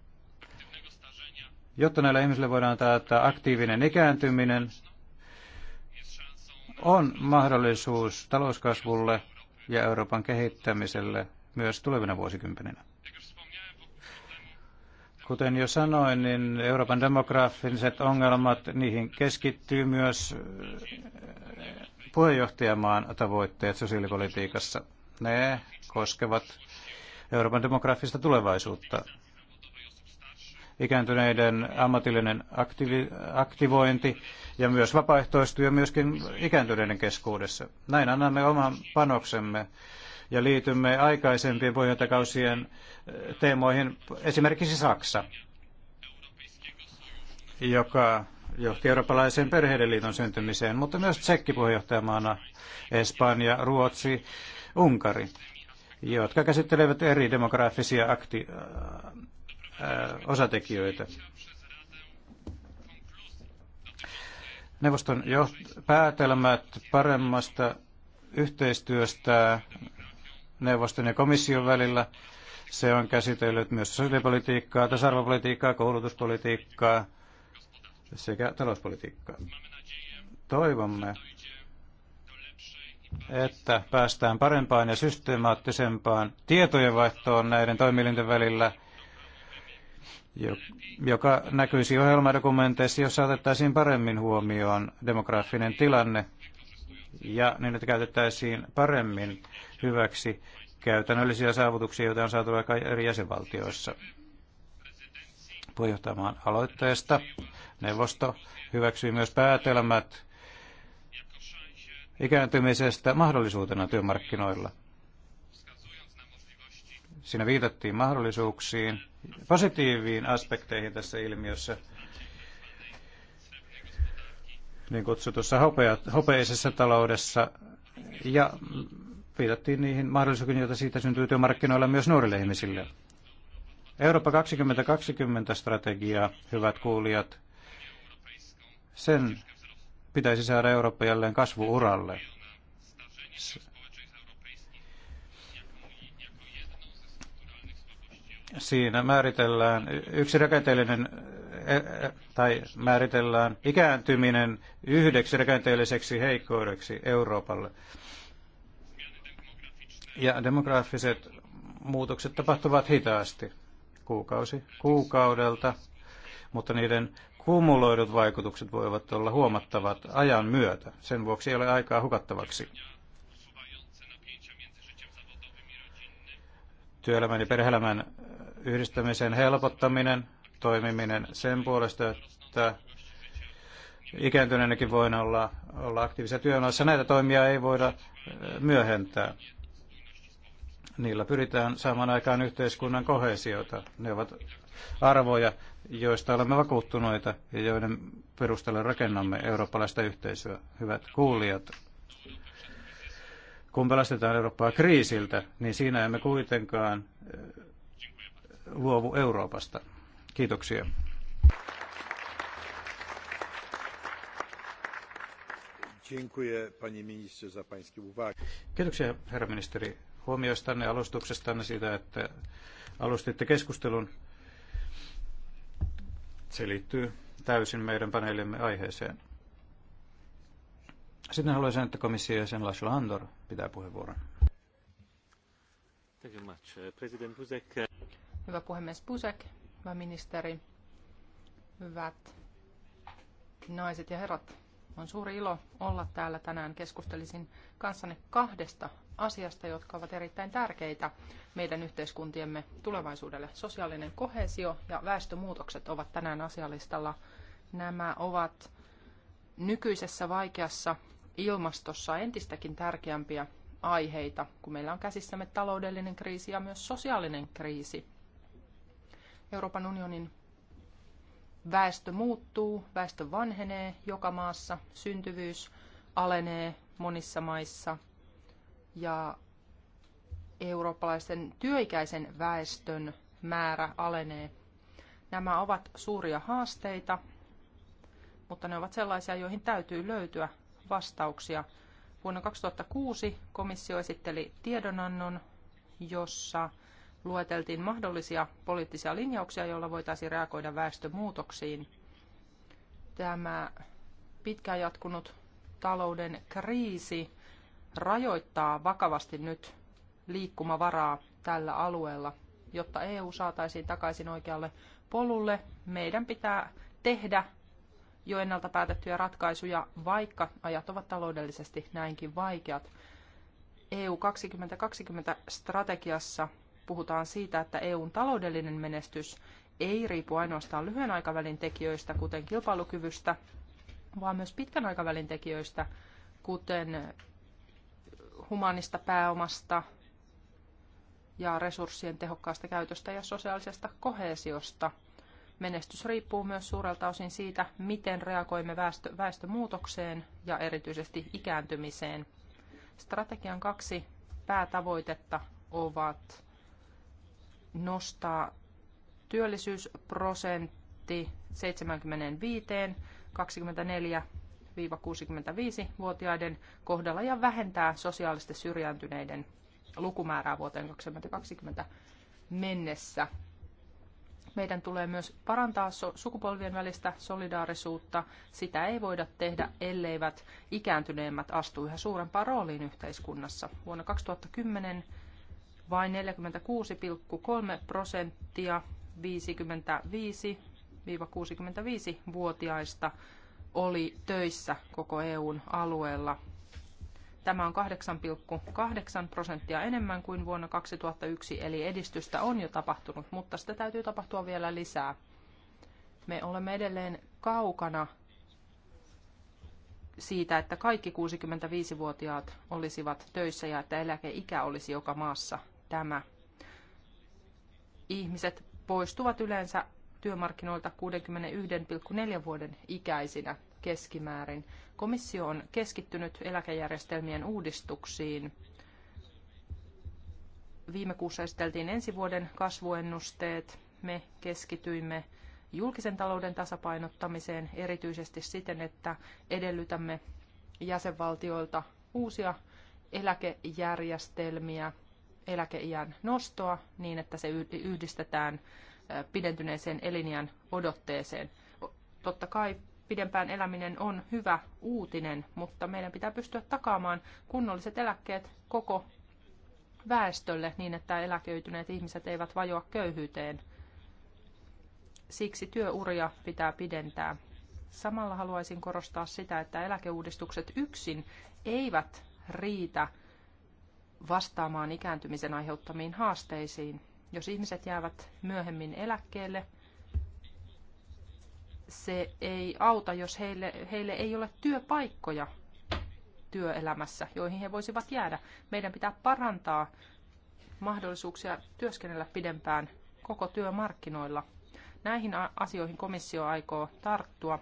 Jotta näillä ihmisillä voidaan taata aktiivinen ikääntyminen, on mahdollisuus talouskasvulle ja Euroopan kehittämiselle myös tulevina vuosikymmeninä. Kuten jo sanoin, niin Euroopan demografiset ongelmat, niihin keskittyy myös eh, puheenjohtajamaan tavoitteet sosiaalipolitiikassa. Ne koskevat Euroopan demografista tulevaisuutta. Ikääntyneiden ammatillinen aktivi- aktivointi ja myös vapaaehtoistyö myöskin ikääntyneiden keskuudessa. Näin annamme oman panoksemme ja liitymme aikaisempien puheenjohtajakausien eh, teemoihin, esimerkiksi Saksa, joka johti Eurooppalaisen perheiden liiton syntymiseen, mutta myös Tsekki puheenjohtajamaana, Espanja, Ruotsi, Unkari, jotka käsittelevät eri demografisia akti- eh, eh, osatekijöitä. Neuvoston joht- päätelmät paremmasta yhteistyöstä neuvoston ja komission välillä. Se on käsitellyt myös sosiaalipolitiikkaa, tasa-arvopolitiikkaa, koulutuspolitiikkaa sekä talouspolitiikkaa. Toivomme, että päästään parempaan ja systemaattisempaan tietojenvaihtoon näiden toimielinten välillä, joka näkyisi ohjelmadokumenteissa, jossa otettaisiin paremmin huomioon demografinen tilanne ja niin, että käytettäisiin paremmin hyväksi käytännöllisiä saavutuksia, joita on saatu aika eri jäsenvaltioissa. Puheenjohtajamaan aloitteesta neuvosto hyväksyi myös päätelmät ikääntymisestä mahdollisuutena työmarkkinoilla. Siinä viitattiin mahdollisuuksiin, positiiviin aspekteihin tässä ilmiössä – niin kutsutussa hopeat, hopeisessa taloudessa ja viitattiin niihin mahdollisuuksiin, joita siitä syntyy työmarkkinoilla myös nuorille ihmisille. Eurooppa 2020 strategia, hyvät kuulijat, sen pitäisi saada Eurooppa jälleen kasvuuralle. Siinä määritellään yksi rakenteellinen E, e, tai määritellään ikääntyminen yhdeksi rakenteelliseksi heikkoudeksi Euroopalle. Ja demografiset muutokset tapahtuvat hitaasti, kuukausi kuukaudelta, mutta niiden kumuloidut vaikutukset voivat olla huomattavat ajan myötä. Sen vuoksi ei ole aikaa hukattavaksi. Työelämän ja perheelämän yhdistämisen helpottaminen, toimiminen sen puolesta, että ikääntyneenäkin voin olla, olla aktiivisia työnoissa. Näitä toimia ei voida myöhentää. Niillä pyritään saamaan aikaan yhteiskunnan kohesiota. Ne ovat arvoja, joista olemme vakuuttuneita ja joiden perusteella rakennamme eurooppalaista yhteisöä. Hyvät kuulijat, kun pelastetaan Eurooppaa kriisiltä, niin siinä emme kuitenkaan luovu Euroopasta. Kiitoksia. Kiitoksia, herra ministeri, huomioistanne ja alustuksestanne siitä, että alustitte keskustelun. Se liittyy täysin meidän paneelimme aiheeseen. Sitten haluaisin, että komissio ja sen Lars Landor pitää puheenvuoron. Uh, Hyvä puhemies Pusek, Hyvä ministeri, hyvät naiset ja herrat, on suuri ilo olla täällä tänään. Keskustelisin kanssanne kahdesta asiasta, jotka ovat erittäin tärkeitä meidän yhteiskuntiemme tulevaisuudelle. Sosiaalinen kohesio ja väestömuutokset ovat tänään asialistalla. Nämä ovat nykyisessä vaikeassa ilmastossa entistäkin tärkeämpiä aiheita, kun meillä on käsissämme taloudellinen kriisi ja myös sosiaalinen kriisi. Euroopan unionin väestö muuttuu, väestö vanhenee joka maassa, syntyvyys alenee monissa maissa ja eurooppalaisen työikäisen väestön määrä alenee. Nämä ovat suuria haasteita, mutta ne ovat sellaisia, joihin täytyy löytyä vastauksia. Vuonna 2006 komissio esitteli tiedonannon, jossa lueteltiin mahdollisia poliittisia linjauksia, joilla voitaisiin reagoida väestömuutoksiin. Tämä pitkään jatkunut talouden kriisi rajoittaa vakavasti nyt liikkumavaraa tällä alueella. Jotta EU saataisiin takaisin oikealle polulle, meidän pitää tehdä jo ennalta päätettyjä ratkaisuja, vaikka ajat ovat taloudellisesti näinkin vaikeat. EU 2020 strategiassa puhutaan siitä, että EUn taloudellinen menestys ei riipu ainoastaan lyhyen aikavälin tekijöistä, kuten kilpailukyvystä, vaan myös pitkän aikavälin tekijöistä, kuten humanista pääomasta ja resurssien tehokkaasta käytöstä ja sosiaalisesta kohesiosta. Menestys riippuu myös suurelta osin siitä, miten reagoimme väestö, väestömuutokseen ja erityisesti ikääntymiseen. Strategian kaksi päätavoitetta ovat nostaa työllisyysprosentti 75 24 65-vuotiaiden kohdalla ja vähentää sosiaalisesti syrjäytyneiden lukumäärää vuoteen 2020 mennessä. Meidän tulee myös parantaa sukupolvien välistä solidaarisuutta. Sitä ei voida tehdä, elleivät ikääntyneemmät astu yhä suurempaan rooliin yhteiskunnassa. Vuonna 2010 vain 46,3 prosenttia 55-65-vuotiaista oli töissä koko EUn alueella. Tämä on 8,8 prosenttia enemmän kuin vuonna 2001, eli edistystä on jo tapahtunut, mutta sitä täytyy tapahtua vielä lisää. Me olemme edelleen kaukana siitä, että kaikki 65-vuotiaat olisivat töissä ja että eläkeikä olisi joka maassa tämä. Ihmiset poistuvat yleensä työmarkkinoilta 61,4 vuoden ikäisinä keskimäärin. Komissio on keskittynyt eläkejärjestelmien uudistuksiin. Viime kuussa esiteltiin ensi vuoden kasvuennusteet. Me keskityimme julkisen talouden tasapainottamiseen erityisesti siten, että edellytämme jäsenvaltioilta uusia eläkejärjestelmiä – eläkeiän nostoa niin, että se yhdistetään pidentyneeseen eliniän odotteeseen. Totta kai pidempään eläminen on hyvä uutinen, mutta meidän pitää pystyä takaamaan kunnolliset eläkkeet koko väestölle niin, että eläköityneet ihmiset eivät vajoa köyhyyteen. Siksi työuria pitää pidentää. Samalla haluaisin korostaa sitä, että eläkeuudistukset yksin eivät riitä – vastaamaan ikääntymisen aiheuttamiin haasteisiin. Jos ihmiset jäävät myöhemmin eläkkeelle, se ei auta, jos heille, heille ei ole työpaikkoja työelämässä, joihin he voisivat jäädä. Meidän pitää parantaa mahdollisuuksia työskennellä pidempään koko työmarkkinoilla. Näihin asioihin komissio aikoo tarttua.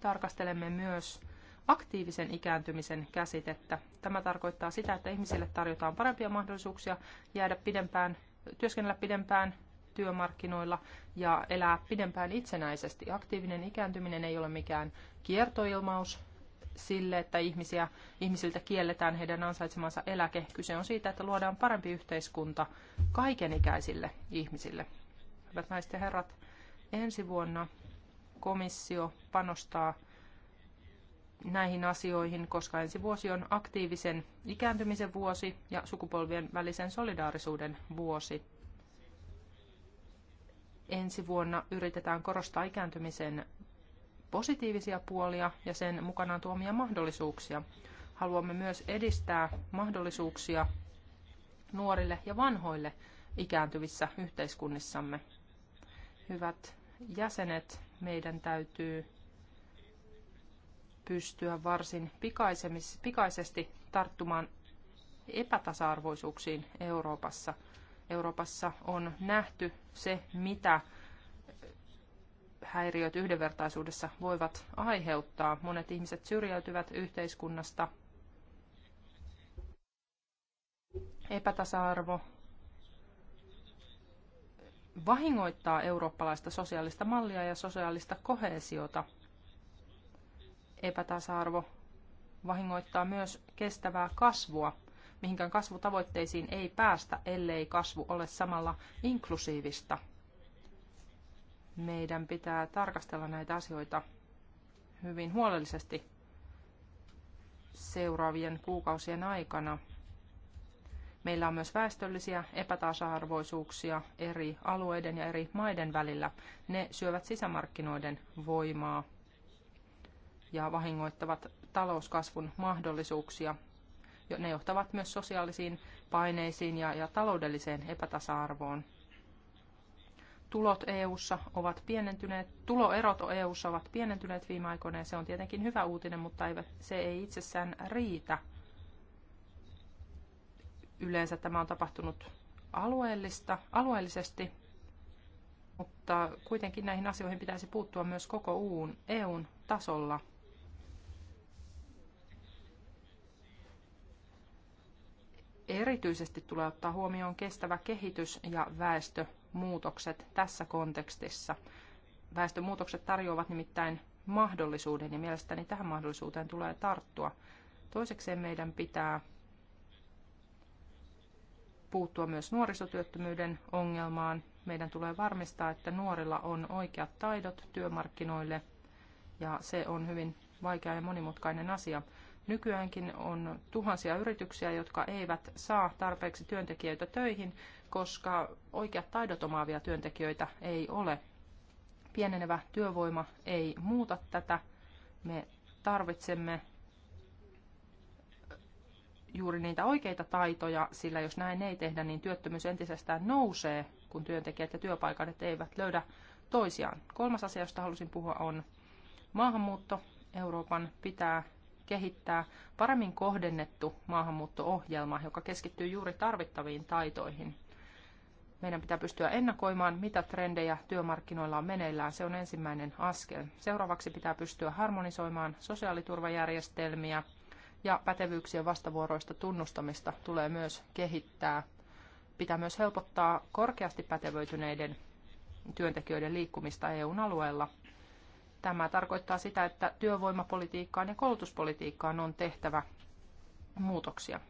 Tarkastelemme myös aktiivisen ikääntymisen käsitettä. Tämä tarkoittaa sitä, että ihmisille tarjotaan parempia mahdollisuuksia jäädä pidempään, työskennellä pidempään työmarkkinoilla ja elää pidempään itsenäisesti. Aktiivinen ikääntyminen ei ole mikään kiertoilmaus sille, että ihmisiä, ihmisiltä kielletään heidän ansaitsemansa eläke. Kyse on siitä, että luodaan parempi yhteiskunta kaikenikäisille ihmisille. Hyvät naiset ja herrat, ensi vuonna komissio panostaa näihin asioihin, koska ensi vuosi on aktiivisen ikääntymisen vuosi ja sukupolvien välisen solidaarisuuden vuosi. Ensi vuonna yritetään korostaa ikääntymisen positiivisia puolia ja sen mukanaan tuomia mahdollisuuksia. Haluamme myös edistää mahdollisuuksia nuorille ja vanhoille ikääntyvissä yhteiskunnissamme. Hyvät jäsenet, meidän täytyy pystyä varsin pikaisesti tarttumaan epätasa-arvoisuuksiin Euroopassa. Euroopassa on nähty se, mitä häiriöt yhdenvertaisuudessa voivat aiheuttaa. Monet ihmiset syrjäytyvät yhteiskunnasta. Epätasa-arvo vahingoittaa eurooppalaista sosiaalista mallia ja sosiaalista kohesiota – epätasa-arvo vahingoittaa myös kestävää kasvua. Mihinkään kasvutavoitteisiin ei päästä, ellei kasvu ole samalla inklusiivista. Meidän pitää tarkastella näitä asioita hyvin huolellisesti seuraavien kuukausien aikana. Meillä on myös väestöllisiä epätasa-arvoisuuksia eri alueiden ja eri maiden välillä. Ne syövät sisämarkkinoiden voimaa ja vahingoittavat talouskasvun mahdollisuuksia. Ne johtavat myös sosiaalisiin paineisiin ja, ja taloudelliseen epätasa-arvoon. Tulot EU:ssa ovat pienentyneet, tuloerot EU:ssa ovat pienentyneet viime aikoina ja se on tietenkin hyvä uutinen, mutta ei, se ei itsessään riitä. Yleensä tämä on tapahtunut alueellista, alueellisesti, mutta kuitenkin näihin asioihin pitäisi puuttua myös koko EUn e tasolla. erityisesti tulee ottaa huomioon kestävä kehitys ja väestömuutokset tässä kontekstissa. Väestömuutokset tarjoavat nimittäin mahdollisuuden ja mielestäni tähän mahdollisuuteen tulee tarttua. Toisekseen meidän pitää puuttua myös nuorisotyöttömyyden ongelmaan. Meidän tulee varmistaa, että nuorilla on oikeat taidot työmarkkinoille ja se on hyvin vaikea ja monimutkainen asia. Nykyäänkin on tuhansia yrityksiä, jotka eivät saa tarpeeksi työntekijöitä töihin, koska oikeat taidot omaavia työntekijöitä ei ole. Pienenevä työvoima ei muuta tätä. Me tarvitsemme juuri niitä oikeita taitoja, sillä jos näin ei tehdä, niin työttömyys entisestään nousee, kun työntekijät ja työpaikat eivät löydä toisiaan. Kolmas asia, josta halusin puhua, on maahanmuutto. Euroopan pitää kehittää paremmin kohdennettu maahanmuutto-ohjelma, joka keskittyy juuri tarvittaviin taitoihin. Meidän pitää pystyä ennakoimaan, mitä trendejä työmarkkinoilla on meneillään. Se on ensimmäinen askel. Seuraavaksi pitää pystyä harmonisoimaan sosiaaliturvajärjestelmiä ja pätevyyksien vastavuoroista tunnustamista tulee myös kehittää. Pitää myös helpottaa korkeasti pätevöityneiden työntekijöiden liikkumista EUn alueella Tämä tarkoittaa sitä, että työvoimapolitiikkaan ja koulutuspolitiikkaan on tehtävä muutoksia.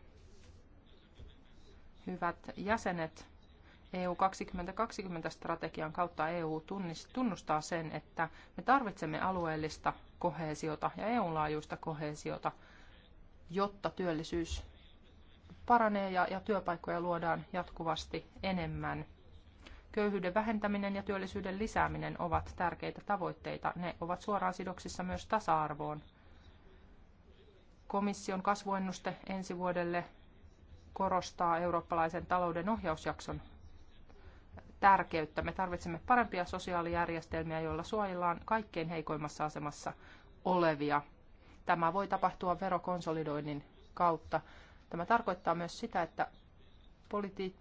Hyvät jäsenet, EU 2020-strategian kautta EU tunnustaa sen, että me tarvitsemme alueellista kohesiota ja EU-laajuista kohesiota, jotta työllisyys paranee ja, ja työpaikkoja luodaan jatkuvasti enemmän – Köyhyyden vähentäminen ja työllisyyden lisääminen ovat tärkeitä tavoitteita. Ne ovat suoraan sidoksissa myös tasa-arvoon. Komission kasvuennuste ensi vuodelle korostaa eurooppalaisen talouden ohjausjakson tärkeyttä. Me tarvitsemme parempia sosiaalijärjestelmiä, joilla suojellaan kaikkein heikoimmassa asemassa olevia. Tämä voi tapahtua verokonsolidoinnin kautta. Tämä tarkoittaa myös sitä, että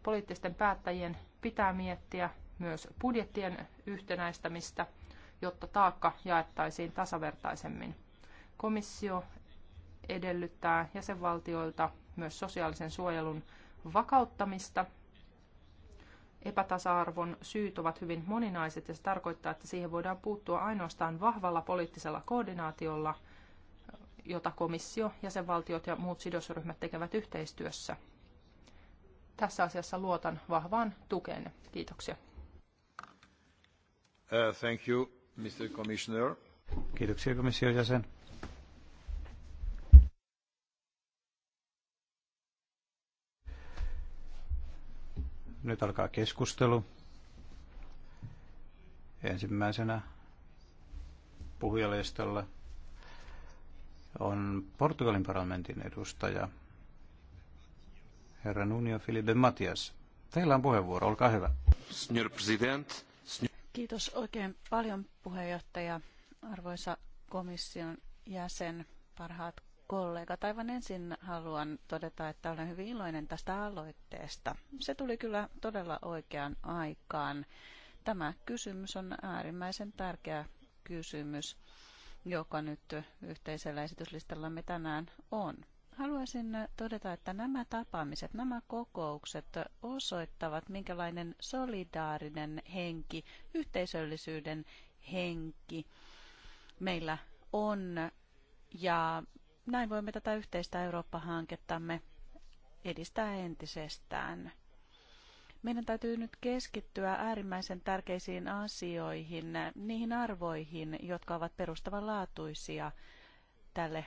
poliittisten päättäjien pitää miettiä myös budjettien yhtenäistämistä, jotta taakka jaettaisiin tasavertaisemmin. Komissio edellyttää jäsenvaltioilta myös sosiaalisen suojelun vakauttamista. Epätasa-arvon syyt ovat hyvin moninaiset ja se tarkoittaa, että siihen voidaan puuttua ainoastaan vahvalla poliittisella koordinaatiolla, jota komissio, jäsenvaltiot ja muut sidosryhmät tekevät yhteistyössä tässä asiassa luotan vahvaan tukeen. Kiitoksia. Uh, thank you, Mr. Commissioner. Kiitoksia komission jäsen. Nyt alkaa keskustelu. Ensimmäisenä puhujalistalla on Portugalin parlamentin edustaja Herra Nunio Filipe Matias, teillä on puheenvuoro, olkaa hyvä. Signor President. Kiitos oikein paljon puheenjohtaja, arvoisa komission jäsen, parhaat kollegat. Aivan ensin haluan todeta, että olen hyvin iloinen tästä aloitteesta. Se tuli kyllä todella oikeaan aikaan. Tämä kysymys on äärimmäisen tärkeä kysymys, joka nyt yhteisellä esityslistallamme tänään on. Haluaisin todeta, että nämä tapaamiset, nämä kokoukset osoittavat, minkälainen solidaarinen henki, yhteisöllisyyden henki meillä on. Ja näin voimme tätä yhteistä Eurooppa-hankettamme edistää entisestään. Meidän täytyy nyt keskittyä äärimmäisen tärkeisiin asioihin, niihin arvoihin, jotka ovat perustavanlaatuisia tälle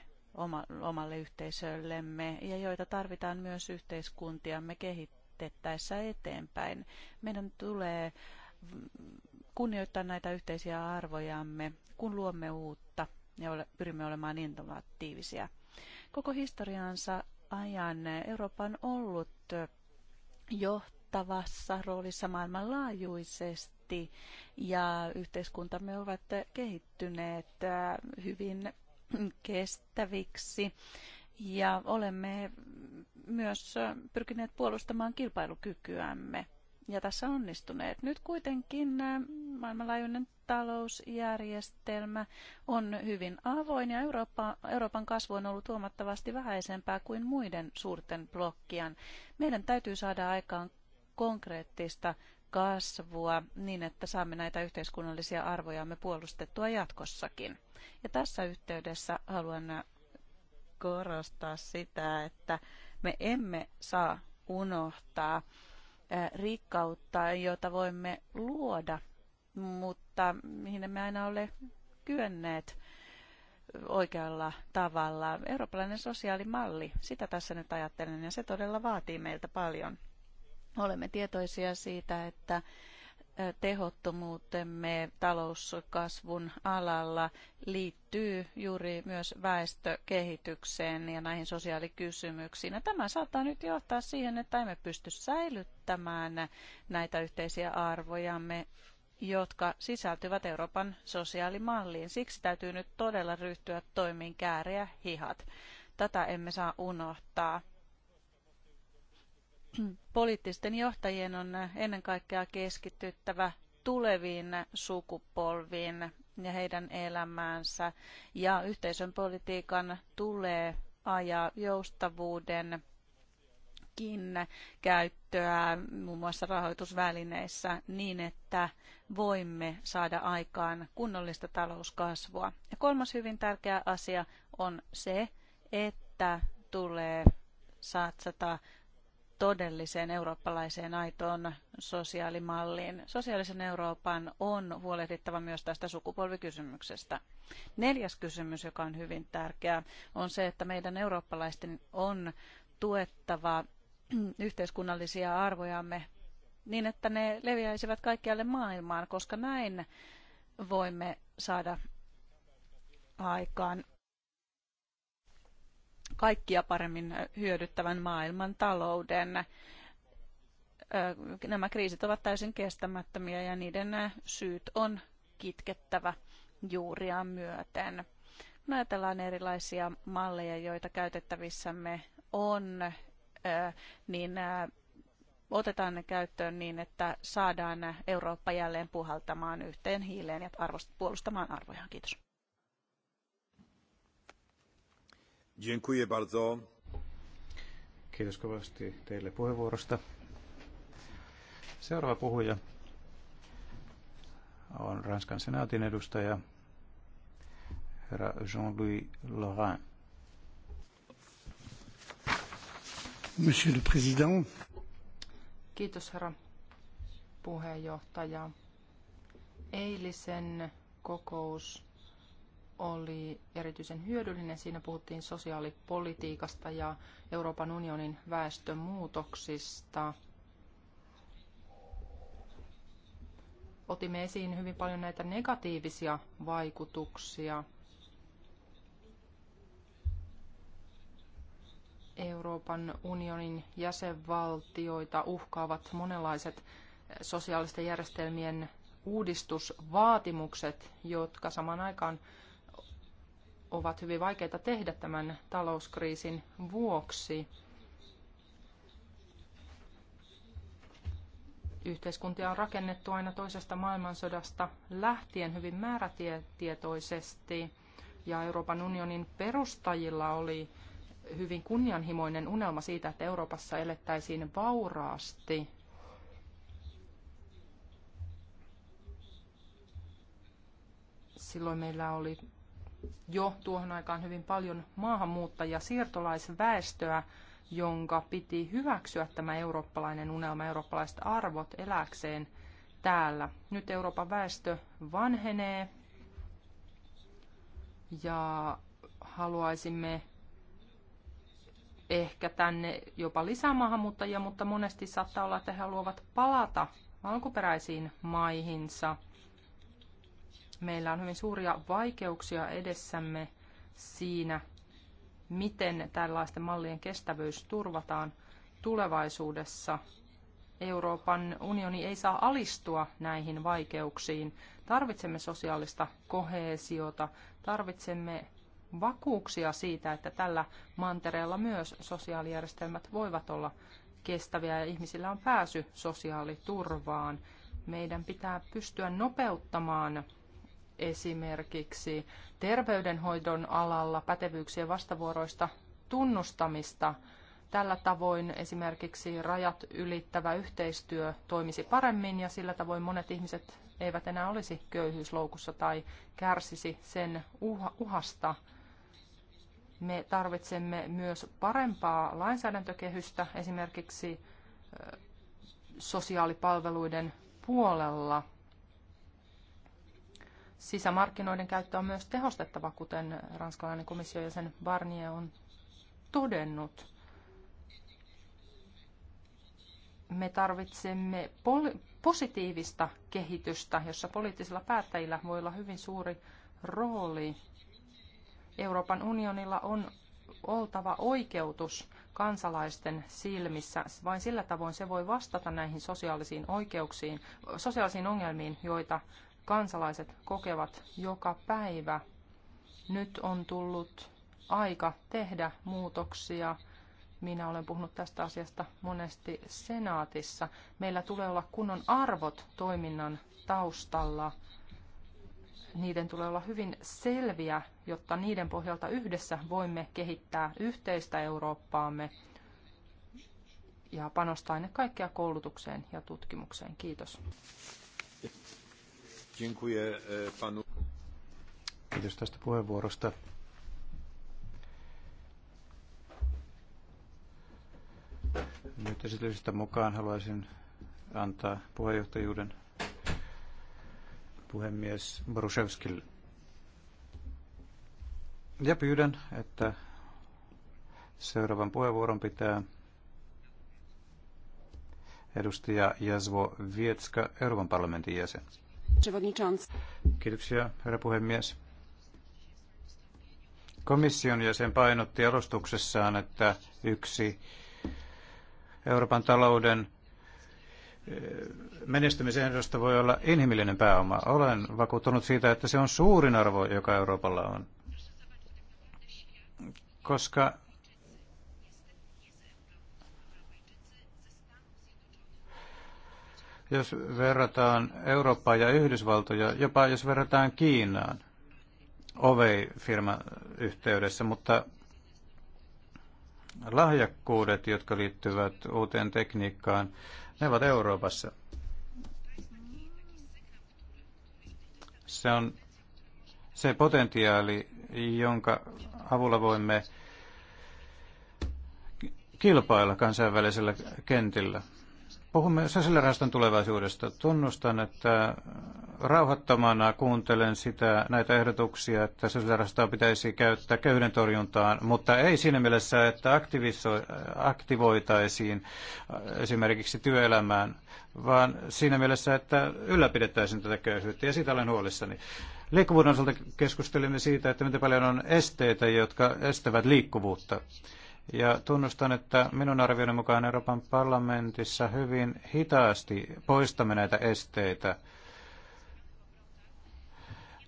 omalle yhteisöllemme ja joita tarvitaan myös yhteiskuntiamme kehitettäessä eteenpäin. Meidän tulee kunnioittaa näitä yhteisiä arvojamme, kun luomme uutta ja ole, pyrimme olemaan innovatiivisia. Koko historiansa ajan Eurooppa on ollut johtavassa roolissa maailmanlaajuisesti ja yhteiskuntamme ovat kehittyneet hyvin kestäviksi ja olemme myös pyrkineet puolustamaan kilpailukykyämme ja tässä onnistuneet. Nyt kuitenkin äh, maailmanlaajuinen talousjärjestelmä on hyvin avoin ja Eurooppa, Euroopan kasvu on ollut huomattavasti vähäisempää kuin muiden suurten blokkien. Meidän täytyy saada aikaan konkreettista kasvua niin, että saamme näitä yhteiskunnallisia arvojamme puolustettua jatkossakin. Ja tässä yhteydessä haluan korostaa sitä, että me emme saa unohtaa rikkautta, jota voimme luoda, mutta mihin me aina ole kyenneet oikealla tavalla. Eurooppalainen sosiaalimalli, sitä tässä nyt ajattelen, ja se todella vaatii meiltä paljon. Olemme tietoisia siitä, että tehottomuutemme talouskasvun alalla liittyy juuri myös väestökehitykseen ja näihin sosiaalikysymyksiin. Ja tämä saattaa nyt johtaa siihen, että emme pysty säilyttämään näitä yhteisiä arvojamme, jotka sisältyvät Euroopan sosiaalimalliin. Siksi täytyy nyt todella ryhtyä toimiin kääriä hihat. Tätä emme saa unohtaa poliittisten johtajien on ennen kaikkea keskityttävä tuleviin sukupolviin ja heidän elämäänsä. Ja yhteisön politiikan tulee ajaa joustavuuden kiinne käyttöä muun muassa rahoitusvälineissä niin, että voimme saada aikaan kunnollista talouskasvua. Ja kolmas hyvin tärkeä asia on se, että tulee satsata todelliseen eurooppalaiseen aitoon sosiaalimalliin. Sosiaalisen Euroopan on huolehdittava myös tästä sukupolvikysymyksestä. Neljäs kysymys, joka on hyvin tärkeä, on se, että meidän eurooppalaisten on tuettava yhteiskunnallisia arvojamme niin, että ne leviäisivät kaikkialle maailmaan, koska näin voimme saada aikaan kaikkia paremmin hyödyttävän maailman talouden. Nämä kriisit ovat täysin kestämättömiä ja niiden syyt on kitkettävä juuriaan myöten. Kun ajatellaan erilaisia malleja, joita käytettävissämme on, niin otetaan ne käyttöön niin, että saadaan Eurooppa jälleen puhaltamaan yhteen hiileen ja puolustamaan arvojaan. Kiitos. Dziękuję bardzo. Kiitos kovasti teille puheenvuorosta. Seuraava puhuja on Ranskan senaatin edustaja herra Jean-Louis Laurent. Monsieur le Président. Kiitos herra puheenjohtaja. Eilisen kokous oli erityisen hyödyllinen. Siinä puhuttiin sosiaalipolitiikasta ja Euroopan unionin väestömuutoksista. Otimme esiin hyvin paljon näitä negatiivisia vaikutuksia. Euroopan unionin jäsenvaltioita uhkaavat monenlaiset eh, sosiaalisten järjestelmien uudistusvaatimukset, jotka samaan aikaan ovat hyvin vaikeita tehdä tämän talouskriisin vuoksi. Yhteiskuntia on rakennettu aina toisesta maailmansodasta lähtien hyvin määrätietoisesti ja Euroopan unionin perustajilla oli hyvin kunnianhimoinen unelma siitä, että Euroopassa elettäisiin vauraasti. Silloin meillä oli jo tuohon aikaan hyvin paljon maahanmuuttajia, siirtolaisväestöä, jonka piti hyväksyä tämä eurooppalainen unelma, eurooppalaiset arvot eläkseen täällä. Nyt Euroopan väestö vanhenee ja haluaisimme ehkä tänne jopa lisää maahanmuuttajia, mutta monesti saattaa olla, että he haluavat palata alkuperäisiin maihinsa – meillä on hyvin suuria vaikeuksia edessämme siinä, miten tällaisten mallien kestävyys turvataan tulevaisuudessa. Euroopan unioni ei saa alistua näihin vaikeuksiin. Tarvitsemme sosiaalista koheesiota, tarvitsemme vakuuksia siitä, että tällä mantereella myös sosiaalijärjestelmät voivat olla kestäviä ja ihmisillä on pääsy sosiaaliturvaan. Meidän pitää pystyä nopeuttamaan esimerkiksi terveydenhoidon alalla pätevyyksien vastavuoroista tunnustamista. Tällä tavoin esimerkiksi rajat ylittävä yhteistyö toimisi paremmin ja sillä tavoin monet ihmiset eivät enää olisi köyhyysloukussa tai kärsisi sen uhasta. Me tarvitsemme myös parempaa lainsäädäntökehystä esimerkiksi sosiaalipalveluiden puolella Sisämarkkinoiden käyttöä on myös tehostettava, kuten ranskalainen komissio ja sen Barnier on todennut. Me tarvitsemme positiivista kehitystä, jossa poliittisilla päättäjillä voi olla hyvin suuri rooli. Euroopan unionilla on oltava oikeutus kansalaisten silmissä. Vain sillä tavoin se voi vastata näihin sosiaalisiin oikeuksiin, sosiaalisiin ongelmiin, joita kansalaiset kokevat joka päivä. Nyt on tullut aika tehdä muutoksia. Minä olen puhunut tästä asiasta monesti senaatissa. Meillä tulee olla kunnon arvot toiminnan taustalla. Niiden tulee olla hyvin selviä, jotta niiden pohjalta yhdessä voimme kehittää yhteistä Eurooppaamme ja panostaa ennen kaikkea koulutukseen ja tutkimukseen. Kiitos. E, Kiitos tästä puheenvuorosta. Nyt esityksestä mukaan haluaisin antaa puheenjohtajuuden puhemies Borushevskille. Ja pyydän, että seuraavan puheenvuoron pitää edustaja Jasvo Vietska, Euroopan parlamentin jäsen. Kiitoksia, herra puhemies. Komission jäsen painotti alustuksessaan, että yksi Euroopan talouden eh, menestymisen ehdosta voi olla inhimillinen pääoma. Olen vakuuttunut siitä, että se on suurin arvo, joka Euroopalla on. Koska Jos verrataan Eurooppaa ja Yhdysvaltoja, jopa jos verrataan Kiinaan Ovei-firman yhteydessä, mutta lahjakkuudet, jotka liittyvät uuteen tekniikkaan, ne ovat Euroopassa. Se on se potentiaali, jonka avulla voimme kilpailla kansainvälisellä kentillä. Puhumme sosiaalirahaston tulevaisuudesta. Tunnustan, että rauhattomana kuuntelen sitä, näitä ehdotuksia, että sosiaalirahastoa pitäisi käyttää köyden torjuntaan, mutta ei siinä mielessä, että aktivoitaisiin esimerkiksi työelämään, vaan siinä mielessä, että ylläpidettäisiin tätä köyhyyttä, ja siitä olen huolissani. Liikkuvuuden osalta keskustelimme siitä, että miten paljon on esteitä, jotka estävät liikkuvuutta. Ja tunnustan, että minun arvioni mukaan Euroopan parlamentissa hyvin hitaasti poistamme näitä esteitä.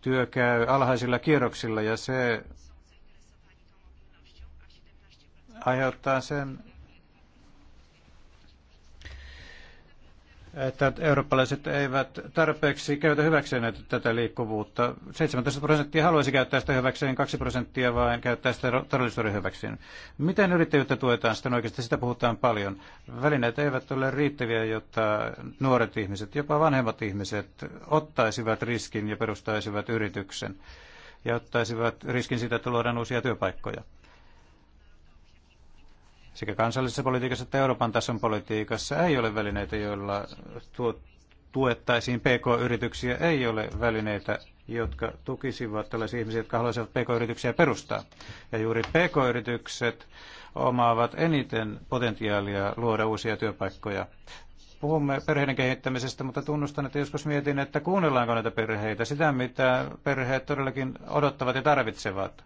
Työ käy alhaisilla kierroksilla ja se aiheuttaa sen, että eurooppalaiset eivät tarpeeksi käytä hyväkseen tätä liikkuvuutta. 17 prosenttia haluaisi käyttää sitä hyväkseen, 2 prosenttia vain käyttää sitä todellisuuden hyväkseen. Miten yrittäjyyttä tuetaan sitten oikeasti? Sitä puhutaan paljon. Välineet eivät ole riittäviä, jotta nuoret ihmiset, jopa vanhemmat ihmiset, ottaisivat riskin ja perustaisivat yrityksen ja ottaisivat riskin siitä, että luodaan uusia työpaikkoja sekä kansallisessa politiikassa että Euroopan tason politiikassa ei ole välineitä, joilla tuettaisiin PK-yrityksiä, ei ole välineitä, jotka tukisivat tällaisia ihmisiä, jotka haluaisivat PK-yrityksiä perustaa. Ja juuri PK-yritykset omaavat eniten potentiaalia luoda uusia työpaikkoja. Puhumme perheiden kehittämisestä, mutta tunnustan, että joskus mietin, että kuunnellaanko näitä perheitä, sitä mitä perheet todellakin odottavat ja tarvitsevat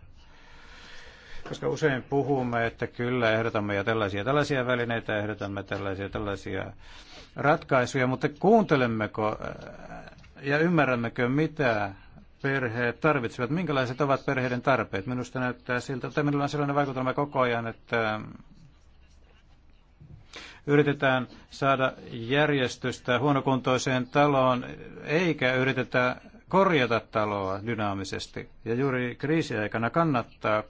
koska usein puhumme, että kyllä ehdotamme ja tällaisia tällaisia välineitä, ehdotamme tällaisia tällaisia ratkaisuja, mutta kuuntelemmeko äh, ja ymmärrämmekö, mitä perheet tarvitsevat, minkälaiset ovat perheiden tarpeet. Minusta näyttää siltä, että minulla on sellainen vaikutelma koko ajan, että äh, yritetään saada järjestystä huonokuntoiseen taloon, eikä yritetä korjata taloa dynaamisesti. Ja juuri kriisiaikana kannattaa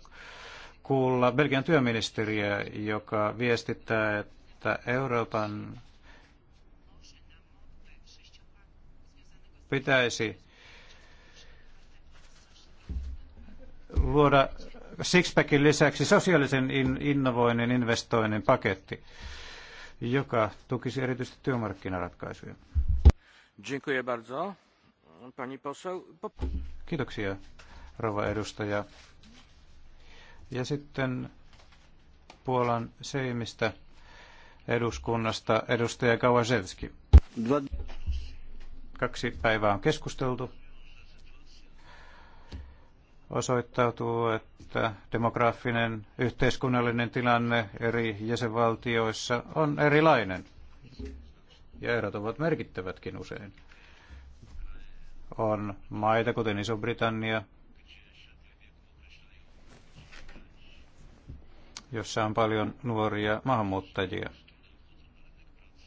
kuulla Belgian työministeriä, joka viestittää, että Euroopan pitäisi luoda Sixpackin lisäksi sosiaalisen innovoinnin investoinnin paketti, joka tukisi erityisesti työmarkkinaratkaisuja. pani Kiitoksia, rouva edustaja. Ja sitten Puolan seimistä eduskunnasta edustaja Kawasewski. Kaksi päivää on keskusteltu. Osoittautuu, että demograafinen yhteiskunnallinen tilanne eri jäsenvaltioissa on erilainen. Ja erot ovat merkittävätkin usein. On maita, kuten Iso-Britannia, jossa on paljon nuoria maahanmuuttajia,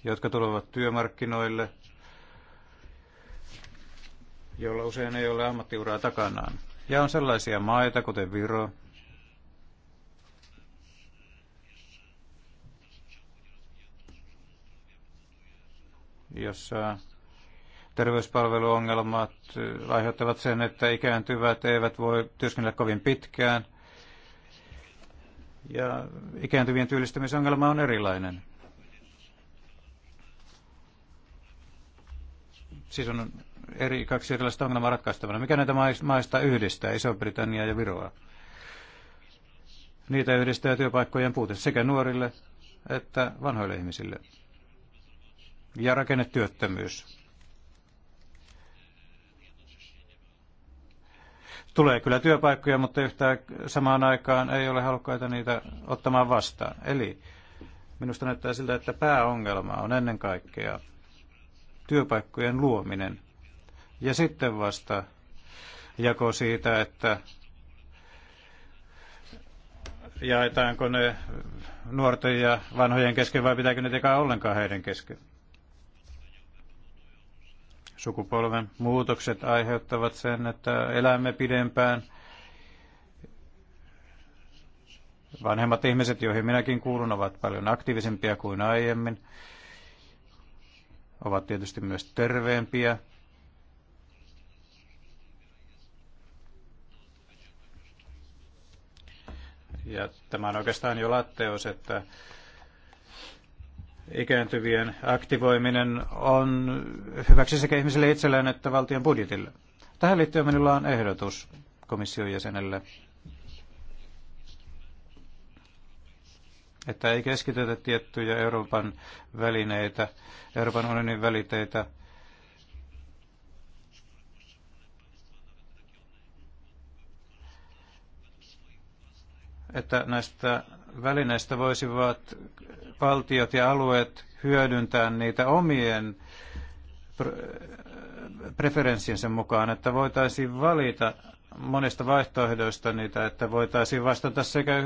jotka tulevat työmarkkinoille, joilla usein ei ole ammattiuraa takanaan. Ja on sellaisia maita, kuten Viro, jossa terveyspalveluongelmat äh, aiheuttavat sen, että ikääntyvät eivät voi työskennellä kovin pitkään – ja ikääntyvien työllistämisongelma on erilainen. Siis on eri, kaksi erilaista ongelmaa ratkaistavana. Mikä näitä maista yhdistää, Iso-Britannia ja Viroa? Niitä yhdistää työpaikkojen puute sekä nuorille että vanhoille ihmisille. Ja rakennetyöttömyys. Tulee kyllä työpaikkoja, mutta yhtään samaan aikaan ei ole halukkaita niitä ottamaan vastaan. Eli minusta näyttää siltä, että pääongelma on ennen kaikkea työpaikkojen luominen. Ja sitten vasta jako siitä, että jaetaanko ne nuorten ja vanhojen kesken vai pitääkö ne tehdä ollenkaan heidän kesken. Sukupolven muutokset aiheuttavat sen, että elämme pidempään. Vanhemmat ihmiset, joihin minäkin kuulun, ovat paljon aktiivisempia kuin aiemmin. Ovat tietysti myös terveempiä. Ja tämä on oikeastaan jo latteus, että ikääntyvien aktivoiminen on hyväksi sekä ihmisille itselleen että valtion budjetille. Tähän liittyen minulla on ehdotus komission jäsenelle, että ei keskitytä tiettyjä Euroopan välineitä, Euroopan unionin väliteitä että näistä välineistä voisivat valtiot ja alueet hyödyntää niitä omien preferenssiensä mukaan, että voitaisiin valita monista vaihtoehdoista niitä, että voitaisiin vastata sekä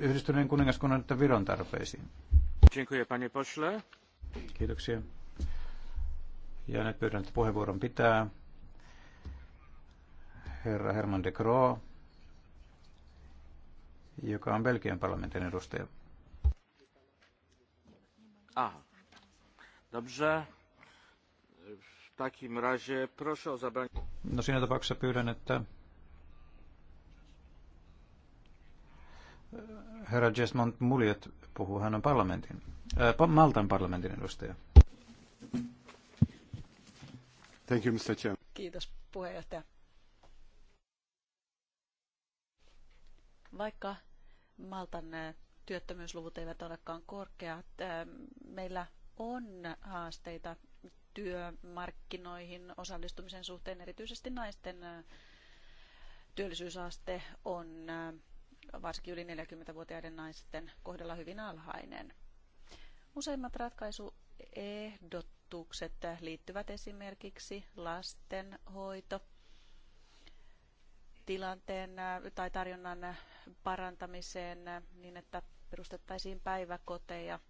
yhdistyneen kuningaskunnan että Viron tarpeisiin. Dziękuję, panie pośle. Kiitoksia. Ja nyt pyydän, että puheenvuoron pitää herra Herman de Croo, joka on Belgian parlamentin edustaja. Dobrze. W takim razie proszę o zabranie... No siinä tapauksessa pyydän, että e, herra Jesmont Muljet puhuu. Hän on parlamentin, ää, e, Maltan parlamentin edustaja. Thank you, Mr. Chairman. Kiitos puheenjohtaja. Vaikka Maltan e, työttömyysluvut eivät olekaan korkeat. Ehm, meillä on haasteita työmarkkinoihin osallistumisen suhteen, erityisesti naisten ehm, työllisyysaste on ehm, varsinkin yli 40-vuotiaiden naisten kohdalla hyvin alhainen. Useimmat ratkaisuehdotukset liittyvät esimerkiksi lastenhoito, tilanteen tai tarjonnan parantamiseen niin, että perustettaisiin päiväkoteja.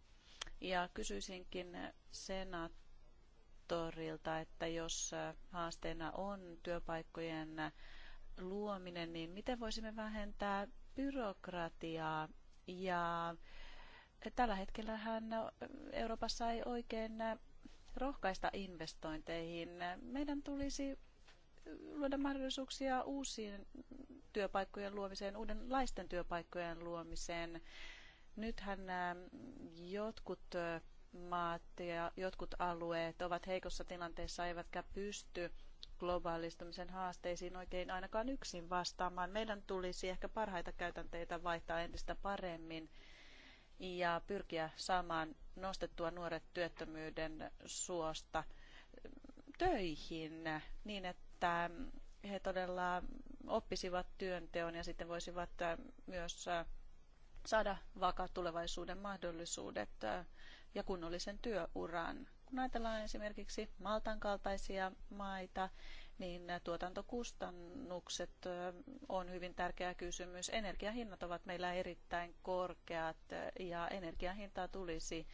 Ja kysyisinkin senaattorilta, että jos haasteena on työpaikkojen luominen, niin miten voisimme vähentää byrokratiaa ja tällä hetkellä hän Euroopassa ei oikein rohkaista investointeihin. Meidän tulisi luoda mahdollisuuksia uusien työpaikkojen luomiseen, uudenlaisten työpaikkojen luomiseen. Nythän ähm, jotkut äh, maat ja jotkut alueet ovat heikossa tilanteessa eivätkä pysty globaalistumisen haasteisiin oikein ainakaan yksin vastaamaan. Meidän tulisi ehkä parhaita käytänteitä vaihtaa entistä paremmin ja pyrkiä saamaan nostettua nuoret työttömyyden suosta ähm, töihin niin, että ähm, he todella oppisivat työnteon ja sitten voisivat äh, myös äh, saada vakaat tulevaisuuden mahdollisuudet ja kunnollisen työuran. Kun ajatellaan esimerkiksi Maltan kaltaisia maita, niin tuotantokustannukset on hyvin tärkeä kysymys. Energiahinnat ovat meillä erittäin korkeat ja energiahintaa tulisi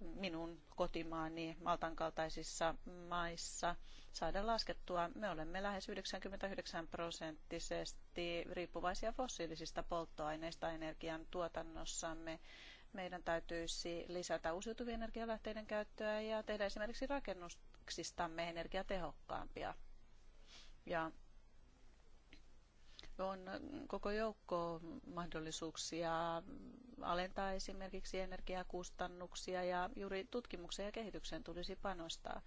minun kotimaani Maltan kaltaisissa maissa saada laskettua. Me olemme lähes 99 prosenttisesti riippuvaisia fossiilisista polttoaineista energian tuotannossamme. Meidän täytyisi lisätä uusiutuvien energialähteiden käyttöä ja tehdä esimerkiksi rakennuksistamme energiatehokkaampia. Ja on koko joukko mahdollisuuksia alentaa esimerkiksi energiakustannuksia ja juuri tutkimukseen ja kehitykseen tulisi panostaa.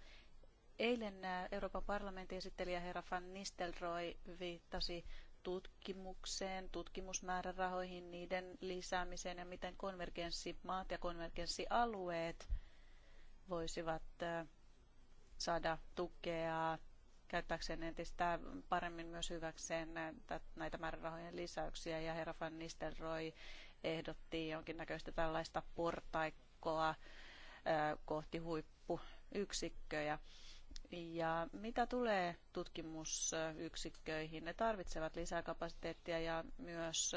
Eilen Euroopan parlamentin esittelijä herra Van Nistelrooy viittasi tutkimukseen, tutkimusmäärärahoihin, niiden lisäämiseen ja miten konvergenssimaat ja konvergenssialueet voisivat saada tukea käyttääkseen entistä paremmin myös hyväkseen näitä määrärahojen lisäyksiä. Ja herra Van Nistelrooy ehdotti jonkinnäköistä tällaista portaikkoa kohti huippuyksikköjä. Ja mitä tulee tutkimusyksikköihin, ne tarvitsevat lisää kapasiteettia ja myös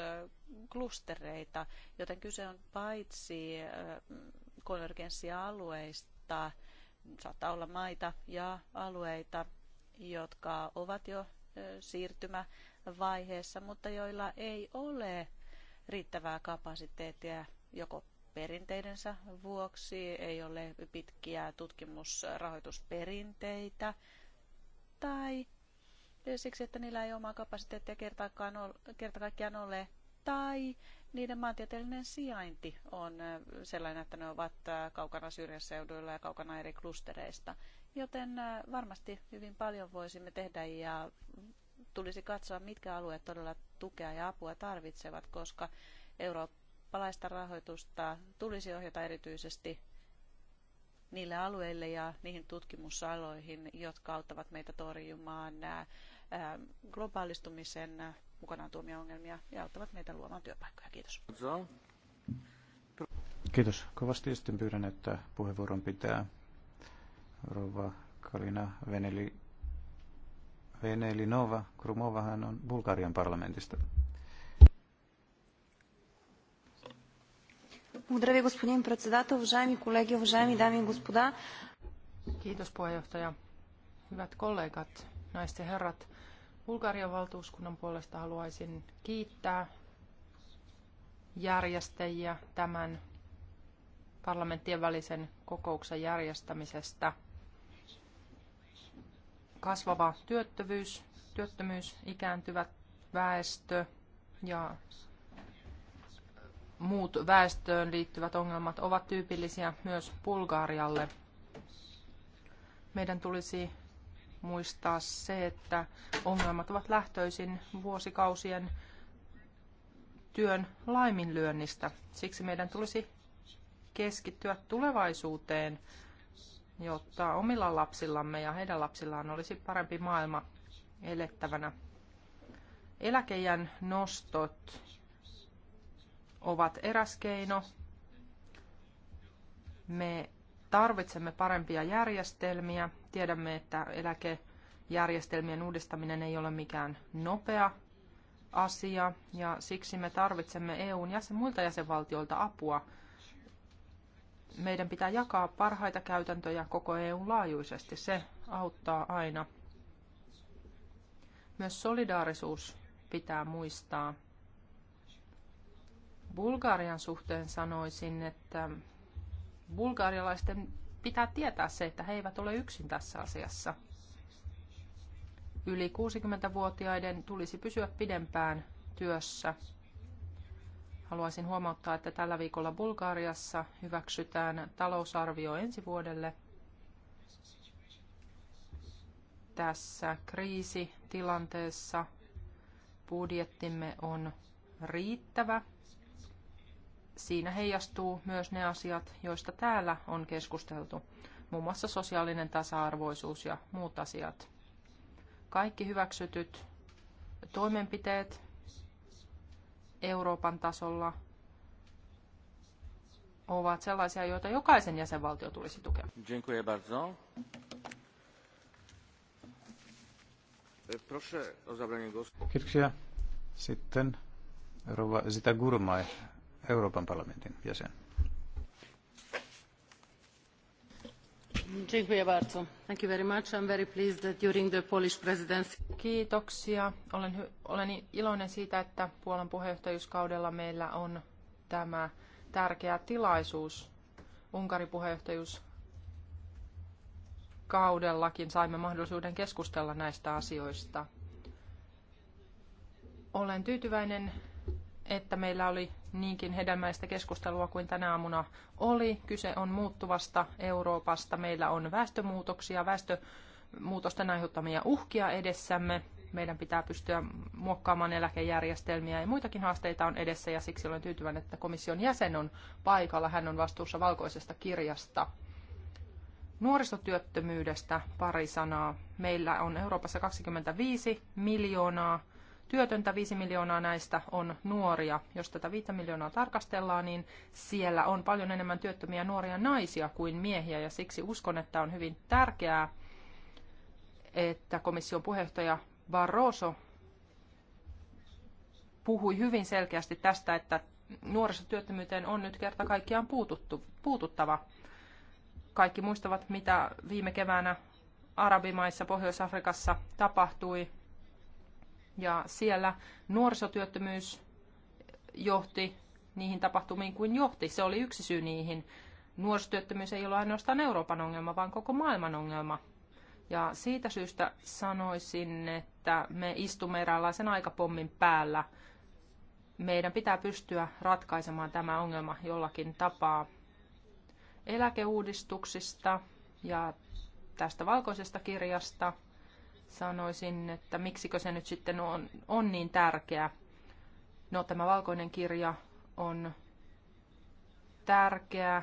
klustereita, joten kyse on paitsi konvergenssialueista, saattaa olla maita ja alueita, jotka ovat jo siirtymävaiheessa, mutta joilla ei ole riittävää kapasiteettia joko perinteidensä vuoksi, ei ole pitkiä tutkimusrahoitusperinteitä tai siksi, että niillä ei omaa kapasiteettia kertaakaan kerta kaikkiaan ole, tai niiden maantieteellinen sijainti on sellainen, että ne ovat kaukana syrjäseuduilla ja kaukana eri klustereista. Joten varmasti hyvin paljon voisimme tehdä ja tulisi katsoa, mitkä alueet todella tukea ja apua tarvitsevat, koska eurooppalaista rahoitusta tulisi ohjata erityisesti niille alueille ja niihin tutkimusaloihin, jotka auttavat meitä torjumaan globaalistumisen mukanaan tuomia ongelmia ja auttavat meitä luomaan työpaikkoja. Kiitos. Kiitos kovasti. Sitten pyydän, että puheenvuoron pitää rouva Kalina Veneli, Venelinova Krumova. Hän on Bulgarian parlamentista. Благодаря ви, господин председател. Уважаеми колеги, уважаеми дами и господа. Kiitos puheenjohtaja. Hyvät kollegat, naiset ja herrat. Bulgarian valtuuskunnan puolesta haluaisin kiittää järjestäjiä tämän parlamenttien välisen kokouksen järjestämisestä. Kasvava työttömyys, työttömyys, ikääntyvät väestö ja muut väestöön liittyvät ongelmat ovat tyypillisiä myös Bulgarialle. Meidän tulisi muistaa se, että ongelmat ovat lähtöisin vuosikausien työn laiminlyönnistä. Siksi meidän tulisi keskittyä tulevaisuuteen, jotta omilla lapsillamme ja heidän lapsillaan olisi parempi maailma elettävänä. Eläkejän nostot ovat eräs keino. Me tarvitsemme parempia järjestelmiä. Tiedämme, että eläkejärjestelmien uudistaminen ei ole mikään nopea asia ja siksi me tarvitsemme EUn jäsen, muilta jäsenvaltioilta apua. Meidän pitää jakaa parhaita käytäntöjä koko EUn laajuisesti. Se auttaa aina. Myös solidaarisuus pitää muistaa. Bulgarian suhteen sanoisin, että bulgarialaisten pitää tietää se, että he eivät ole yksin tässä asiassa. Yli 60-vuotiaiden tulisi pysyä pidempään työssä. Haluaisin huomauttaa, että tällä viikolla Bulgariassa hyväksytään talousarvio ensi vuodelle. Tässä kriisitilanteessa budjettimme on riittävä siinä heijastuu myös ne asiat, joista täällä on keskusteltu, muun muassa sosiaalinen tasa-arvoisuus ja muut asiat. Kaikki hyväksytyt toimenpiteet Euroopan tasolla ovat sellaisia, joita jokaisen jäsenvaltio tulisi tukea. Dziękuję bardzo. Proszę o zabranie głosu. Kiitoksia. Sitten Rova Zita Gurmai Euroopan parlamentin jäsen. Kiitoksia. Olen, olen iloinen siitä, että Puolan puheenjohtajuuskaudella meillä on tämä tärkeä tilaisuus. Unkarin puheenjohtajuuskaudellakin saimme mahdollisuuden keskustella näistä asioista. Olen tyytyväinen että meillä oli niinkin hedelmäistä keskustelua kuin tänä aamuna oli. Kyse on muuttuvasta Euroopasta. Meillä on väestömuutoksia, väestömuutosten aiheuttamia uhkia edessämme. Meidän pitää pystyä muokkaamaan eläkejärjestelmiä ja muitakin haasteita on edessä ja siksi olen tyytyväinen, että komission jäsen on paikalla. Hän on vastuussa valkoisesta kirjasta. Nuorisotyöttömyydestä pari sanaa. Meillä on Euroopassa 25 miljoonaa työtöntä, 5 miljoonaa näistä on nuoria. Jos tätä 5 miljoonaa tarkastellaan, niin siellä on paljon enemmän työttömiä nuoria naisia kuin miehiä ja siksi uskon, että on hyvin tärkeää, että komission puheenjohtaja Barroso puhui hyvin selkeästi tästä, että nuorisotyöttömyyteen on nyt kerta kaikkiaan puututtu, puututtava. Kaikki muistavat, mitä viime keväänä arabimaissa Pohjois-Afrikassa tapahtui ja siellä nuorisotyöttömyys johti niihin tapahtumiin kuin johti. Se oli yksi syy niihin. Nuorisotyöttömyys ei ole ainoastaan Euroopan ongelma, vaan koko maailman ongelma. Ja siitä syystä sanoisin, että me istumme eräänlaisen aikapommin päällä. Meidän pitää pystyä ratkaisemaan tämä ongelma jollakin tapaa. Eläkeuudistuksista ja tästä valkoisesta kirjasta – sanoisin, että miksikö se nyt sitten on, on niin tärkeä. No tämä valkoinen kirja on tärkeä,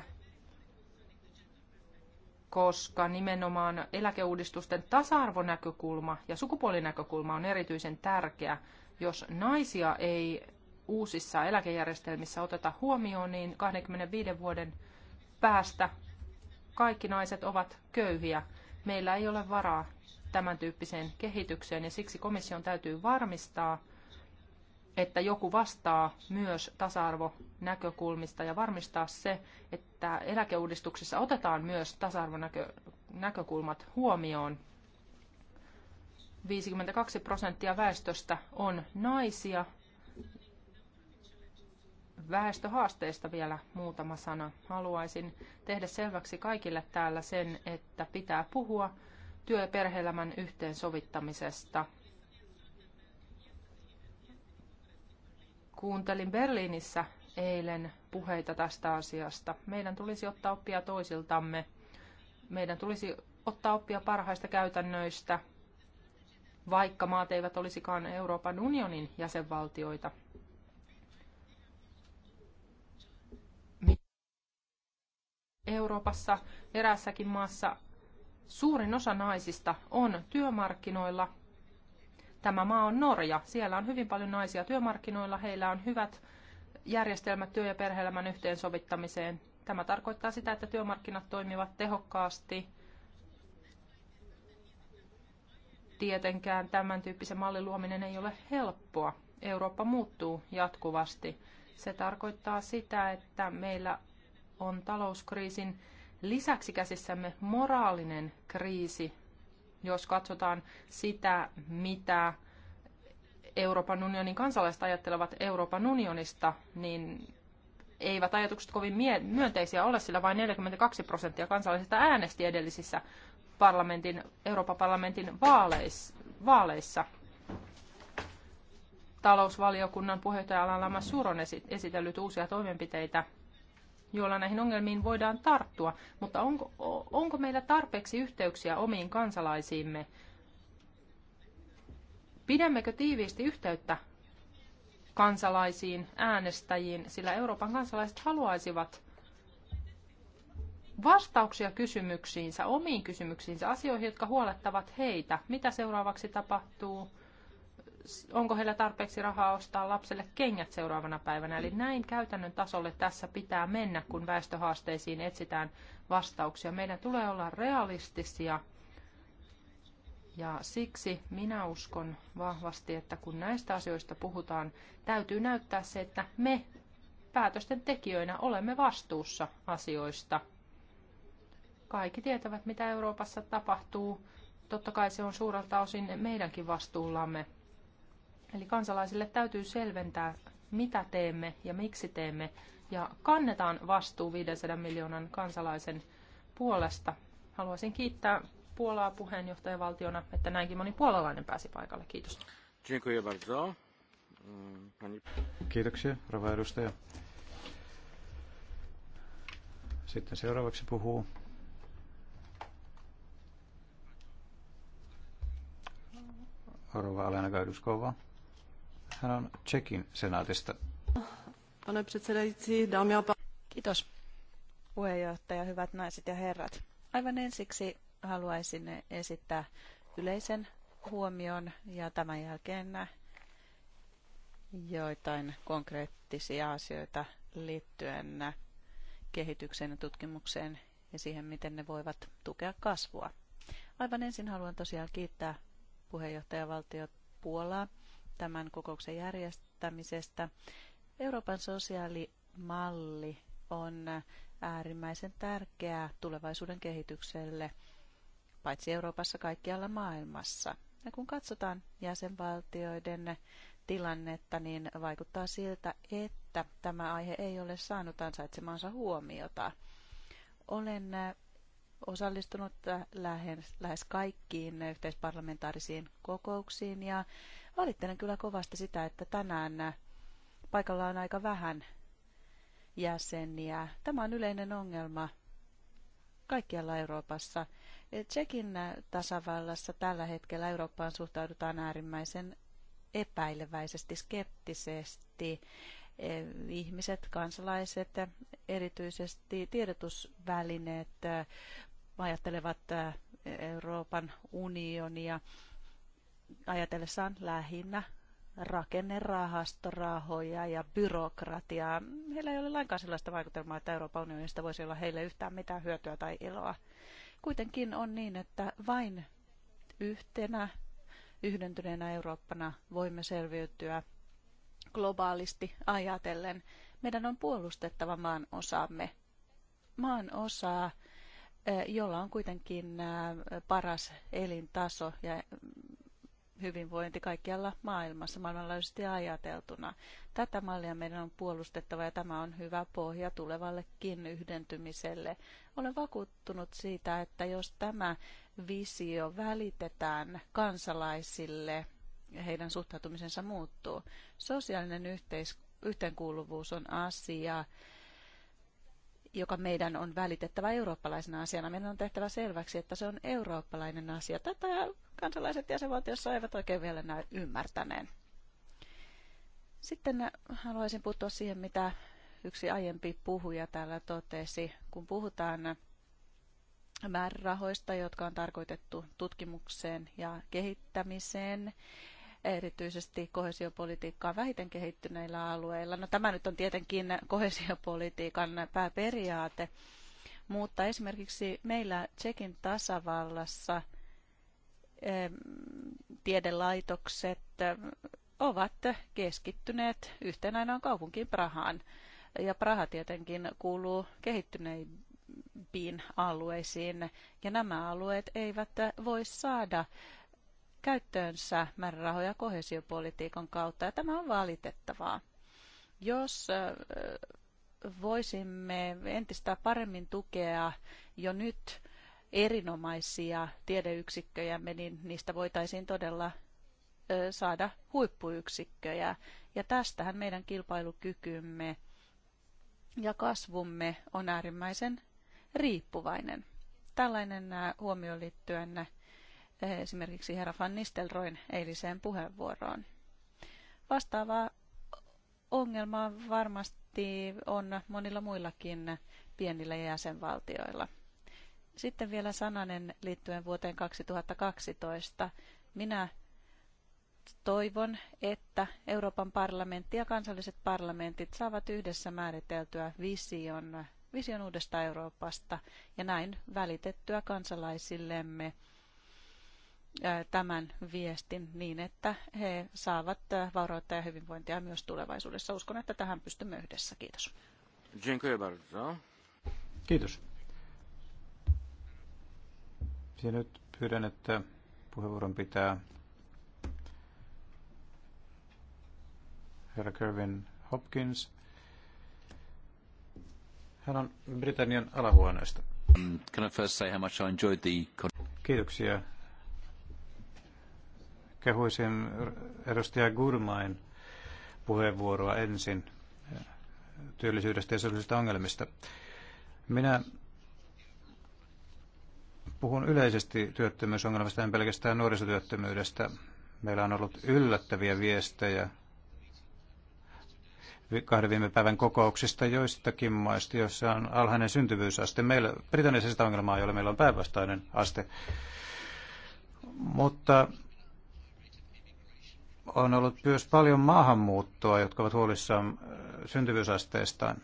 koska nimenomaan eläkeuudistusten tasa-arvonäkökulma ja sukupuolinäkökulma on erityisen tärkeä. Jos naisia ei uusissa eläkejärjestelmissä oteta huomioon, niin 25 vuoden päästä kaikki naiset ovat köyhiä. Meillä ei ole varaa tämän tyyppiseen kehitykseen ja siksi komission täytyy varmistaa, että joku vastaa myös tasa-arvonäkökulmista ja varmistaa se, että eläkeuudistuksessa otetaan myös tasa-arvonäkökulmat huomioon. 52 prosenttia väestöstä on naisia. Väestöhaasteista vielä muutama sana. Haluaisin tehdä selväksi kaikille täällä sen, että pitää puhua työ- ja perhe-elämän yhteensovittamisesta. Kuuntelin Berliinissä eilen puheita tästä asiasta. Meidän tulisi ottaa oppia toisiltamme. Meidän tulisi ottaa oppia parhaista käytännöistä, vaikka maat eivät olisikaan Euroopan unionin jäsenvaltioita. Euroopassa eräässäkin maassa Suurin osa naisista on työmarkkinoilla. Tämä maa on Norja. Siellä on hyvin paljon naisia työmarkkinoilla. Heillä on hyvät järjestelmät työ- ja perhe-elämän yhteensovittamiseen. Tämä tarkoittaa sitä, että työmarkkinat toimivat tehokkaasti. Tietenkään tämän tyyppisen mallin luominen ei ole helppoa. Eurooppa muuttuu jatkuvasti. Se tarkoittaa sitä, että meillä on talouskriisin lisäksi käsissämme moraalinen kriisi, jos katsotaan sitä, mitä Euroopan unionin kansalaiset ajattelevat Euroopan unionista, niin eivät ajatukset kovin myönteisiä ole, sillä vain 42 prosenttia kansalaisista äänesti edellisissä parlamentin, Euroopan parlamentin vaaleissa. Talousvaliokunnan puheenjohtaja Alan Lama Suron esitellyt uusia toimenpiteitä – joilla näihin ongelmiin voidaan tarttua, mutta onko, onko meillä tarpeeksi yhteyksiä omiin kansalaisiimme? Pidämmekö tiiviisti yhteyttä kansalaisiin, äänestäjiin, sillä Euroopan kansalaiset haluaisivat vastauksia kysymyksiinsä, omiin kysymyksiinsä, asioihin, jotka huolettavat heitä. Mitä seuraavaksi tapahtuu? onko heillä tarpeeksi rahaa ostaa lapselle kengät seuraavana päivänä. Eli näin käytännön tasolle tässä pitää mennä, kun väestöhaasteisiin etsitään vastauksia. Meidän tulee olla realistisia ja siksi minä uskon vahvasti, että kun näistä asioista puhutaan, täytyy näyttää se, että me päätösten tekijöinä olemme vastuussa asioista. Kaikki tietävät, mitä Euroopassa tapahtuu. Totta kai se on suurelta osin meidänkin vastuullamme, Eli kansalaisille täytyy selventää, mitä teemme ja miksi teemme, ja kannetaan vastuu 500 miljoonan kansalaisen puolesta. Haluaisin kiittää Puolaa puheenjohtajavaltiona, että näinkin moni puolalainen pääsi paikalle. Kiitos. Kiitoksia, rouva edustaja. Sitten seuraavaksi puhuu rouva Alena hän on Tsekin senaatista. Pane předsedající, dámy a Kiitos puheenjohtaja, hyvät naiset ja herrat. Aivan ensiksi haluaisin esittää yleisen huomion ja tämän jälkeen joitain konkreettisia asioita liittyen kehitykseen ja tutkimukseen ja siihen, miten ne voivat tukea kasvua. Aivan ensin haluan tosiaan kiittää puheenjohtajavaltio Puolaa tämän kokouksen järjestämisestä. Euroopan sosiaalimalli on äärimmäisen tärkeää tulevaisuuden kehitykselle, paitsi Euroopassa kaikkialla maailmassa. Ja kun katsotaan jäsenvaltioiden tilannetta, niin vaikuttaa siltä, että tämä aihe ei ole saanut ansaitsemaansa huomiota. Olen osallistunut lähes, lähes kaikkiin yhteisparlamentaarisiin kokouksiin ja valittelen kyllä kovasti sitä, että tänään paikalla on aika vähän jäseniä. Tämä on yleinen ongelma kaikkialla Euroopassa. Tsekin tasavallassa tällä hetkellä Eurooppaan suhtaudutaan äärimmäisen epäileväisesti, skeptisesti. E, ihmiset, kansalaiset, erityisesti tiedotusvälineet ajattelevat Euroopan unionia ajatellessaan lähinnä rakennerahastorahoja ja byrokratiaa. Heillä ei ole lainkaan sellaista vaikutelmaa, että Euroopan unionista voisi olla heille yhtään mitään hyötyä tai iloa. Kuitenkin on niin, että vain yhtenä yhdentyneenä Eurooppana voimme selviytyä globaalisti ajatellen. Meidän on puolustettava maan osaamme. Maan osaa, jolla on kuitenkin paras elintaso ja mm, hyvinvointi kaikkialla maailmassa maailmanlaajuisesti ajateltuna. Tätä mallia meidän on puolustettava ja tämä on hyvä pohja tulevallekin yhdentymiselle. Olen vakuuttunut siitä, että jos tämä visio välitetään kansalaisille, heidän suhtautumisensa muuttuu. Sosiaalinen yhteis- yhteenkuuluvuus on asia, joka meidän on välitettävä eurooppalaisena asiana. Meidän on tehtävä selväksi, että se on eurooppalainen asia. Tätä kansalaiset jäsenvaltiossa eivät oikein vielä näy ymmärtäneen. Sitten haluaisin puuttua siihen, mitä yksi aiempi puhuja täällä totesi. Kun puhutaan määrärahoista, jotka on tarkoitettu tutkimukseen ja kehittämiseen, erityisesti kohesiopolitiikkaa vähiten kehittyneillä alueilla. No tämä nyt on tietenkin kohesiopolitiikan pääperiaate, mutta esimerkiksi meillä Tsekin tasavallassa tiedelaitokset ovat keskittyneet yhteen ainoaan kaupunkiin Prahaan. Ja Praha tietenkin kuuluu kehittyneimpiin alueisiin, ja nämä alueet eivät voi saada käyttöönsä määrärahoja kohesiopolitiikan kautta, ja tämä on valitettavaa. Jos voisimme entistä paremmin tukea jo nyt erinomaisia tiedeyksikköjä, niin niistä voitaisiin todella saada huippuyksikköjä. Ja tästähän meidän kilpailukykymme ja kasvumme on äärimmäisen riippuvainen. Tällainen huomio liittyen esimerkiksi herra Van Nistelroin eiliseen puheenvuoroon. Vastaavaa ongelmaa varmasti on monilla muillakin pienillä jäsenvaltioilla. Sitten vielä sananen liittyen vuoteen 2012. Minä toivon, että Euroopan parlamentti ja kansalliset parlamentit saavat yhdessä määriteltyä vision, vision uudesta Euroopasta ja näin välitettyä kansalaisillemme tämän viestin niin, että he saavat vaurautta ja hyvinvointia myös tulevaisuudessa. Uskon, että tähän pystymme yhdessä. Kiitos. Kiitos. Ja nyt pyydän, että puheenvuoron pitää herra Kervin Hopkins. Hän on Britannian alahuoneesta. Can I first say how much I enjoyed the... Kiitoksia kehuisin edustaja Gurmain puheenvuoroa ensin työllisyydestä ja sosiaalisista ongelmista. Minä puhun yleisesti työttömyysongelmasta, en pelkästään nuorisotyöttömyydestä. Meillä on ollut yllättäviä viestejä kahden viime päivän kokouksista joistakin maista, joissa on alhainen syntyvyysaste. Meillä Britanniassa sitä ongelmaa ei ole, meillä on päinvastainen aste. Mutta on ollut myös paljon maahanmuuttoa, jotka ovat huolissaan äh, syntyvyysasteestaan,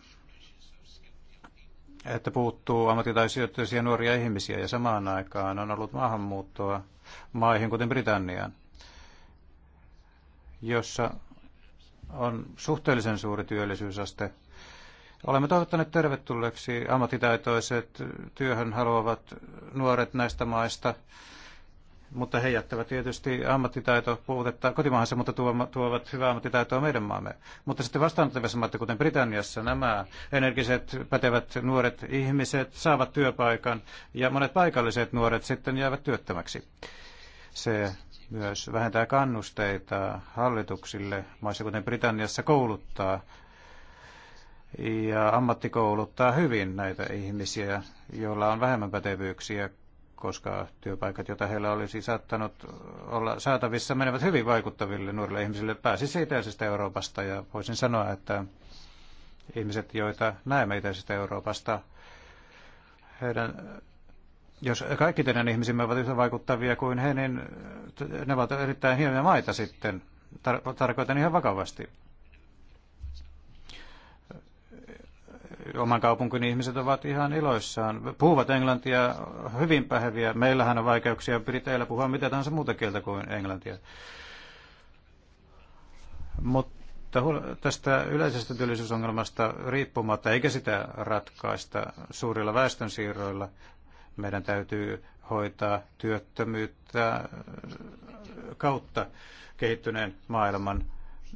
että puuttuu ammattitaisijoittaisia nuoria ihmisiä ja samaan aikaan on ollut maahanmuuttoa maihin, kuten Britanniaan, jossa on suhteellisen suuri työllisyysaste. Olemme toivottaneet tervetulleeksi ammattitaitoiset työhön haluavat nuoret näistä maista mutta he jättävät tietysti ammattitaito puutetta kotimaahansa, mutta tuovat hyvää ammattitaitoa meidän maamme. Mutta sitten vastaanottavissa maat, kuten Britanniassa, nämä energiset, pätevät nuoret ihmiset saavat työpaikan ja monet paikalliset nuoret sitten jäävät työttömäksi. Se myös vähentää kannusteita hallituksille maissa, kuten Britanniassa, kouluttaa ja ammattikouluttaa hyvin näitä ihmisiä, joilla on vähemmän pätevyyksiä koska työpaikat, joita heillä olisi siis saattanut olla saatavissa, menevät hyvin vaikuttaville nuorille ihmisille pääsisi itäisestä Euroopasta. Ja voisin sanoa, että ihmiset, joita näemme itäisestä Euroopasta, heidän, jos kaikki teidän ihmisimme ovat yhtä vaikuttavia kuin he, niin ne ovat erittäin hienoja maita sitten. Tar- tarkoitan ihan vakavasti. oman kaupunkini ihmiset ovat ihan iloissaan. Puhuvat englantia hyvin päheviä. Meillähän on vaikeuksia Briteillä puhua mitä tahansa muuta kieltä kuin englantia. Mutta tästä yleisestä työllisyysongelmasta riippumatta, eikä sitä ratkaista suurilla väestönsiirroilla, meidän täytyy hoitaa työttömyyttä kautta kehittyneen maailman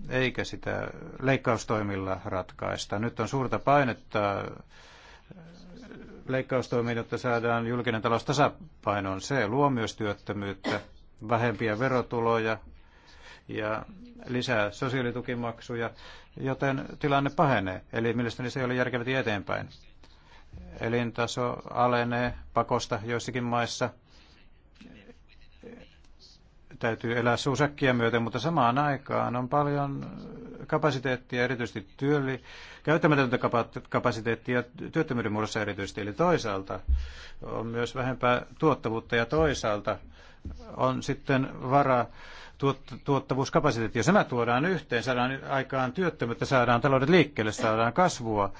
eikä sitä leikkaustoimilla ratkaista. Nyt on suurta painetta leikkaustoimiin, jotta saadaan julkinen talous tasapainoon. Se luo myös työttömyyttä, vähempiä verotuloja ja lisää sosiaalitukimaksuja, joten tilanne pahenee. Eli mielestäni se ei ole järkevästi eteenpäin. Elintaso alenee pakosta joissakin maissa – täytyy elää suusäkkiä myöten, mutta samaan aikaan on paljon kapasiteettia, erityisesti työli, käyttämätöntä kapasiteettia työttömyyden muodossa erityisesti. Eli toisaalta on myös vähempää tuottavuutta ja toisaalta on sitten vara tuottavuuskapasiteetti. Jos nämä tuodaan yhteen, saadaan aikaan työttömyyttä, saadaan taloudet liikkeelle, saadaan kasvua,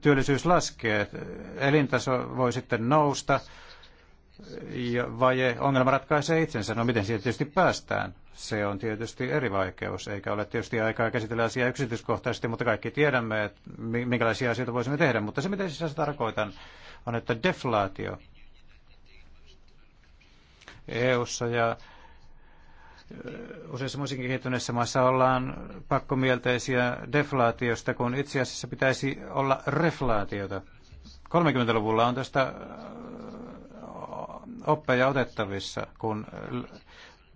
työllisyys laskee, elintaso voi sitten nousta, ja vaje, ongelma ratkaisee itsensä. No miten siihen tietysti päästään? Se on tietysti eri vaikeus, eikä ole tietysti aikaa käsitellä asiaa yksityiskohtaisesti, mutta kaikki tiedämme, että minkälaisia asioita voisimme tehdä. Mutta se, mitä sisässä tarkoitan, on, että deflaatio EU-ssa ja useissa muissakin kehittyneissä maissa ollaan pakkomielteisiä deflaatiosta, kun itse asiassa pitäisi olla reflaatiota. 30-luvulla on tästä oppeja otettavissa, kun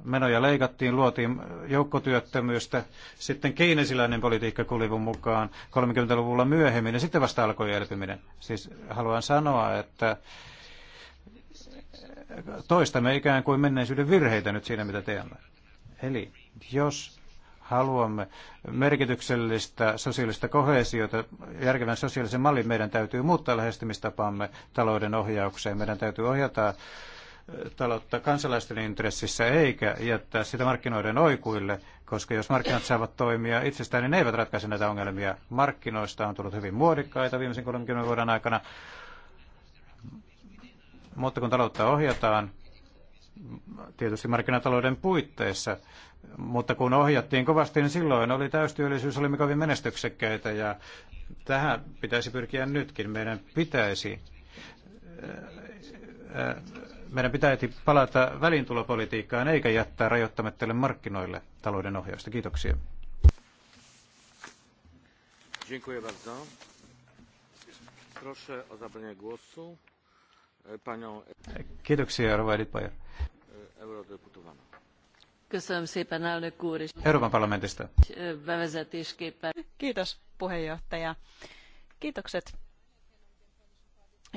menoja leikattiin, luotiin joukkotyöttömyystä, sitten keinesiläinen politiikka kulivun mukaan 30-luvulla myöhemmin ja sitten vasta alkoi elpyminen. Siis haluan sanoa, että toistamme ikään kuin menneisyyden virheitä nyt siinä, mitä teemme. Eli jos haluamme merkityksellistä sosiaalista kohesiota, järkevän sosiaalisen mallin, meidän täytyy muuttaa lähestymistapaamme talouden ohjaukseen. Meidän täytyy ohjata taloutta kansalaisten intressissä eikä jättää sitä markkinoiden oikuille, koska jos markkinat saavat toimia itsestään, niin ne eivät ratkaise näitä ongelmia. Markkinoista on tullut hyvin muodikkaita viimeisen 30 vuoden aikana, mutta kun taloutta ohjataan, tietysti markkinatalouden puitteissa, mutta kun ohjattiin kovasti, niin silloin oli täystyöllisyys, oli kovin menestyksekkäitä ja tähän pitäisi pyrkiä nytkin. Meidän pitäisi meidän pitäisi palata välintulopolitiikkaan eikä jättää rajoittamattelle markkinoille talouden ohjausta. Kiitoksia. Dziękuję bardzo. Proszę o zabranie głosu e, panią Kiitoksia, Rova Editbayer. E, Eurodeputowana. Köszönöm szépen, elnök úr, és Euroopan parlamentista. Kiitos, puheenjohtaja. Kiitokset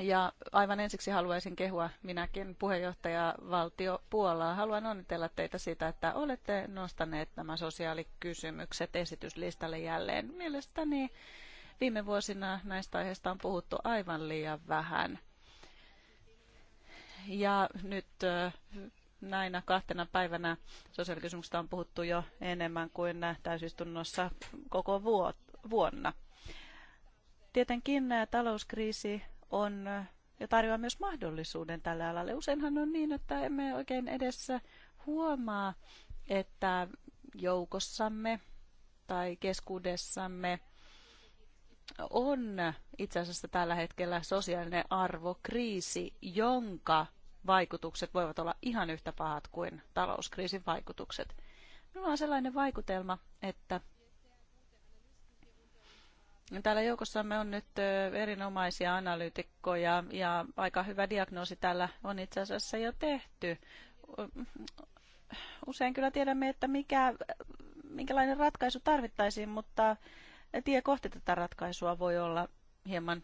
ja aivan ensiksi haluaisin kehua minäkin puheenjohtaja Valtio Puolaa. Haluan onnitella teitä siitä, että olette nostaneet nämä sosiaalikysymykset esityslistalle jälleen. Mielestäni viime vuosina näistä aiheista on puhuttu aivan liian vähän. Ja nyt näinä kahtena päivänä sosiaalikysymyksistä on puhuttu jo enemmän kuin täysistunnossa koko vuonna. Tietenkin talouskriisi on ja tarjoaa myös mahdollisuuden tälle alalle. Useinhan on niin, että emme oikein edessä huomaa, että joukossamme tai keskuudessamme on itse asiassa tällä hetkellä sosiaalinen arvokriisi, jonka vaikutukset voivat olla ihan yhtä pahat kuin talouskriisin vaikutukset. Minulla on sellainen vaikutelma, että Täällä joukossamme on nyt erinomaisia analyytikkoja ja aika hyvä diagnoosi täällä on itse asiassa jo tehty. Usein kyllä tiedämme, että mikä, minkälainen ratkaisu tarvittaisiin, mutta tie kohti tätä ratkaisua voi olla hieman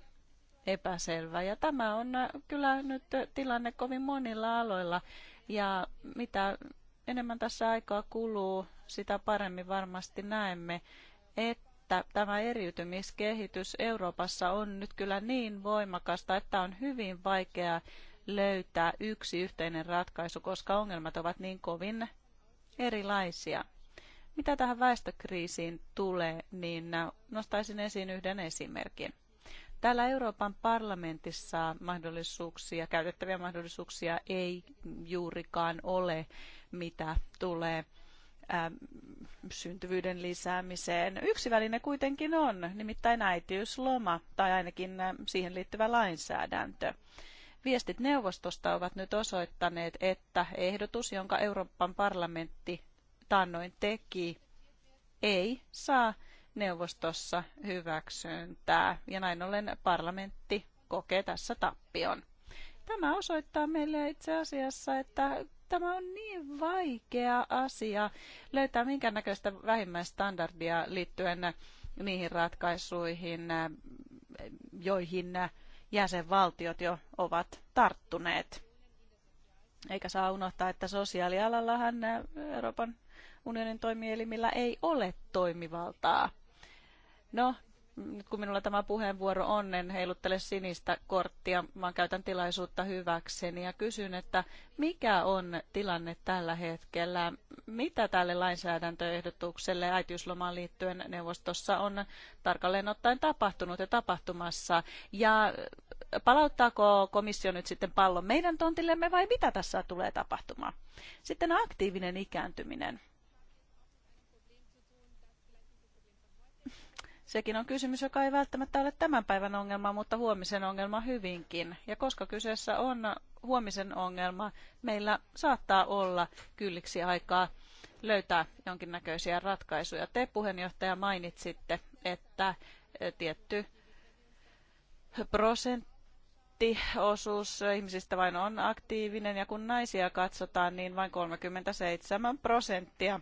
epäselvä. Ja tämä on kyllä nyt tilanne kovin monilla aloilla. Ja mitä enemmän tässä aikaa kuluu, sitä paremmin varmasti näemme, että että tämä eriytymiskehitys Euroopassa on nyt kyllä niin voimakasta, että on hyvin vaikea löytää yksi yhteinen ratkaisu, koska ongelmat ovat niin kovin erilaisia. Mitä tähän väestökriisiin tulee, niin nostaisin esiin yhden esimerkin. Täällä Euroopan parlamentissa mahdollisuuksia, käytettäviä mahdollisuuksia ei juurikaan ole, mitä tulee Ähm, syntyvyyden lisäämiseen. Yksi väline kuitenkin on, nimittäin äitiysloma tai ainakin ähm, siihen liittyvä lainsäädäntö. Viestit neuvostosta ovat nyt osoittaneet, että ehdotus, jonka Euroopan parlamentti taannoin teki, ei saa neuvostossa hyväksyntää. Ja näin ollen parlamentti kokee tässä tappion. Tämä osoittaa meille itse asiassa, että tämä on niin vaikea asia löytää minkään näköistä vähimmäistandardia liittyen niihin ratkaisuihin, joihin jäsenvaltiot jo ovat tarttuneet. Eikä saa unohtaa, että sosiaalialallahan Euroopan unionin toimielimillä ei ole toimivaltaa. No, kun minulla tämä puheenvuoro on, en heiluttele sinistä korttia, vaan käytän tilaisuutta hyväkseni ja kysyn, että mikä on tilanne tällä hetkellä? Mitä tälle lainsäädäntöehdotukselle äitiyslomaan liittyen neuvostossa on tarkalleen ottaen tapahtunut ja tapahtumassa? Ja palauttaako komissio nyt sitten pallon meidän tontillemme vai mitä tässä tulee tapahtumaan? Sitten aktiivinen ikääntyminen Sekin on kysymys, joka ei välttämättä ole tämän päivän ongelma, mutta huomisen ongelma hyvinkin. Ja koska kyseessä on huomisen ongelma, meillä saattaa olla kylliksi aikaa löytää jonkinnäköisiä ratkaisuja. Te puheenjohtaja mainitsitte, että eh, tietty prosenttiosuus ihmisistä vain on aktiivinen ja kun naisia katsotaan, niin vain 37 prosenttia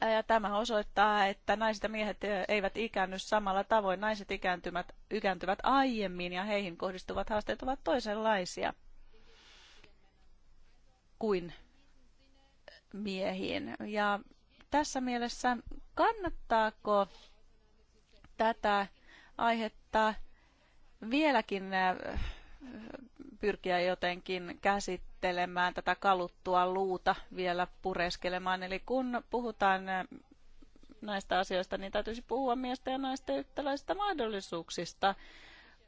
ja tämä osoittaa, että naiset ja miehet eivät ikäänny samalla tavoin. Naiset ikääntyvät, ikääntyvät aiemmin ja heihin kohdistuvat haasteet ovat toisenlaisia kuin miehiin. Ja tässä mielessä kannattaako tätä aihetta vieläkin pyrkiä jotenkin käsittelemään tätä kaluttua luuta vielä pureskelemaan. Eli kun puhutaan eh, näistä asioista, niin täytyisi puhua miesten ja naisten yhtäläisistä mahdollisuuksista,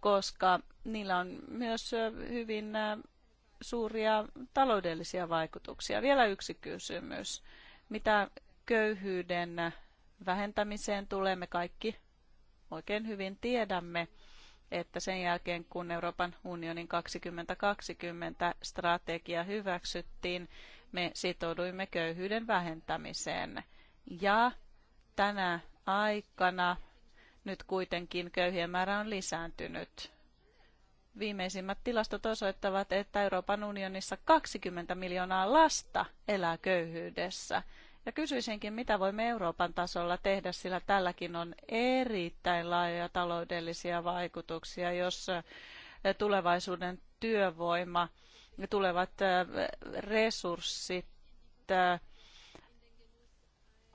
koska niillä on myös eh, hyvin eh, suuria taloudellisia vaikutuksia. Vielä yksi kysymys. Mitä köyhyyden vähentämiseen tulee, me kaikki oikein hyvin tiedämme, että sen jälkeen kun Euroopan unionin 2020 strategia hyväksyttiin, me sitouduimme köyhyyden vähentämiseen. Ja tänä aikana nyt kuitenkin köyhien määrä on lisääntynyt. Viimeisimmät tilastot osoittavat, että Euroopan unionissa 20 miljoonaa lasta elää köyhyydessä. Ja kysyisinkin, mitä voimme Euroopan tasolla tehdä, sillä tälläkin on erittäin laajoja taloudellisia vaikutuksia, jos äh, tulevaisuuden työvoima ja tulevat äh, resurssit äh,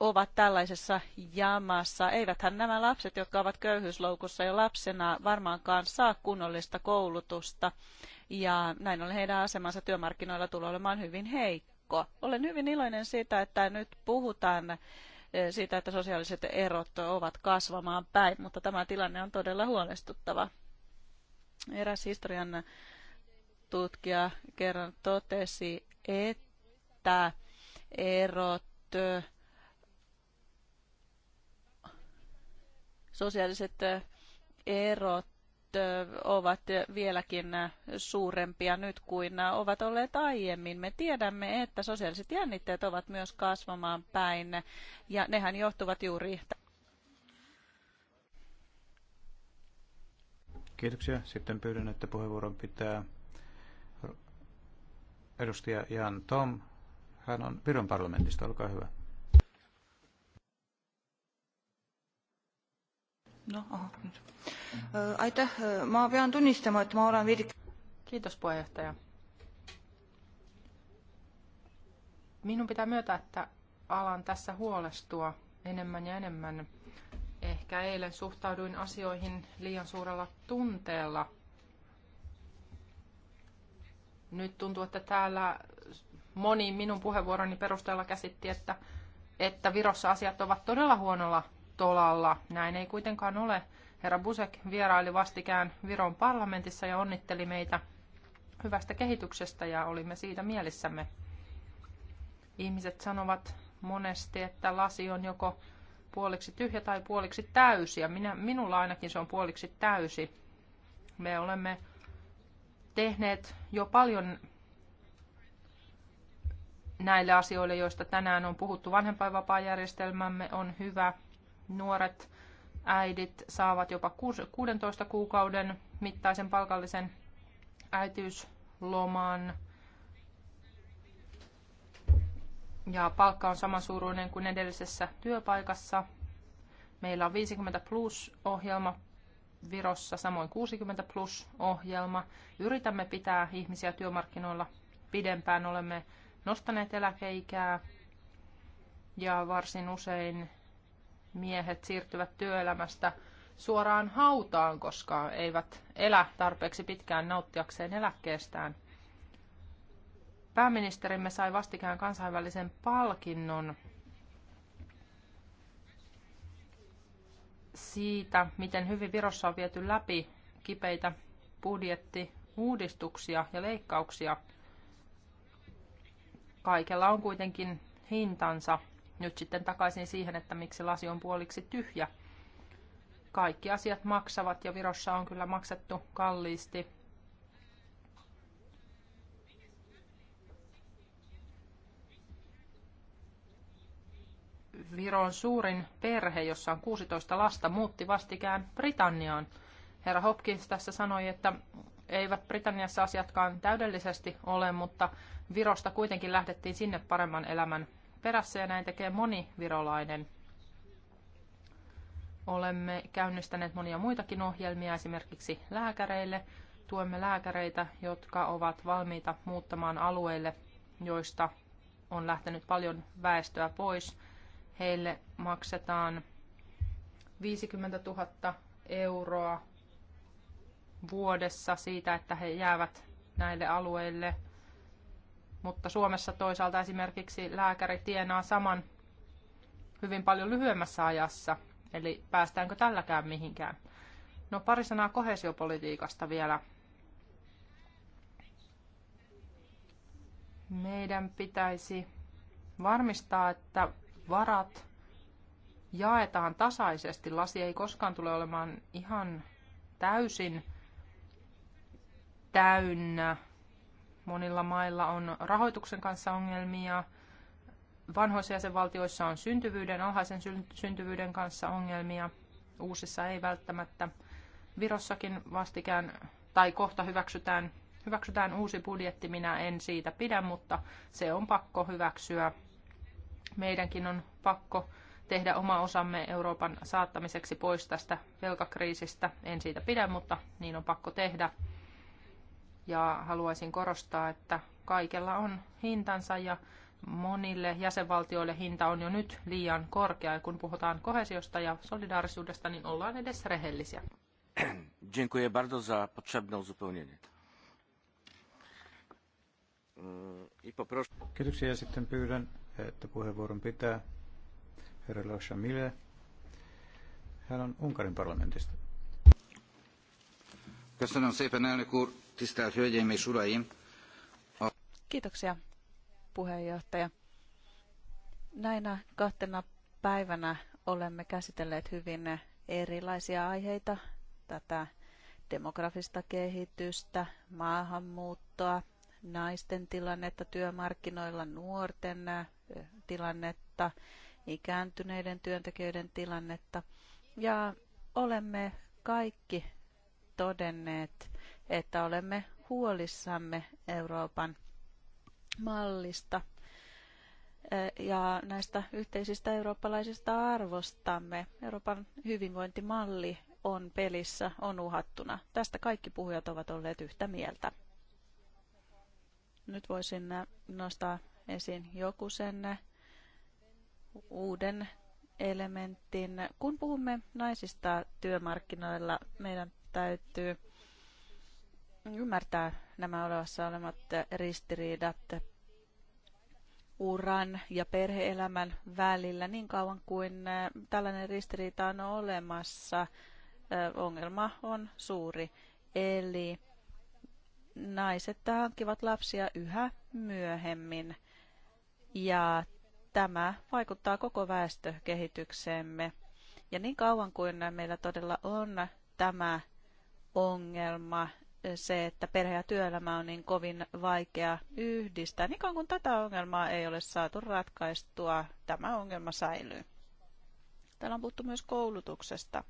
ovat tällaisessa jamassa. Eiväthän nämä lapset, jotka ovat köyhyysloukussa jo lapsena, varmaankaan saa kunnollista koulutusta. Ja näin ollen heidän asemansa työmarkkinoilla tulee olemaan hyvin heikko joukko. Olen hyvin iloinen siitä, että nyt puhutaan eh, siitä, että sosiaaliset erot ovat kasvamaan päin, mutta tämä tilanne on todella huolestuttava. Eräs historian tutkija kerran totesi, että erot eh, sosiaaliset eh, erot ovat vieläkin suurempia nyt kuin ovat olleet aiemmin. Me tiedämme, että sosiaaliset jännitteet ovat myös kasvamaan päin ja nehän johtuvat juuri. Kiitoksia. Sitten pyydän, että puheenvuoron pitää edustaja Jan Tom. Hän on Viron parlamentista. Olkaa hyvä. No, aha, nyt. Aitäh. pean tunnistama, että mä olen Kiitos puheenjohtaja. Minun pitää myötä, että alan tässä huolestua enemmän ja enemmän. Ehkä eilen suhtauduin asioihin liian suurella tunteella. Nyt tuntuu, että täällä moni minun puheenvuoroni perusteella käsitti, että, että Virossa asiat ovat todella huonolla tolalla. Näin ei kuitenkaan ole. Herra Busek vieraili vastikään Viron parlamentissa ja onnitteli meitä hyvästä kehityksestä ja olimme siitä mielissämme. Ihmiset sanovat monesti, että lasi on joko puoliksi tyhjä tai puoliksi täysi ja minä, minulla ainakin se on puoliksi täysi. Me olemme tehneet jo paljon näille asioille, joista tänään on puhuttu. Vanhempainvapaajärjestelmämme on hyvä, Nuoret äidit saavat jopa 16 kuukauden mittaisen palkallisen äitiysloman. Ja palkka on samansuuruinen kuin edellisessä työpaikassa. Meillä on 50 plus ohjelma Virossa, samoin 60 plus ohjelma. Yritämme pitää ihmisiä työmarkkinoilla pidempään. Olemme nostaneet eläkeikää ja varsin usein miehet siirtyvät työelämästä suoraan hautaan, koska eivät elä tarpeeksi pitkään nauttiakseen eläkkeestään. Pääministerimme sai vastikään kansainvälisen palkinnon siitä, miten hyvin Virossa on viety läpi kipeitä budjettiuudistuksia ja leikkauksia. Kaikella on kuitenkin hintansa – nyt sitten takaisin siihen, että miksi lasi on puoliksi tyhjä. Kaikki asiat maksavat ja Virossa on kyllä maksettu kalliisti. Viron suurin perhe, jossa on 16 lasta, muutti vastikään Britanniaan. Herra Hopkins tässä sanoi, että eivät Britanniassa asiatkaan täydellisesti ole, mutta Virosta kuitenkin lähdettiin sinne paremman elämän perässä ja näin tekee moni virolainen. Olemme käynnistäneet monia muitakin ohjelmia esimerkiksi lääkäreille. Tuemme lääkäreitä, jotka ovat valmiita muuttamaan alueille, joista on lähtenyt paljon väestöä pois. Heille maksetaan 50 000 euroa vuodessa siitä, että he jäävät näille alueille – mutta Suomessa toisaalta esimerkiksi lääkäri tienaa saman hyvin paljon lyhyemmässä ajassa, eli päästäänkö tälläkään mihinkään. No pari sanaa kohesiopolitiikasta vielä. Meidän pitäisi varmistaa, että varat jaetaan tasaisesti. Lasi ei koskaan tule olemaan ihan täysin täynnä Monilla mailla on rahoituksen kanssa ongelmia. Vanhoissa jäsenvaltioissa on syntyvyyden, alhaisen syntyvyyden kanssa ongelmia. Uusissa ei välttämättä. Virossakin vastikään tai kohta hyväksytään, hyväksytään uusi budjetti. Minä en siitä pidä, mutta se on pakko hyväksyä. Meidänkin on pakko tehdä oma osamme Euroopan saattamiseksi pois tästä velkakriisistä. En siitä pidä, mutta niin on pakko tehdä. Ja haluaisin korostaa, että kaikella on hintansa ja monille jäsenvaltioille hinta on jo nyt liian korkea. Ja kun puhutaan kohesiosta ja solidaarisuudesta, niin ollaan edes rehellisiä. Dziękuję bardzo za potrzebne uzupełnienie. Mm, Kiitoksia ja sitten pyydän, että puheenvuoron pitää herra Lasha Mille. Hän on Unkarin parlamentista. Köszönöm szépen, elnök úr. Kiitoksia, puheenjohtaja. Näinä kahtena päivänä olemme käsitelleet hyvin erilaisia aiheita, tätä demografista kehitystä, maahanmuuttoa, naisten tilannetta työmarkkinoilla, nuorten tilannetta, ikääntyneiden työntekijöiden tilannetta. Ja olemme kaikki todenneet, että olemme huolissamme Euroopan mallista ja näistä yhteisistä eurooppalaisista arvostamme. Euroopan hyvinvointimalli on pelissä, on uhattuna. Tästä kaikki puhujat ovat olleet yhtä mieltä. Nyt voisin nostaa esiin joku sen uuden elementin. Kun puhumme naisista työmarkkinoilla, meidän täytyy ymmärtää nämä olevassa olemat ristiriidat uran ja perheelämän välillä niin kauan kuin tällainen ristiriita on olemassa. Ongelma on suuri. Eli naiset hankkivat lapsia yhä myöhemmin ja tämä vaikuttaa koko väestökehitykseemme. Ja niin kauan kuin meillä todella on tämä ongelma, se, että perhe- ja työelämä on niin kovin vaikea yhdistää. Niin kauan kuin tätä ongelmaa ei ole saatu ratkaistua, tämä ongelma säilyy. Täällä on puhuttu myös koulutuksesta.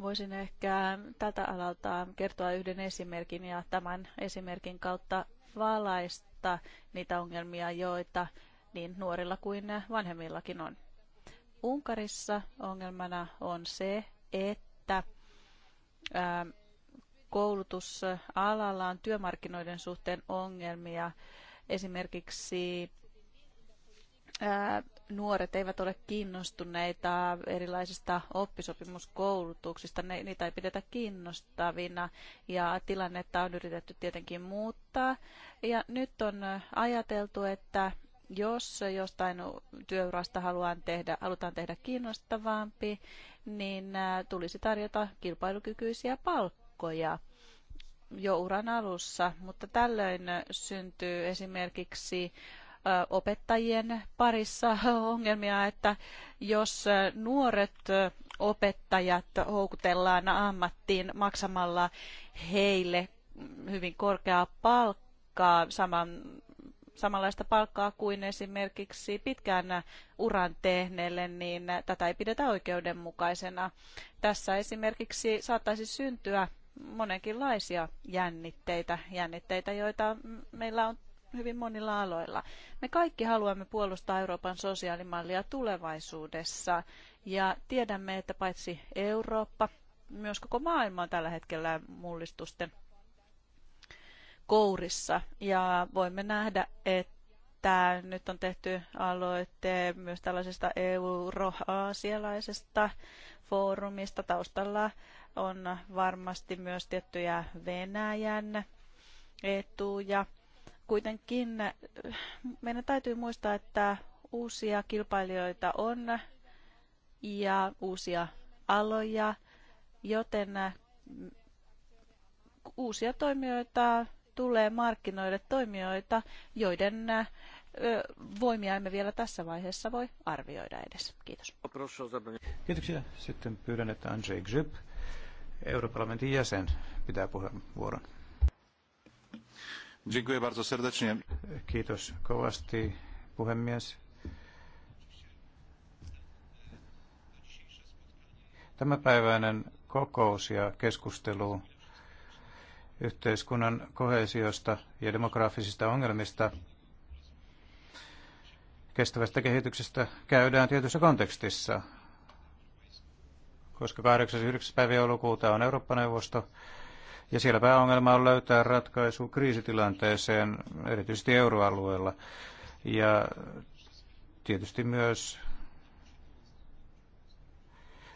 Voisin ehkä tätä alalta kertoa yhden esimerkin ja tämän esimerkin kautta valaista niitä ongelmia, joita niin nuorilla kuin vanhemmillakin on. Unkarissa ongelmana on se, että että koulutusalalla on työmarkkinoiden suhteen ongelmia. Esimerkiksi nuoret eivät ole kiinnostuneita erilaisista oppisopimuskoulutuksista, ne, niitä ei pidetä kiinnostavina ja tilannetta on yritetty tietenkin muuttaa. Ja nyt on ajateltu, että jos jostain työurasta haluan tehdä, halutaan tehdä kiinnostavampi, niin tulisi tarjota kilpailukykyisiä palkkoja jo uran alussa, mutta tällöin syntyy esimerkiksi opettajien parissa ongelmia, että jos nuoret opettajat houkutellaan ammattiin maksamalla heille hyvin korkeaa palkkaa saman samanlaista palkkaa kuin esimerkiksi pitkään uran tehneelle, niin tätä ei pidetä oikeudenmukaisena. Tässä esimerkiksi saattaisi syntyä monenkinlaisia jännitteitä, jännitteitä, joita meillä on hyvin monilla aloilla. Me kaikki haluamme puolustaa Euroopan sosiaalimallia tulevaisuudessa ja tiedämme, että paitsi Eurooppa, myös koko maailma on tällä hetkellä mullistusten kourissa ja voimme nähdä, että nyt on tehty aloite myös tällaisesta euroasialaisesta foorumista. Taustalla on varmasti myös tiettyjä Venäjän etuja. Kuitenkin eh, meidän täytyy muistaa, että uusia kilpailijoita on ja uusia aloja, joten mm, uusia toimijoita tulee markkinoille toimijoita, joiden voimia emme vielä tässä vaiheessa voi arvioida edes. Kiitos. Kiitoksia. Sitten pyydän, että Andrzej Grzyb, Europarlamentin jäsen, pitää puheenvuoron. Dziękuję bardzo serdecznie. Kiitos kovasti, puhemies. Tämänpäiväinen kokous ja keskustelu yhteiskunnan kohesiosta ja demografisista ongelmista kestävästä kehityksestä käydään tietyssä kontekstissa, koska 8. ja 9. päivä joulukuuta on Eurooppa-neuvosto, ja siellä pääongelma on löytää ratkaisu kriisitilanteeseen, erityisesti euroalueella, ja tietysti myös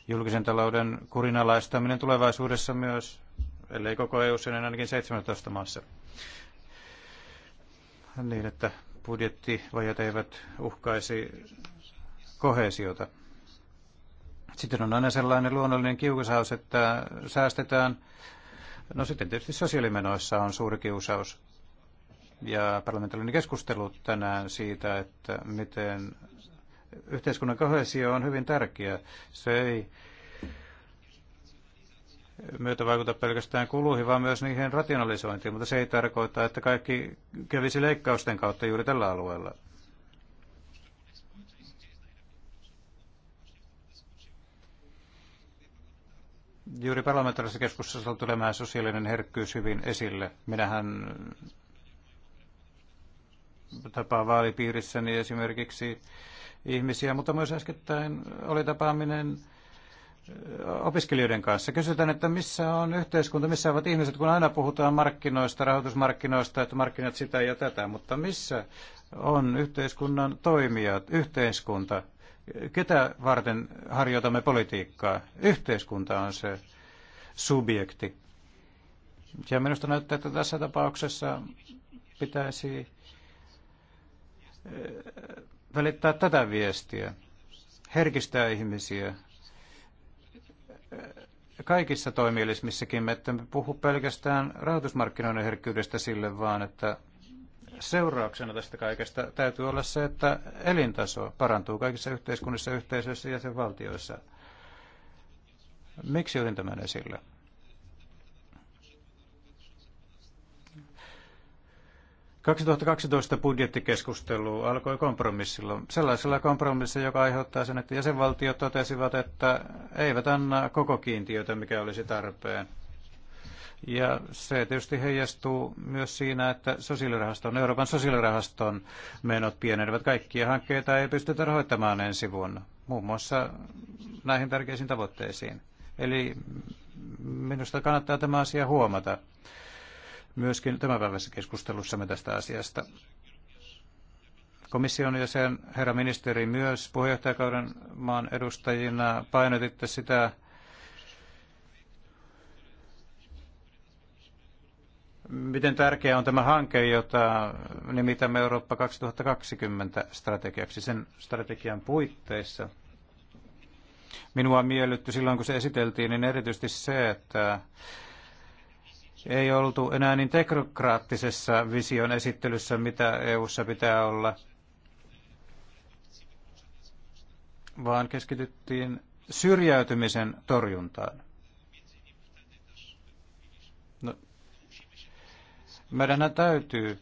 julkisen talouden kurinalaistaminen tulevaisuudessa myös ellei koko EU, niin ainakin 17 maassa. Niin, että budjettivajat eivät uhkaisi kohesiota. Sitten on aina sellainen luonnollinen kiusaus, että säästetään. No sitten tietysti sosiaalimenoissa on suuri kiusaus. Ja parlamentaarinen keskustelu tänään siitä, että miten yhteiskunnan kohesio on hyvin tärkeä. Se ei myötä vaikuta pelkästään kuluihin, vaan myös niihin rationalisointiin, mutta se ei tarkoita, että kaikki kävisi leikkausten kautta juuri tällä alueella. Juuri parlamentaarisessa keskustelussa on nämä sosiaalinen herkkyys hyvin esille. Minähän tapaa vaalipiirissäni esimerkiksi ihmisiä, mutta myös äskettäin oli tapaaminen opiskelijoiden kanssa. Kysytään, että missä on yhteiskunta, missä ovat ihmiset, kun aina puhutaan markkinoista, rahoitusmarkkinoista, että markkinat sitä ja tätä, mutta missä on yhteiskunnan toimijat, yhteiskunta, ketä varten harjoitamme politiikkaa? Yhteiskunta on se subjekti. Ja minusta näyttää, että tässä tapauksessa pitäisi eh, välittää tätä viestiä, herkistää ihmisiä, kaikissa toimielismissäkin, me puhu pelkästään rahoitusmarkkinoiden herkkyydestä sille, vaan että seurauksena tästä kaikesta täytyy olla se, että elintaso parantuu kaikissa yhteiskunnissa, yhteisöissä ja valtioissa. Miksi otin tämän esille? 2012 budjettikeskustelu alkoi kompromissilla, sellaisella kompromissilla, joka aiheuttaa sen, että jäsenvaltiot totesivat, että eivät anna koko kiintiötä, mikä olisi tarpeen. Ja se tietysti heijastuu myös siinä, että sosiaalirahaston, Euroopan sosiaalirahaston menot pienenevät. Kaikkia hankkeita ei pystytä rahoittamaan ensi vuonna, muun muassa näihin tärkeisiin tavoitteisiin. Eli minusta kannattaa tämä asia huomata myöskin tämän päivässä keskustelussamme tästä asiasta. Komission sen herra ministeri, myös puheenjohtajakauden maan edustajina painotitte sitä, miten tärkeä on tämä hanke, jota nimitämme Eurooppa 2020 strategiaksi sen strategian puitteissa. Minua miellytty silloin, kun se esiteltiin, niin erityisesti se, että ei oltu enää niin teknokraattisessa vision esittelyssä, mitä EU:ssa pitää olla, vaan keskityttiin syrjäytymisen torjuntaan. No, meidän täytyy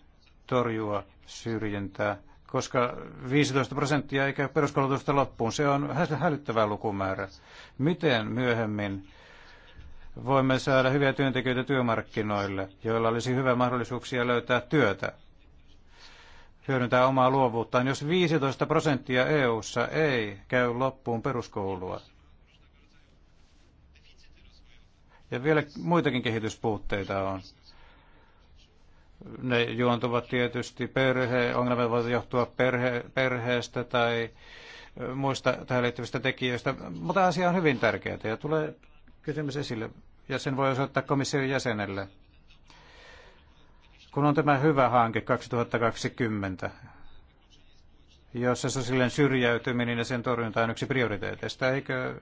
torjua syrjintää, koska 15 prosenttia ei käy peruskoulutusta loppuun. Se on hälyttävä lukumäärä. Miten myöhemmin voimme saada hyviä työntekijöitä työmarkkinoille, joilla olisi hyvä mahdollisuuksia löytää työtä, hyödyntää omaa luovuuttaan. Jos 15 prosenttia EU:ssa ei käy loppuun peruskoulua, ja vielä muitakin kehityspuutteita on. Ne juontuvat tietysti perhe, ongelmat voivat johtua perhe, perheestä tai muista tähän liittyvistä tekijöistä, mutta asia on hyvin tärkeää ja tulee kysymys esille ja sen voi osoittaa komission jäsenelle. Kun on tämä hyvä hanke 2020, jossa sosiaalinen syrjäytyminen ja sen torjunta on yksi prioriteeteista, eikö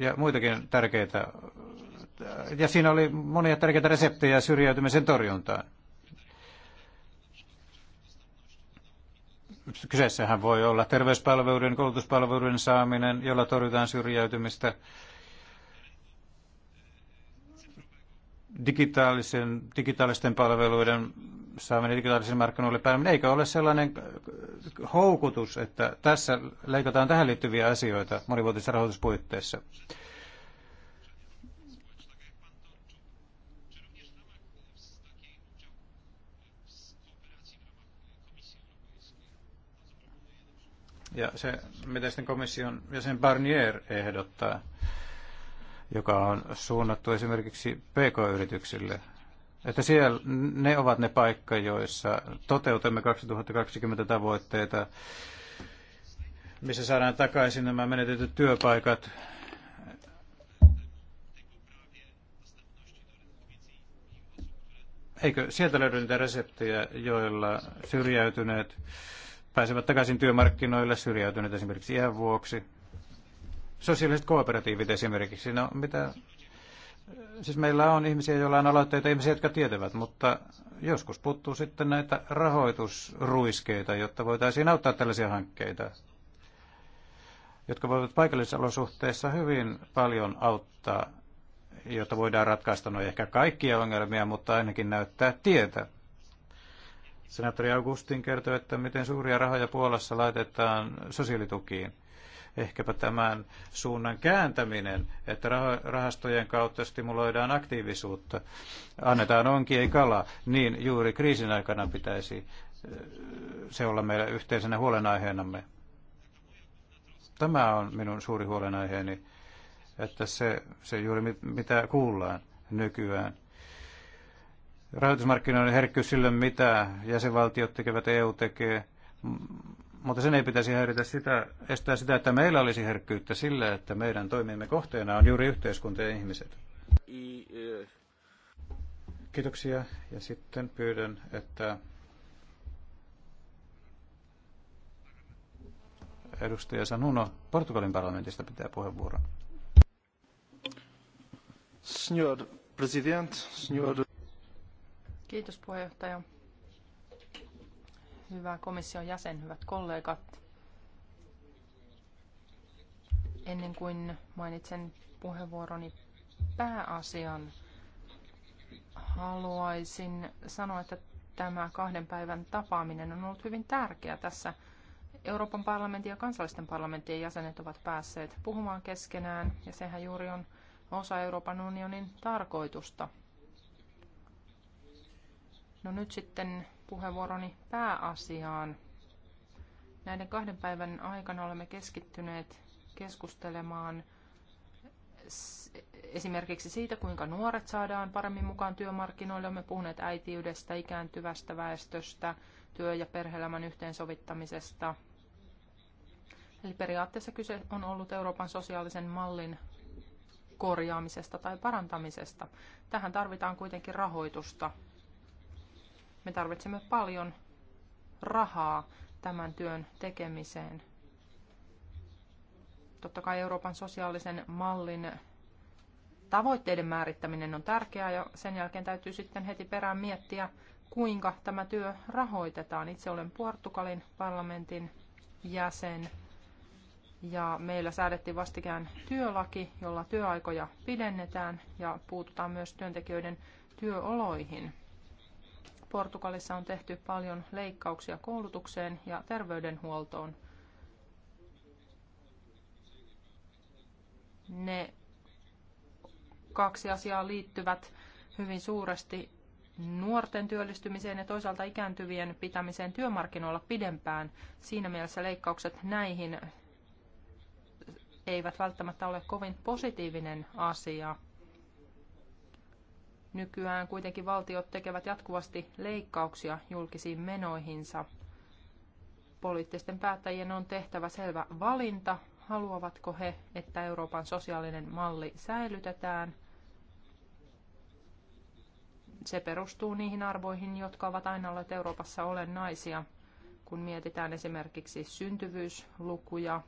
ja muitakin tärkeitä. Ja siinä oli monia tärkeitä reseptejä syrjäytymisen torjuntaan. Kyseessähän voi olla terveyspalveluiden, koulutuspalveluiden saaminen, jolla torjutaan syrjäytymistä, digitaalisen, digitaalisten palveluiden saaminen digitaalisen markkinoille päälle, eikö ole sellainen houkutus, että tässä leikataan tähän liittyviä asioita monivuotisessa rahoituspuitteissa? Ja se, mitä sitten komission jäsen Barnier ehdottaa, joka on suunnattu esimerkiksi PK-yrityksille, että siellä ne ovat ne paikka, joissa toteutamme 2020 tavoitteita, missä saadaan takaisin nämä menetetyt työpaikat, Eikö sieltä löydy niitä reseptejä, joilla syrjäytyneet pääsevät takaisin työmarkkinoille syrjäytyneet esimerkiksi iän vuoksi. Sosiaaliset kooperatiivit esimerkiksi, no mitä... Siis meillä on ihmisiä, joilla on aloitteita, ihmisiä, jotka tietävät, mutta joskus puuttuu sitten näitä rahoitusruiskeita, jotta voitaisiin auttaa tällaisia hankkeita, jotka voivat paikallisissa olosuhteissa hyvin paljon auttaa, jotta voidaan ratkaista noin ehkä kaikkia ongelmia, mutta ainakin näyttää tietä Senaattori Augustin kertoi, että miten suuria rahoja Puolassa laitetaan sosiaalitukiin. Ehkäpä tämän suunnan kääntäminen, että rahastojen kautta stimuloidaan aktiivisuutta, annetaan onki ei kala, niin juuri kriisin aikana pitäisi eh, se olla meillä yhteisenä huolenaiheenamme. Tämä on minun suuri huolenaiheeni, että se, se juuri mit, mitä kuullaan nykyään – rahoitusmarkkinoiden herkkyys sille, mitä jäsenvaltiot tekevät, EU tekee, mutta sen ei pitäisi häiritä sitä, estää sitä, että meillä olisi herkkyyttä sille, että meidän toimimme kohteena on juuri yhteiskunta ja ihmiset. E, Kiitoksia ja sitten pyydän, että edustaja Sanuno Portugalin parlamentista pitää puheenvuoron. Senor president, senor Kiitos puheenjohtaja. Hyvä komission jäsen, hyvät kollegat. Ennen kuin mainitsen puheenvuoroni pääasian, haluaisin sanoa, että tämä kahden päivän tapaaminen on ollut hyvin tärkeä tässä. Euroopan parlamentin ja kansallisten parlamenttien jäsenet ovat päässeet puhumaan keskenään, ja sehän juuri on osa Euroopan unionin tarkoitusta – No nyt sitten puheenvuoroni pääasiaan. Näiden kahden päivän aikana olemme keskittyneet keskustelemaan esimerkiksi siitä, kuinka nuoret saadaan paremmin mukaan työmarkkinoille. Olemme puhuneet äitiydestä, ikääntyvästä väestöstä, työ- ja perheelämän yhteensovittamisesta. Eli periaatteessa kyse on ollut Euroopan sosiaalisen mallin korjaamisesta tai parantamisesta. Tähän tarvitaan kuitenkin rahoitusta me tarvitsemme paljon rahaa tämän työn tekemiseen. Totta kai Euroopan sosiaalisen mallin tavoitteiden määrittäminen on tärkeää ja sen jälkeen täytyy sitten heti perään miettiä, kuinka tämä työ rahoitetaan. Itse olen Portugalin parlamentin jäsen ja meillä säädettiin vastikään työlaki, jolla työaikoja pidennetään ja puututaan myös työntekijöiden työoloihin. Portugalissa on tehty paljon leikkauksia koulutukseen ja terveydenhuoltoon. Ne kaksi asiaa liittyvät hyvin suuresti nuorten työllistymiseen ja toisaalta ikääntyvien pitämiseen työmarkkinoilla pidempään. Siinä mielessä leikkaukset näihin eivät välttämättä ole kovin positiivinen asia. Nykyään kuitenkin valtiot tekevät jatkuvasti leikkauksia julkisiin menoihinsa. Poliittisten päättäjien on tehtävä selvä valinta, haluavatko he, että Euroopan sosiaalinen malli säilytetään. Se perustuu niihin arvoihin, jotka ovat aina olleet Euroopassa olennaisia, kun mietitään esimerkiksi syntyvyyslukuja.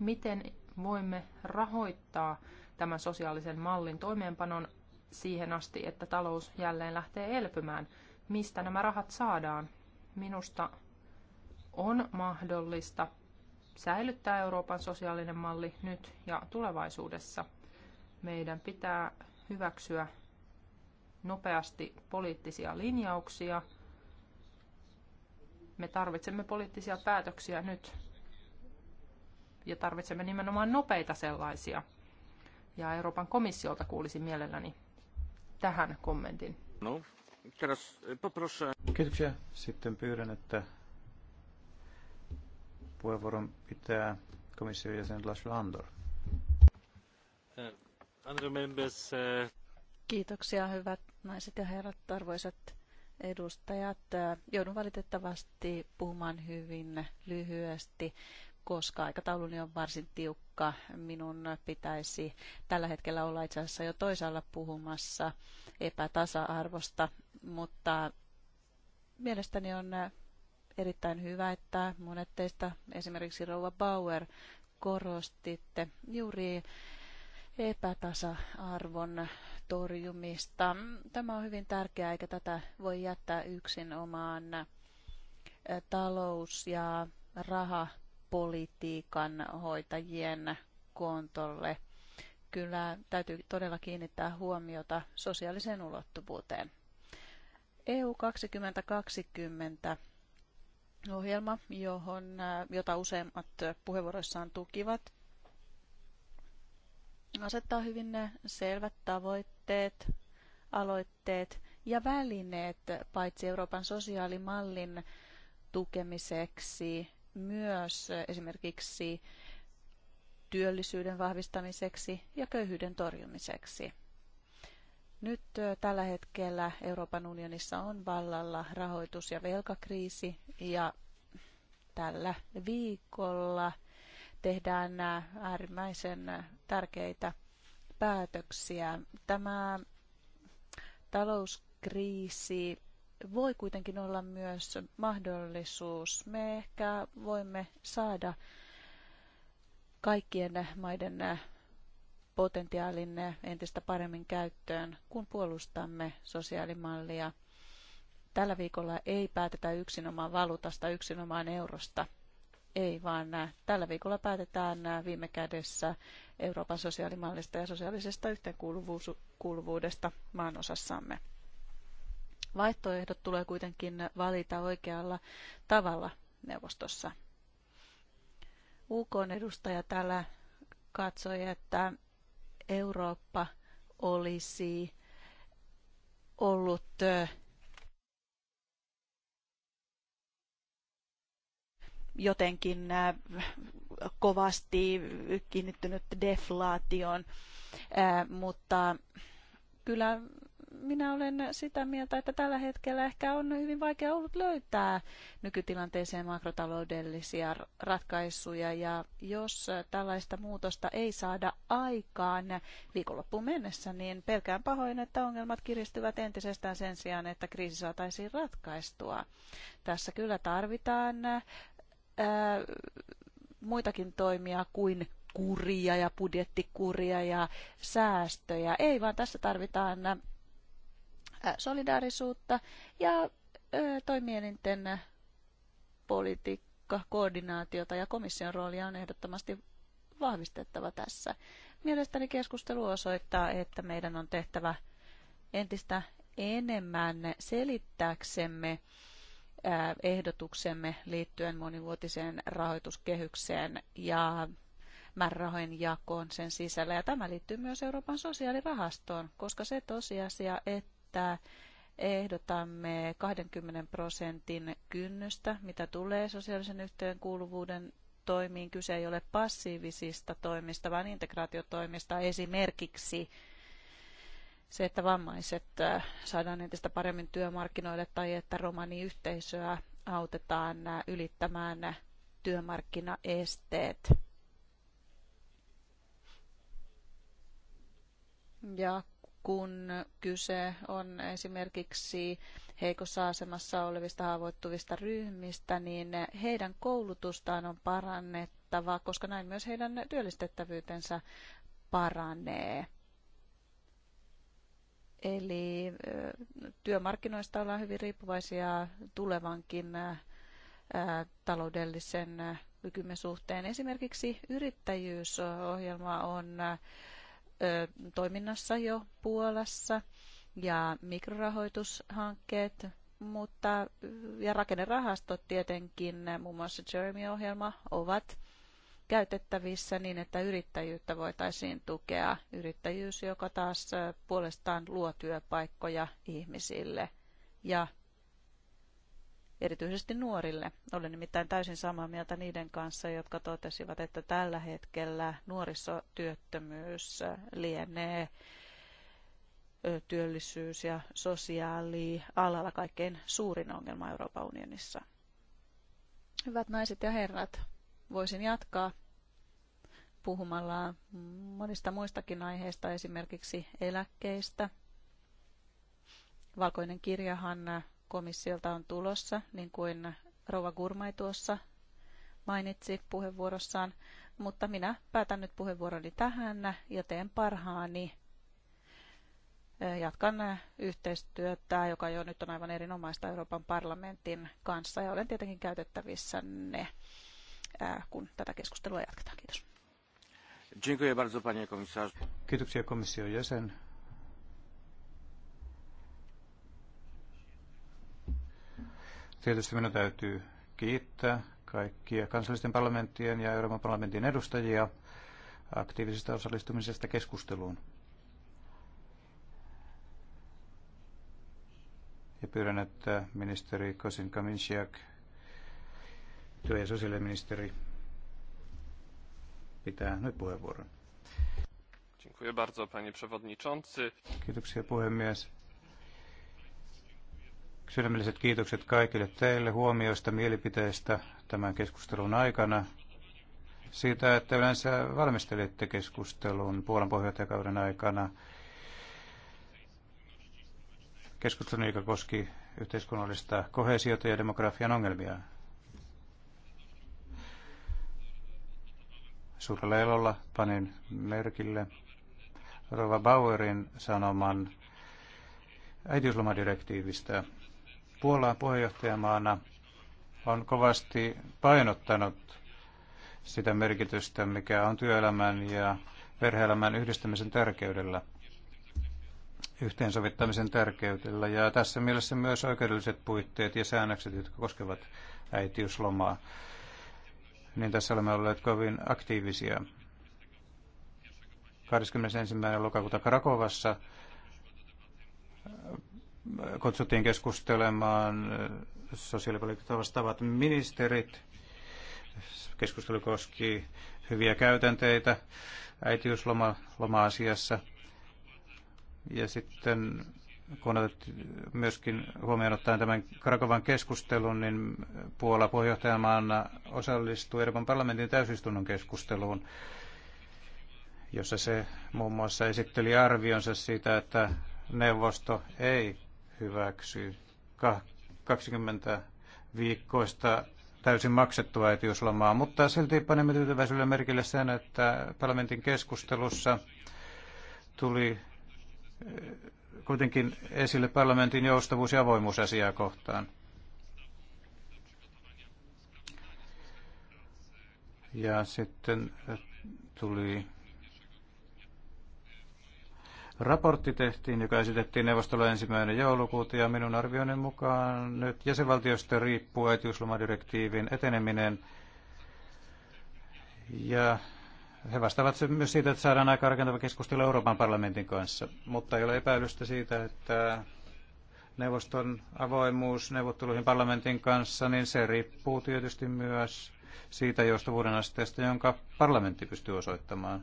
Miten voimme rahoittaa tämän sosiaalisen mallin toimeenpanon siihen asti, että talous jälleen lähtee elpymään. Mistä nämä rahat saadaan? Minusta on mahdollista säilyttää Euroopan sosiaalinen malli nyt ja tulevaisuudessa. Meidän pitää hyväksyä nopeasti poliittisia linjauksia. Me tarvitsemme poliittisia päätöksiä nyt ja tarvitsemme nimenomaan nopeita sellaisia. Ja Euroopan komissiolta kuulisin mielelläni tähän kommentin. No, teraz e, poproszę. Kiitoksia. Sitten pyydän, että puheenvuoron pitää komission jäsen Lars Andor. E, e- Kiitoksia hyvät naiset ja herrat, arvoisat edustajat. Joudun valitettavasti puhumaan hyvin lyhyesti, koska aikatauluni on varsin tiukka. Minun pitäisi tällä hetkellä olla itse asiassa jo toisaalla puhumassa epätasa-arvosta, mutta mielestäni on erittäin hyvä, että monet teistä, esimerkiksi Rouva Bauer, korostitte juuri epätasa-arvon torjumista. Tämä on hyvin tärkeää, eikä tätä voi jättää yksin omaan talous- ja raha politiikan hoitajien kontolle. Kyllä täytyy todella kiinnittää huomiota sosiaaliseen ulottuvuuteen. EU 2020 ohjelma, johon, jota useimmat puheenvuoroissaan tukivat, asettaa hyvin selvät tavoitteet, aloitteet ja välineet paitsi Euroopan sosiaalimallin tukemiseksi myös esimerkiksi työllisyyden vahvistamiseksi ja köyhyyden torjumiseksi. Nyt tällä hetkellä Euroopan unionissa on vallalla rahoitus- ja velkakriisi ja tällä viikolla tehdään äärimmäisen tärkeitä päätöksiä. Tämä talouskriisi voi kuitenkin olla myös mahdollisuus. Me ehkä voimme saada kaikkien maiden potentiaalin entistä paremmin käyttöön, kun puolustamme sosiaalimallia. Tällä viikolla ei päätetä yksinomaan valuutasta, yksinomaan eurosta. Ei, vaan tällä viikolla päätetään viime kädessä Euroopan sosiaalimallista ja sosiaalisesta yhteenkuuluvuudesta maanosassamme. Vaihtoehdot tulee kuitenkin valita oikealla tavalla neuvostossa. UK-edustaja täällä katsoi, että Eurooppa olisi ollut jotenkin kovasti kiinnittynyt deflaatioon, mutta kyllä minä olen sitä mieltä, että tällä hetkellä ehkä on hyvin vaikea ollut löytää nykytilanteeseen makrotaloudellisia ratkaisuja. Ja jos tällaista muutosta ei saada aikaan viikonloppuun mennessä, niin pelkään pahoin, että ongelmat kiristyvät entisestään sen sijaan, että kriisi saataisiin ratkaistua. Tässä kyllä tarvitaan ää, äh, muitakin toimia kuin kuria ja budjettikuria ja säästöjä. Ei, vaan tässä tarvitaan Äh, solidaarisuutta ja toimielinten politiikka, koordinaatiota ja komission roolia on ehdottomasti vahvistettava tässä. Mielestäni keskustelu osoittaa, että meidän on tehtävä entistä enemmän selittääksemme äh, ehdotuksemme liittyen monivuotiseen rahoituskehykseen ja määrärahojen jakoon sen sisällä. Ja tämä liittyy myös Euroopan sosiaalirahastoon, koska se tosiasia, että että ehdotamme 20 prosentin kynnystä, mitä tulee sosiaalisen yhteenkuuluvuuden toimiin. Kyse ei ole passiivisista toimista, vaan integraatiotoimista esimerkiksi se, että vammaiset äh, saadaan entistä paremmin työmarkkinoille tai että romaniyhteisöä autetaan äh, ylittämään työmarkkinaesteet. Ja kun kyse on esimerkiksi heikossa asemassa olevista haavoittuvista ryhmistä, niin heidän koulutustaan on parannettava, koska näin myös heidän työllistettävyytensä paranee. Eli työmarkkinoista ollaan hyvin riippuvaisia tulevankin taloudellisen kykymme suhteen. Esimerkiksi yrittäjyysohjelma on toiminnassa jo Puolassa ja mikrorahoitushankkeet, mutta ja rakennerahastot tietenkin, muun muassa Jeremy-ohjelma, ovat käytettävissä niin, että yrittäjyyttä voitaisiin tukea. Yrittäjyys, joka taas puolestaan luo työpaikkoja ihmisille ja erityisesti nuorille. Olen nimittäin täysin samaa mieltä niiden kanssa, jotka totesivat, että tällä hetkellä nuorisotyöttömyys lienee työllisyys- ja sosiaalialalla kaikkein suurin ongelma Euroopan unionissa. Hyvät naiset ja herrat, voisin jatkaa puhumalla monista muistakin aiheista, esimerkiksi eläkkeistä. Valkoinen kirjahan komissiolta on tulossa, niin kuin Rova Gurmai tuossa mainitsi puheenvuorossaan, mutta minä päätän nyt puheenvuoroni tähän ja teen parhaani. Jatkan yhteistyötä, joka jo nyt on aivan erinomaista Euroopan parlamentin kanssa ja olen tietenkin käytettävissä ne, kun tätä keskustelua jatketaan. Kiitos. Kiitoksia komission jäsen. Tietysti minun täytyy kiittää kaikkia kansallisten parlamenttien ja Euroopan parlamentin edustajia aktiivisesta osallistumisesta keskusteluun. Ja pyydän, että ministeri Kosin Kaminsiak, työ- ja sosiaaliministeri, pitää nyt puheenvuoron. Dziękuję bardzo, panie przewodniczący. Kiitoksia puhemies. Sydämelliset kiitokset kaikille teille huomioista, mielipiteistä tämän keskustelun aikana. Siitä, että yleensä valmistelitte keskustelun Puolan pohjoitajakauden aikana. Keskustelun, joka koski yhteiskunnallista kohesiota ja demografian ongelmia. Suurella elolla panin merkille Rova Bauerin sanoman äitiyslomadirektiivistä Puolaa puheenjohtajamaana on kovasti painottanut sitä merkitystä, mikä on työelämän ja perheelämän yhdistämisen tärkeydellä, yhteensovittamisen tärkeydellä. Ja tässä mielessä myös oikeudelliset puitteet ja säännökset, jotka koskevat äitiyslomaa, niin tässä olemme olleet kovin aktiivisia. 21. lokakuuta Krakovassa kutsuttiin keskustelemaan äh, sosiaalipolitiikasta vastaavat ministerit. Keskustelu koski hyviä käytänteitä äitiysloma-asiassa. Ja sitten kun otettiin myöskin huomioon ottaen tämän Krakovan keskustelun, niin Puola puheenjohtajamaana osallistui Euroopan parlamentin täysistunnon keskusteluun, jossa se muun muassa esitteli arvionsa siitä, että neuvosto ei hyväksyy 20 viikkoista täysin maksettua etiuslomaa, mutta silti panemme tyytyväisyydellä merkille sen, että parlamentin keskustelussa tuli eh, kuitenkin esille parlamentin joustavuus- ja avoimuusasiaa kohtaan. Ja sitten eh, tuli Raportti tehtiin, joka esitettiin neuvostolla ensimmäinen joulukuuta ja minun arvioinnin mukaan nyt jäsenvaltiosta riippuu äitiyslomadirektiivin eteneminen. Ja he vastaavat myös siitä, että saadaan aika rakentava keskustelu Euroopan parlamentin kanssa, mutta ei ole epäilystä siitä, että neuvoston avoimuus neuvotteluihin parlamentin kanssa, niin se riippuu tietysti myös siitä joustavuuden asteesta, jonka parlamentti pystyy osoittamaan.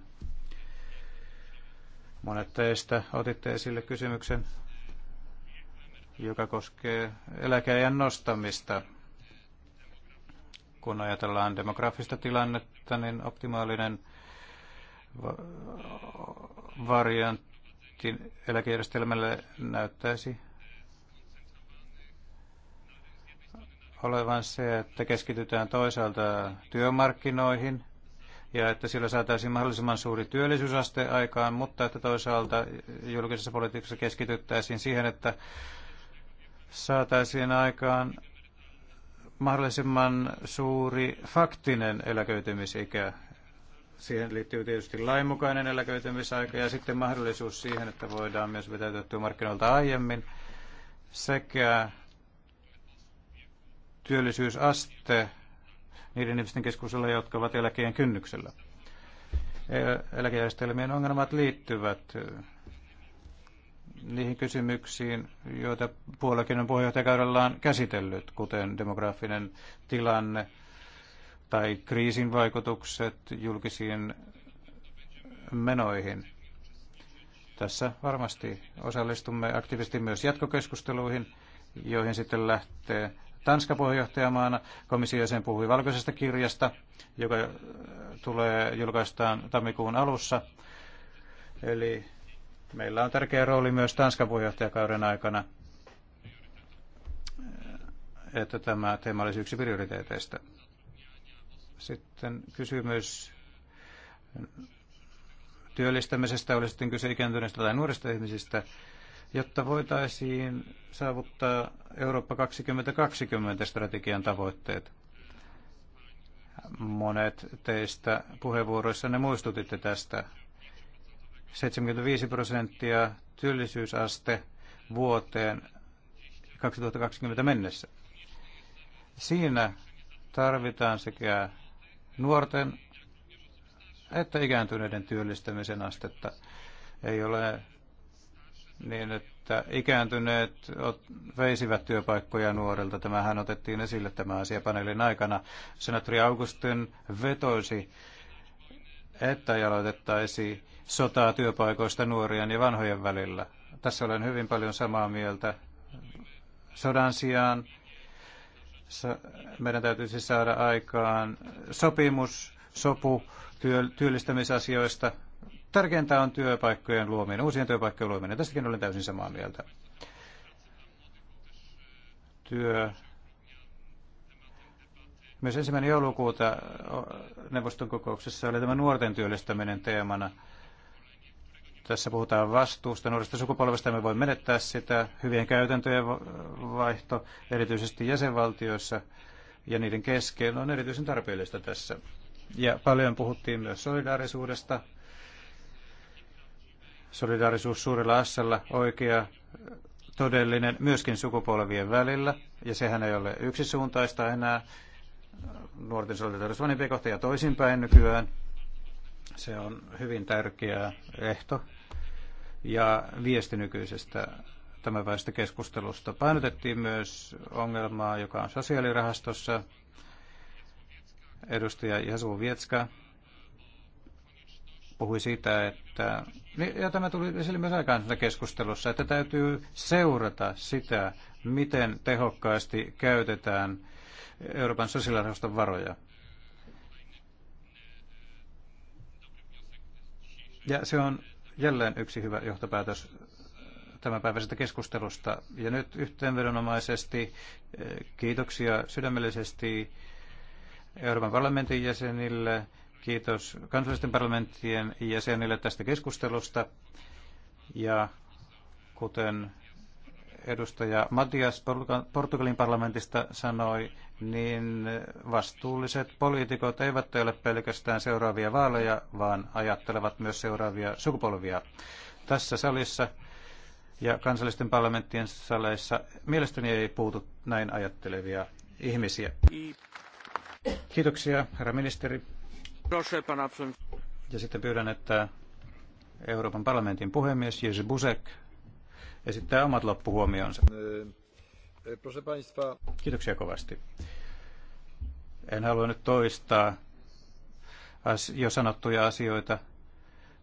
Monet teistä otitte esille kysymyksen, joka koskee eläkeajan nostamista. Kun ajatellaan demografista tilannetta, niin optimaalinen variantti eläkejärjestelmälle näyttäisi olevan se, että keskitytään toisaalta työmarkkinoihin – ja että sillä saataisiin mahdollisimman suuri työllisyysaste aikaan, mutta että toisaalta julkisessa politiikassa keskityttäisiin siihen, että saataisiin aikaan mahdollisimman suuri faktinen eläköitymisikä. Siihen liittyy tietysti lainmukainen eläköitymisaika ja sitten mahdollisuus siihen, että voidaan myös vetäytyä työmarkkinoilta aiemmin sekä työllisyysaste niiden ihmisten keskuudella, jotka ovat eläkeen kynnyksellä. E, eläkejärjestelmien ongelmat liittyvät e, niihin kysymyksiin, joita puolekin on puheenjohtajakaudellaan käsitellyt, kuten demografinen tilanne tai kriisin vaikutukset julkisiin menoihin. Tässä varmasti osallistumme aktiivisesti myös jatkokeskusteluihin, joihin sitten lähtee Tanska puheenjohtajamaana komissio sen puhui valkoisesta kirjasta, joka äh, tulee julkaistaan tammikuun alussa. Eli meillä on tärkeä rooli myös Tanskan puheenjohtajakauden aikana, äh, että tämä teema olisi yksi prioriteeteista. Sitten kysymys työllistämisestä, oli sitten kyse ikääntyneistä tai nuorista ihmisistä jotta voitaisiin saavuttaa Eurooppa 2020 strategian tavoitteet. Monet teistä ne muistutitte tästä. 75 prosenttia työllisyysaste vuoteen 2020 mennessä. Siinä tarvitaan sekä nuorten että ikääntyneiden työllistämisen astetta. Ei ole niin, että ikääntyneet veisivät työpaikkoja nuorilta. Tämähän otettiin esille tämä asia paneelin aikana. Senaattori Augustin vetoisi, että jaloitettaisiin sotaa työpaikoista nuorien ja vanhojen välillä. Tässä olen hyvin paljon samaa mieltä. Sodan sijaan meidän täytyisi saada aikaan sopimus, sopu työllistämisasioista, Tärkeintä on työpaikkojen luominen, uusien työpaikkojen luominen. Tästäkin olen täysin samaa mieltä. Työ. Myös ensimmäinen joulukuuta neuvoston kokouksessa oli tämä nuorten työllistäminen teemana. Tässä puhutaan vastuusta nuorista sukupolvesta, me voi menettää sitä. Hyvien käytäntöjen vaihto, erityisesti jäsenvaltioissa ja niiden kesken, on erityisen tarpeellista tässä. Ja paljon puhuttiin myös solidaarisuudesta, solidaarisuus suurella assalla oikea todellinen myöskin sukupolvien välillä, ja sehän ei ole yksisuuntaista enää. Nuorten solidaarisuus vanhempien kohta ja toisinpäin nykyään. Se on hyvin tärkeä ehto ja viesti nykyisestä tämänpäiväisestä keskustelusta. Painotettiin myös ongelmaa, joka on sosiaalirahastossa. Edustaja Jasu Vietska puhui siitä, että, niin, ja tämä tuli esille myös aikaisemmassa keskustelussa, että täytyy seurata sitä, miten tehokkaasti käytetään Euroopan sosiaalirahaston varoja. Ja se on jälleen yksi hyvä johtopäätös tämänpäiväisestä keskustelusta. Ja nyt yhteenvedonomaisesti eh, kiitoksia sydämellisesti Euroopan parlamentin jäsenille, Kiitos kansallisten parlamenttien jäsenille tästä keskustelusta. Ja kuten edustaja Matias Portugalin parlamentista sanoi, niin vastuulliset poliitikot eivät ole pelkästään seuraavia vaaleja, vaan ajattelevat myös seuraavia sukupolvia. Tässä salissa ja kansallisten parlamenttien saleissa mielestäni ei puutu näin ajattelevia ihmisiä. Kiitoksia, herra ministeri. Ja sitten pyydän, että Euroopan parlamentin puhemies Jerzy Buzek esittää omat loppuhuomionsa. Kiitoksia kovasti. En halua nyt toistaa jo sanottuja asioita.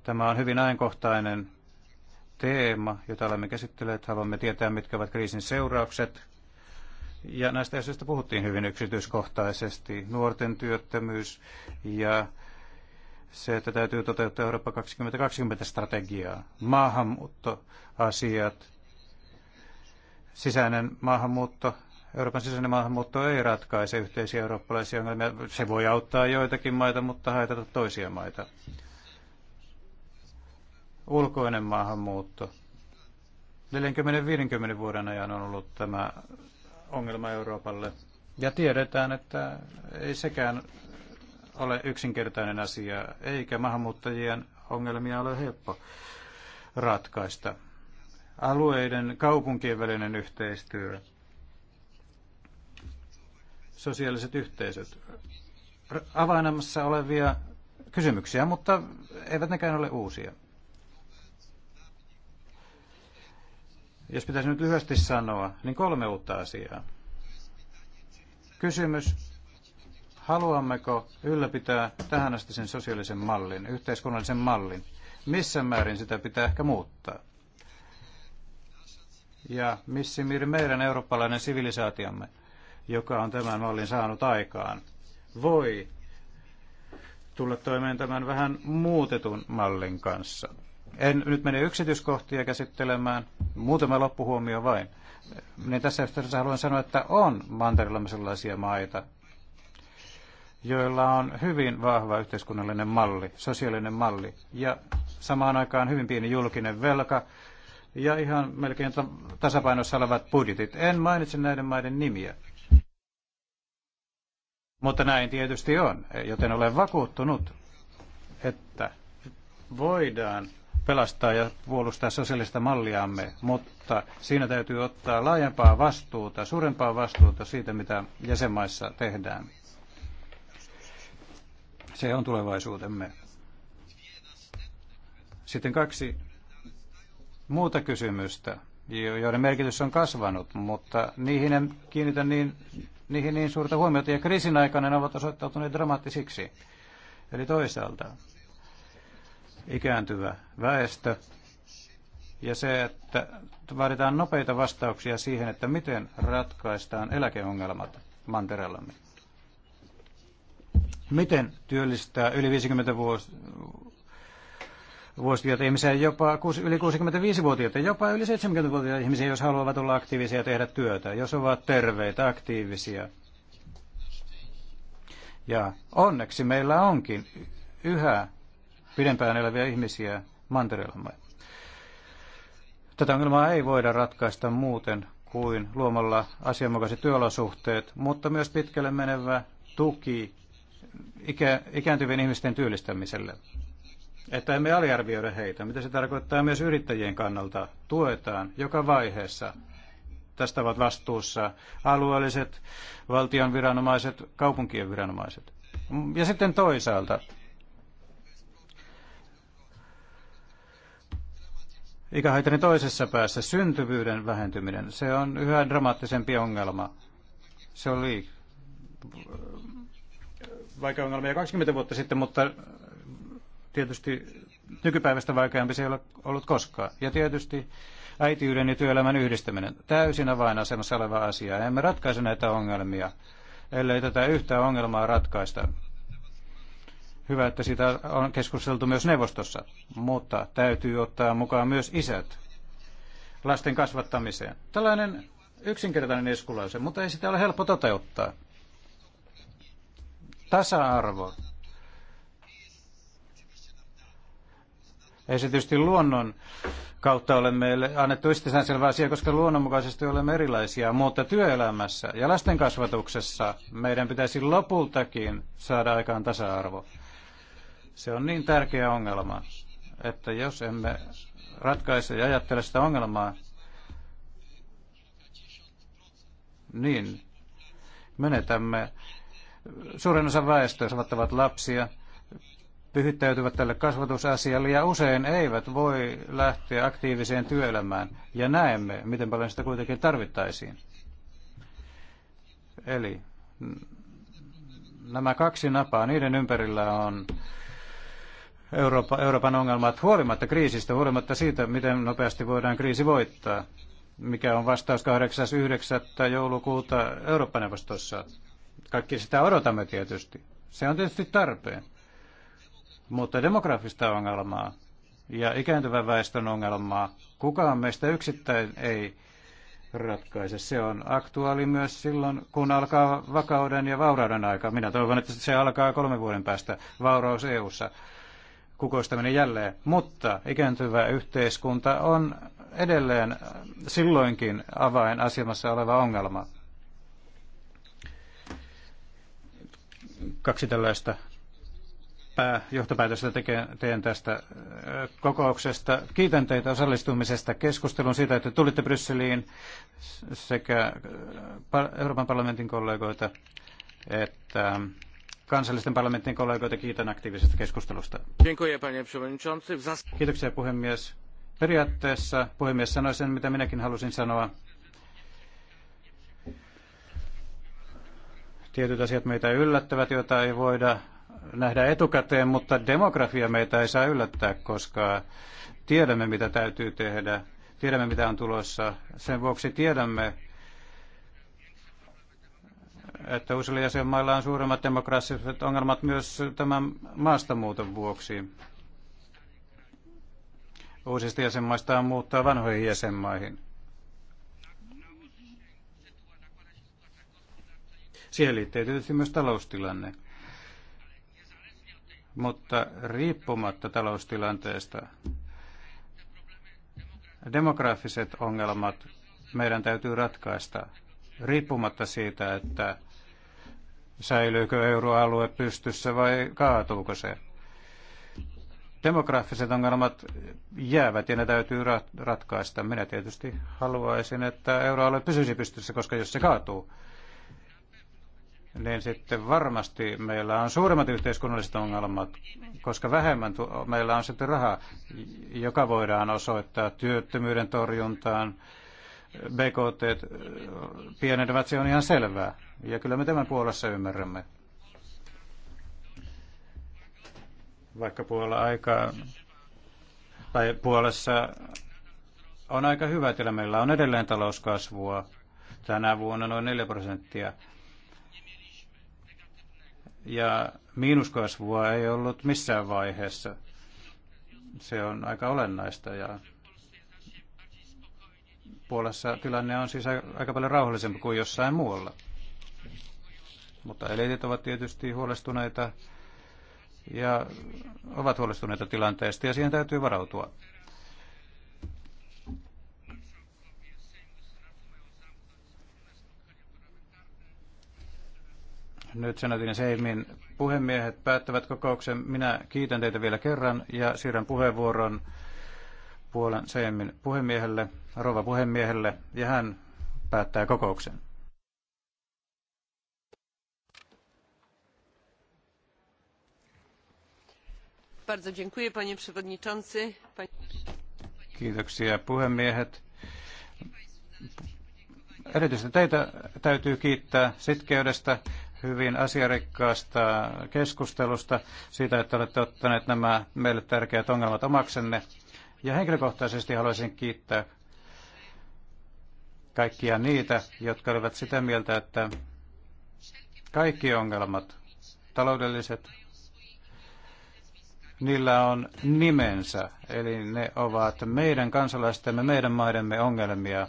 Tämä on hyvin ajankohtainen teema, jota olemme käsitelleet. Haluamme tietää, mitkä ovat kriisin seuraukset ja näistä asioista puhuttiin hyvin yksityiskohtaisesti. Nuorten työttömyys ja se, että täytyy toteuttaa Eurooppa 2020-strategiaa. Maahanmuuttoasiat, sisäinen maahanmuutto, Euroopan sisäinen maahanmuutto ei ratkaise yhteisiä eurooppalaisia ongelmia. Se voi auttaa joitakin maita, mutta haitata toisia maita. Ulkoinen maahanmuutto. 40-50 vuoden ajan on ollut tämä ongelma Euroopalle. Ja tiedetään, että ei sekään ole yksinkertainen asia, eikä maahanmuuttajien ongelmia ole helppo ratkaista. Alueiden, kaupunkien välinen yhteistyö, sosiaaliset yhteisöt, avainamassa olevia kysymyksiä, mutta eivät nekään ole uusia. Jos pitäisi nyt lyhyesti sanoa, niin kolme uutta asiaa. Kysymys, haluammeko ylläpitää tähän asti sen sosiaalisen mallin, yhteiskunnallisen mallin? Missä määrin sitä pitää ehkä muuttaa? Ja missä meidän eurooppalainen sivilisaatiomme, joka on tämän mallin saanut aikaan, voi tulla toimeen tämän vähän muutetun mallin kanssa? En nyt mene yksityiskohtia käsittelemään, muutama loppuhuomio vain. Niin tässä yhteydessä haluan sanoa, että on mantereellamme sellaisia maita, joilla on hyvin vahva yhteiskunnallinen malli, sosiaalinen malli ja samaan aikaan hyvin pieni julkinen velka ja ihan melkein tasapainossa olevat budjetit. En mainitse näiden maiden nimiä, mutta näin tietysti on, joten olen vakuuttunut, että voidaan pelastaa ja puolustaa sosiaalista malliamme, mutta siinä täytyy ottaa laajempaa vastuuta, suurempaa vastuuta siitä, mitä jäsenmaissa tehdään. Se on tulevaisuutemme. Sitten kaksi muuta kysymystä, joiden merkitys on kasvanut, mutta niihin en kiinnitä niin, niihin niin suurta huomiota, ja kriisin aikana ne ovat osoittautuneet dramaattisiksi. Eli toisaalta ikääntyvä väestö ja se, että vaaditaan nopeita vastauksia siihen, että miten ratkaistaan eläkeongelmat mantereellamme. Miten työllistää yli 50 vuosi, vuosia ihmisiä, jopa yli 65-vuotiaita, jopa yli 70-vuotiaita ihmisiä, jos haluavat olla aktiivisia ja tehdä työtä, jos ovat terveitä, aktiivisia. Ja onneksi meillä onkin yhä pidempään eläviä ihmisiä mantereellamme. Tätä ongelmaa ei voida ratkaista muuten kuin luomalla asianmukaiset työolosuhteet, mutta myös pitkälle menevä tuki ikä, ikääntyvien ihmisten työllistämiselle. Että emme aliarvioida heitä, mitä se tarkoittaa myös yrittäjien kannalta. Tuetaan joka vaiheessa. Tästä ovat vastuussa alueelliset, valtion viranomaiset, kaupunkien viranomaiset. Ja sitten toisaalta ikähaitarin toisessa päässä syntyvyyden vähentyminen. Se on yhä dramaattisempi ongelma. Se oli äh, vaikea ongelma jo 20 vuotta sitten, mutta tietysti nykypäivästä vaikeampi se ei ole ollut koskaan. Ja tietysti äitiyden ja työelämän yhdistäminen. Täysin avainasemassa oleva asia. Emme ratkaise näitä ongelmia, ellei tätä yhtä ongelmaa ratkaista. Hyvä, että sitä on keskusteltu myös neuvostossa, mutta täytyy ottaa mukaan myös isät lasten kasvattamiseen. Tällainen yksinkertainen iskulause, mutta ei sitä ole helppo toteuttaa. Tasa-arvo. Ei se tietysti luonnon kautta ole meille annettu selvä asia, koska luonnonmukaisesti olemme erilaisia, mutta työelämässä ja lasten kasvatuksessa meidän pitäisi lopultakin saada aikaan tasa-arvo. Se on niin tärkeä ongelma, että jos emme ratkaise ja ajattele sitä ongelmaa, niin menetämme suurin osa väestöä, ovat lapsia, pyhittäytyvät tälle kasvatusasialle ja usein eivät voi lähteä aktiiviseen työelämään. Ja näemme, miten paljon sitä kuitenkin tarvittaisiin. Eli nämä kaksi napaa, niiden ympärillä on Eurooppa, Euroopan ongelmat huolimatta kriisistä, huolimatta siitä, miten nopeasti voidaan kriisi voittaa, mikä on vastaus 8.9. joulukuuta Eurooppa-neuvostossa. Kaikki sitä odotamme tietysti. Se on tietysti tarpeen. Mutta demografista ongelmaa ja ikääntyvän väestön ongelmaa kukaan meistä yksittäin ei ratkaise. Se on aktuaali myös silloin, kun alkaa vakauden ja vaurauden aika. Minä toivon, että se alkaa kolmen vuoden päästä vauraus EU-ssa kukoistaminen jälleen, mutta ikääntyvä yhteiskunta on edelleen silloinkin avainasemassa oleva ongelma. Kaksi tällaista pääjohtopäätöstä teen tästä kokouksesta. Kiitän teitä osallistumisesta keskusteluun siitä, että tulitte Brysseliin sekä Euroopan parlamentin kollegoita että kansallisten parlamenttien kollegoita kiitän aktiivisesta keskustelusta. Kiitoksia puhemies. Periaatteessa puhemies sanoi sen, mitä minäkin halusin sanoa. Tietyt asiat meitä yllättävät, joita ei voida nähdä etukäteen, mutta demografia meitä ei saa yllättää, koska tiedämme, mitä täytyy tehdä. Tiedämme, mitä on tulossa. Sen vuoksi tiedämme, että uusilla jäsenmailla on suuremmat demokraattiset ongelmat myös tämän maastamuuton vuoksi. Uusista jäsenmaista on muuttaa vanhoihin jäsenmaihin. Siihen liittyy tietysti myös taloustilanne. Mutta riippumatta taloustilanteesta, demograafiset ongelmat meidän täytyy ratkaista riippumatta siitä, että Säilyykö euroalue pystyssä vai kaatuuko se? Demografiset ongelmat jäävät ja ne täytyy ratkaista. Minä tietysti haluaisin, että euroalue pysyisi pystyssä, koska jos se kaatuu, niin sitten varmasti meillä on suuremmat yhteiskunnalliset ongelmat, koska vähemmän meillä on sitten rahaa, joka voidaan osoittaa työttömyyden torjuntaan, BKT pienenevät, se on ihan selvää. Ja kyllä me tämän Puolassa ymmärrämme. Vaikka puolella aika, tai Puolassa on aika hyvä tilanne. Meillä on edelleen talouskasvua tänä vuonna noin 4 prosenttia. Ja miinuskasvua ei ollut missään vaiheessa. Se on aika olennaista ja puolessa tilanne on siis aika paljon rauhallisempi kuin jossain muualla. Mutta eliitit ovat tietysti huolestuneita ja ovat huolestuneita tilanteesta ja siihen täytyy varautua. Nyt Senatin ja Seimin puhemiehet päättävät kokouksen. Minä kiitän teitä vielä kerran ja siirrän puheenvuoron puolen CMin puhemiehelle, rouva puhemiehelle, ja hän päättää kokouksen. Bardzo dziękuję, panie przewodniczący. Kiitoksia puhemiehet. Erityisesti teitä täytyy kiittää sitkeydestä, hyvin asiarikkaasta keskustelusta, siitä, että olette ottaneet nämä meille tärkeät ongelmat omaksenne. Ja henkilökohtaisesti haluaisin kiittää kaikkia niitä, jotka olivat sitä mieltä, että kaikki ongelmat, taloudelliset, niillä on nimensä, eli ne ovat meidän kansalaistemme, meidän maidemme ongelmia,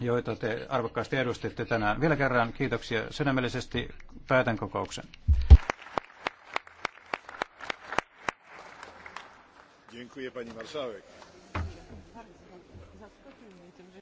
joita te arvokkaasti edustitte tänään. Vielä kerran kiitoksia sydämellisesti päätän kokouksen. pani marszałek!